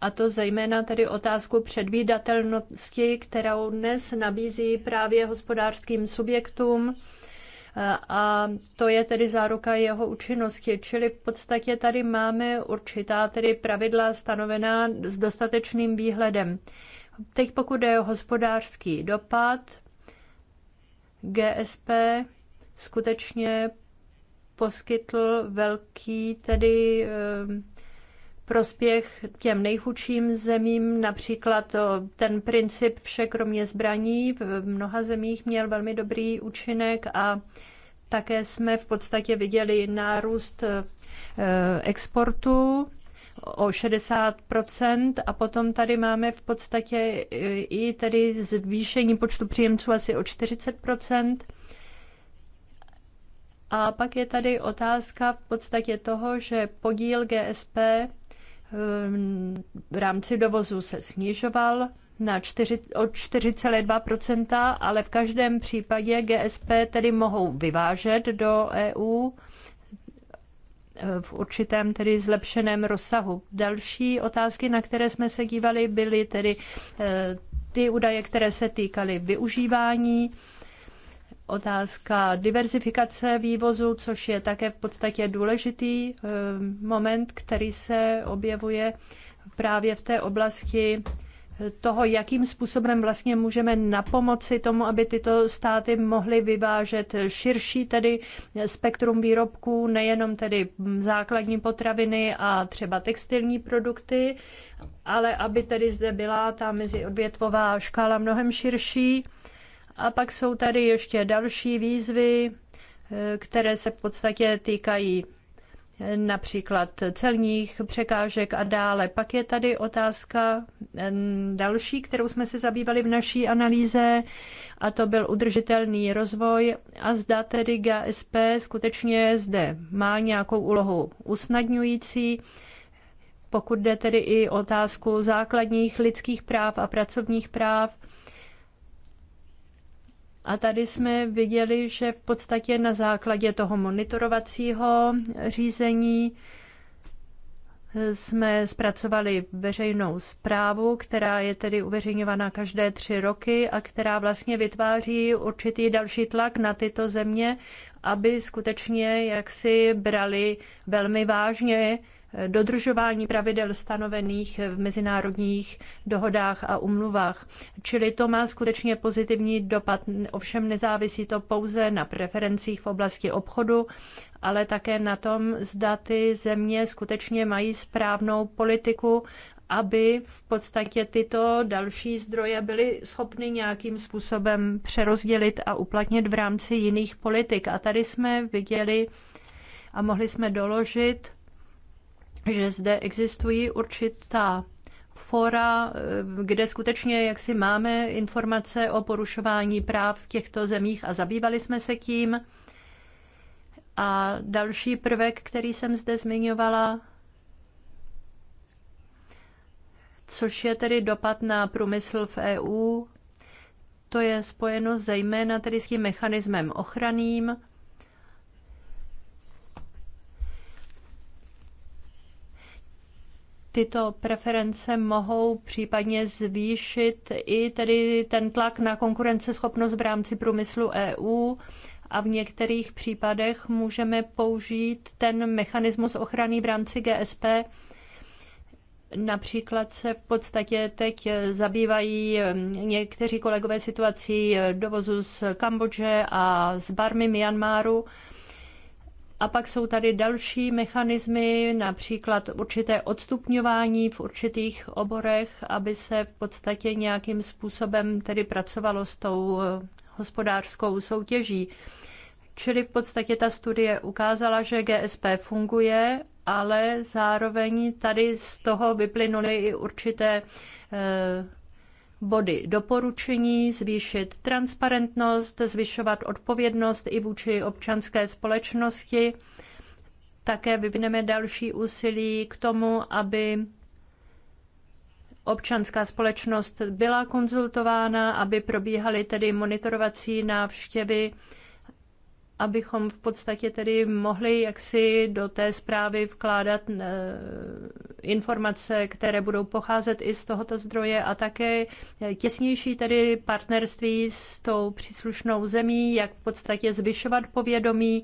a to zejména tedy otázku předvídatelnosti, kterou dnes nabízí právě hospodářským subjektům eh, a to je tedy záruka jeho účinnosti. Čili v podstatě tady máme určitá tedy pravidla stanovená s dostatečným výhledem. Teď pokud je hospodářský dopad, GSP skutečně poskytl velký tedy ehm, prospěch těm nejchudším zemím. Například ten princip vše kromě zbraní v mnoha zemích měl velmi dobrý účinek a také jsme v podstatě viděli nárůst e, e, exportu o 60 a potom tady máme v podstatě eh, i tedy zvýšení počtu příjemců asi o 40 a pak je tady otázka v podstatě toho, že podíl GSP eh, v rámci dovozu se snižoval na 4, o 4,2 ale v každém případě GSP tedy mohou vyvážet do EU Eh, v určitém tedy zlepšeném rozsahu. Další otázky, na které jsme se dívali, byly tedy eh, ty údaje, které se týkaly využívání, otázka diversifikace vývozu, což je také v podstatě důležitý eh, moment, který se objevuje právě v té oblasti toho, jakým způsobem vlastně můžeme napomoci tomu, aby tyto státy mohly vyvážet širší tedy spektrum výrobků, nejenom tedy základní potraviny a třeba textilní produkty, ale aby tedy zde byla ta meziodvětvová škála mnohem širší. A pak jsou tady ještě další výzvy, eh, které se v podstatě týkají například celních překážek a dále. Pak je tady otázka další, kterou jsme se zabývali v naší analýze, a to byl udržitelný rozvoj a zda tedy GSP skutečně zde má nějakou úlohu usnadňující, pokud jde tedy i otázku základních lidských práv a pracovních práv a tady jsme viděli, že v podstatě na základě toho monitorovacího řízení jsme zpracovali veřejnou zprávu, která je tedy uveřejňována každé tři roky a která vlastně vytváří určitý další tlak na tyto země, aby skutečně jaksi brali velmi vážně dodržování pravidel stanovených v mezinárodních dohodách a umluvách. Čili to má skutečně pozitivní dopad. Ovšem nezávisí to pouze na preferencích v oblasti obchodu, ale také na tom, zda ty země skutečně mají správnou politiku aby v podstatě tyto další zdroje byly schopny nějakým způsobem přerozdělit a uplatnit v rámci jiných politik. A tady jsme viděli a mohli jsme doložit že zde existují určitá fora, eh, kde skutečně jak si máme informace o porušování práv v těchto zemích a zabývali jsme se tím. A další prvek, který jsem zde zmiňovala, což je tedy dopad na průmysl v EU, to je spojeno zejména tedy s tím mechanismem ochranným, tyto preference mohou případně zvýšit i tedy ten tlak na konkurenceschopnost v rámci průmyslu EU a v některých případech můžeme použít ten mechanismus ochrany v rámci GSP. Například se v podstatě teď zabývají někteří kolegové situací dovozu z Kambodže a z Barmy Myanmaru a pak jsou tady další mechanismy, například určité odstupňování v určitých oborech, aby se v podstatě nějakým způsobem tedy pracovalo s tou eh, hospodářskou soutěží. Čili v podstatě ta studie ukázala, že GSP funguje, ale zároveň tady z toho vyplynuly i určité eh, body doporučení, zvýšit transparentnost, zvyšovat odpovědnost i vůči občanské společnosti. Také vyvineme další úsilí k tomu, aby občanská společnost byla konzultována, aby probíhaly tedy monitorovací návštěvy, abychom v podstatě tedy mohli jaksi do té zprávy vkládat eh, informace, které budou pocházet i z tohoto zdroje a také těsnější tedy partnerství s tou příslušnou zemí, jak v podstatě zvyšovat povědomí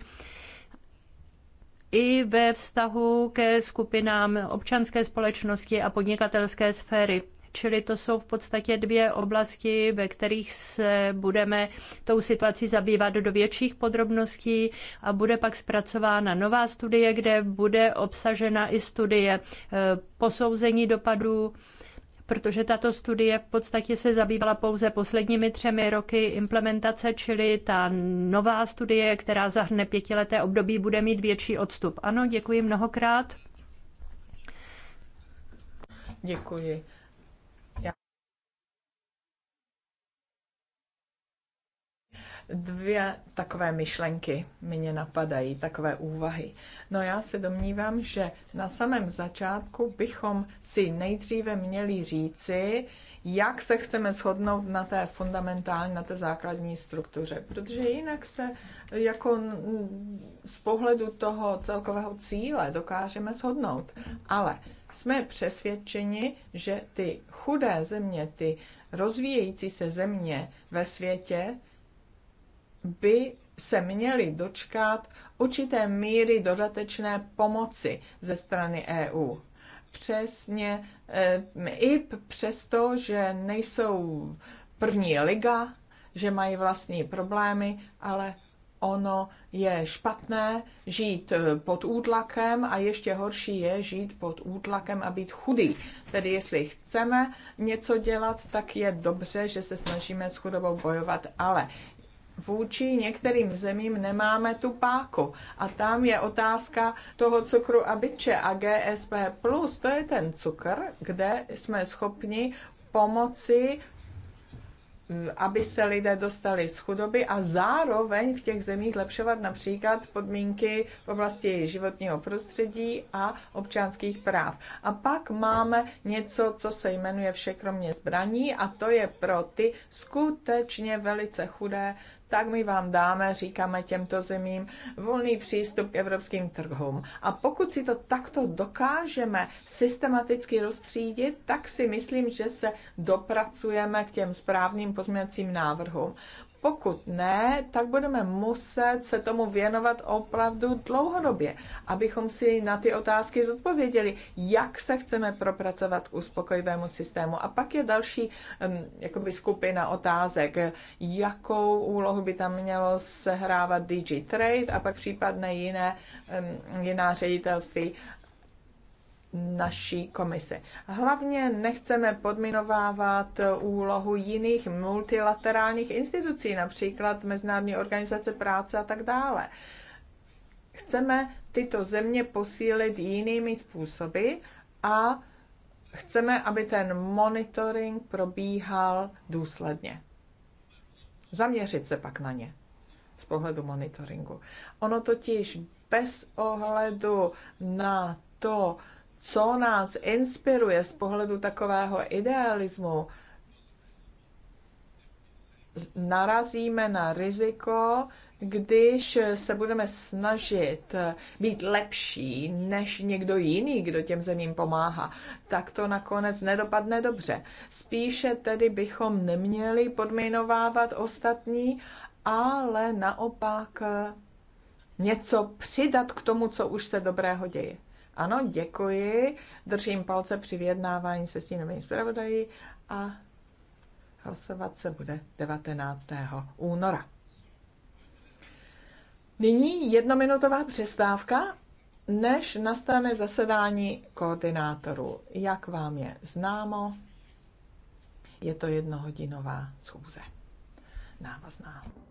i ve vztahu ke skupinám občanské společnosti a podnikatelské sféry. Čili to jsou v podstatě dvě oblasti, ve kterých se budeme tou situací zabývat do větších podrobností a bude pak zpracována nová studie, kde bude obsažena i studie eh, posouzení dopadů protože tato studie v podstatě se zabývala pouze posledními třemi roky implementace, čili ta nová studie, která zahrne pětileté období, bude mít větší odstup. Ano, děkuji mnohokrát. Děkuji. Dvě takové myšlenky mě napadají, takové úvahy. No já se domnívám, že na samém začátku bychom si nejdříve měli říci, jak se chceme shodnout na té fundamentální, na té základní struktuře. Protože jinak se jako z pohledu toho celkového cíle dokážeme shodnout. Ale jsme přesvědčeni, že ty chudé země, ty rozvíjející se země ve světě by se měli dočkat určité míry dodatečné pomoci ze strany EU. Přesně e, i přesto, že nejsou první liga, že mají vlastní problémy, ale ono je špatné žít e, pod útlakem a ještě horší je žít pod útlakem a být chudý. Tedy jestli chceme něco dělat, tak je dobře, že se snažíme s chudobou bojovat, ale vůči některým zemím nemáme tu páku. A tam je otázka toho cukru a byče a GSP+, plus, to je ten cukr, kde jsme schopni pomoci mm, aby se lidé dostali z chudoby a zároveň v těch zemích zlepšovat například podmínky v oblasti životního prostředí a občanských práv. A pak máme něco, co se jmenuje vše kromě zbraní a to je pro ty skutečně velice chudé tak my vám dáme, říkáme těmto zemím, volný přístup k evropským trhům. A pokud si to takto dokážeme systematicky rozstřídit, tak si myslím, že se dopracujeme k těm správným pozměňovacím návrhům. Pokud ne, tak budeme muset se tomu věnovat opravdu dlouhodobě, abychom si na ty otázky zodpověděli, jak se chceme propracovat k uspokojivému systému. A pak je další um, jakoby skupina otázek, jakou úlohu by tam mělo sehrávat DG Trade a pak případné jiné, um, jiná ředitelství naší komisi. Hlavně nechceme podminovávat úlohu jiných multilaterálních institucí, například Mezinárodní organizace práce a tak dále. Chceme tyto země posílit jinými způsoby a chceme, aby ten monitoring probíhal důsledně. Zaměřit se pak na ně z pohledu monitoringu. Ono totiž bez ohledu na to, co nás inspiruje z pohledu takového idealismu, narazíme na riziko, když se budeme snažit být lepší než někdo jiný, kdo těm zemím pomáhá, tak to nakonec nedopadne dobře. Spíše tedy bychom neměli podminovávat ostatní, ale naopak něco přidat k tomu, co už se dobrého děje. Ano, děkuji. Držím palce při vyjednávání se stínovým zpravodají a hlasovat se bude 19. února. Nyní jednominutová přestávka, než nastane zasedání koordinátorů. Jak vám je známo, je to jednohodinová schůze návazná.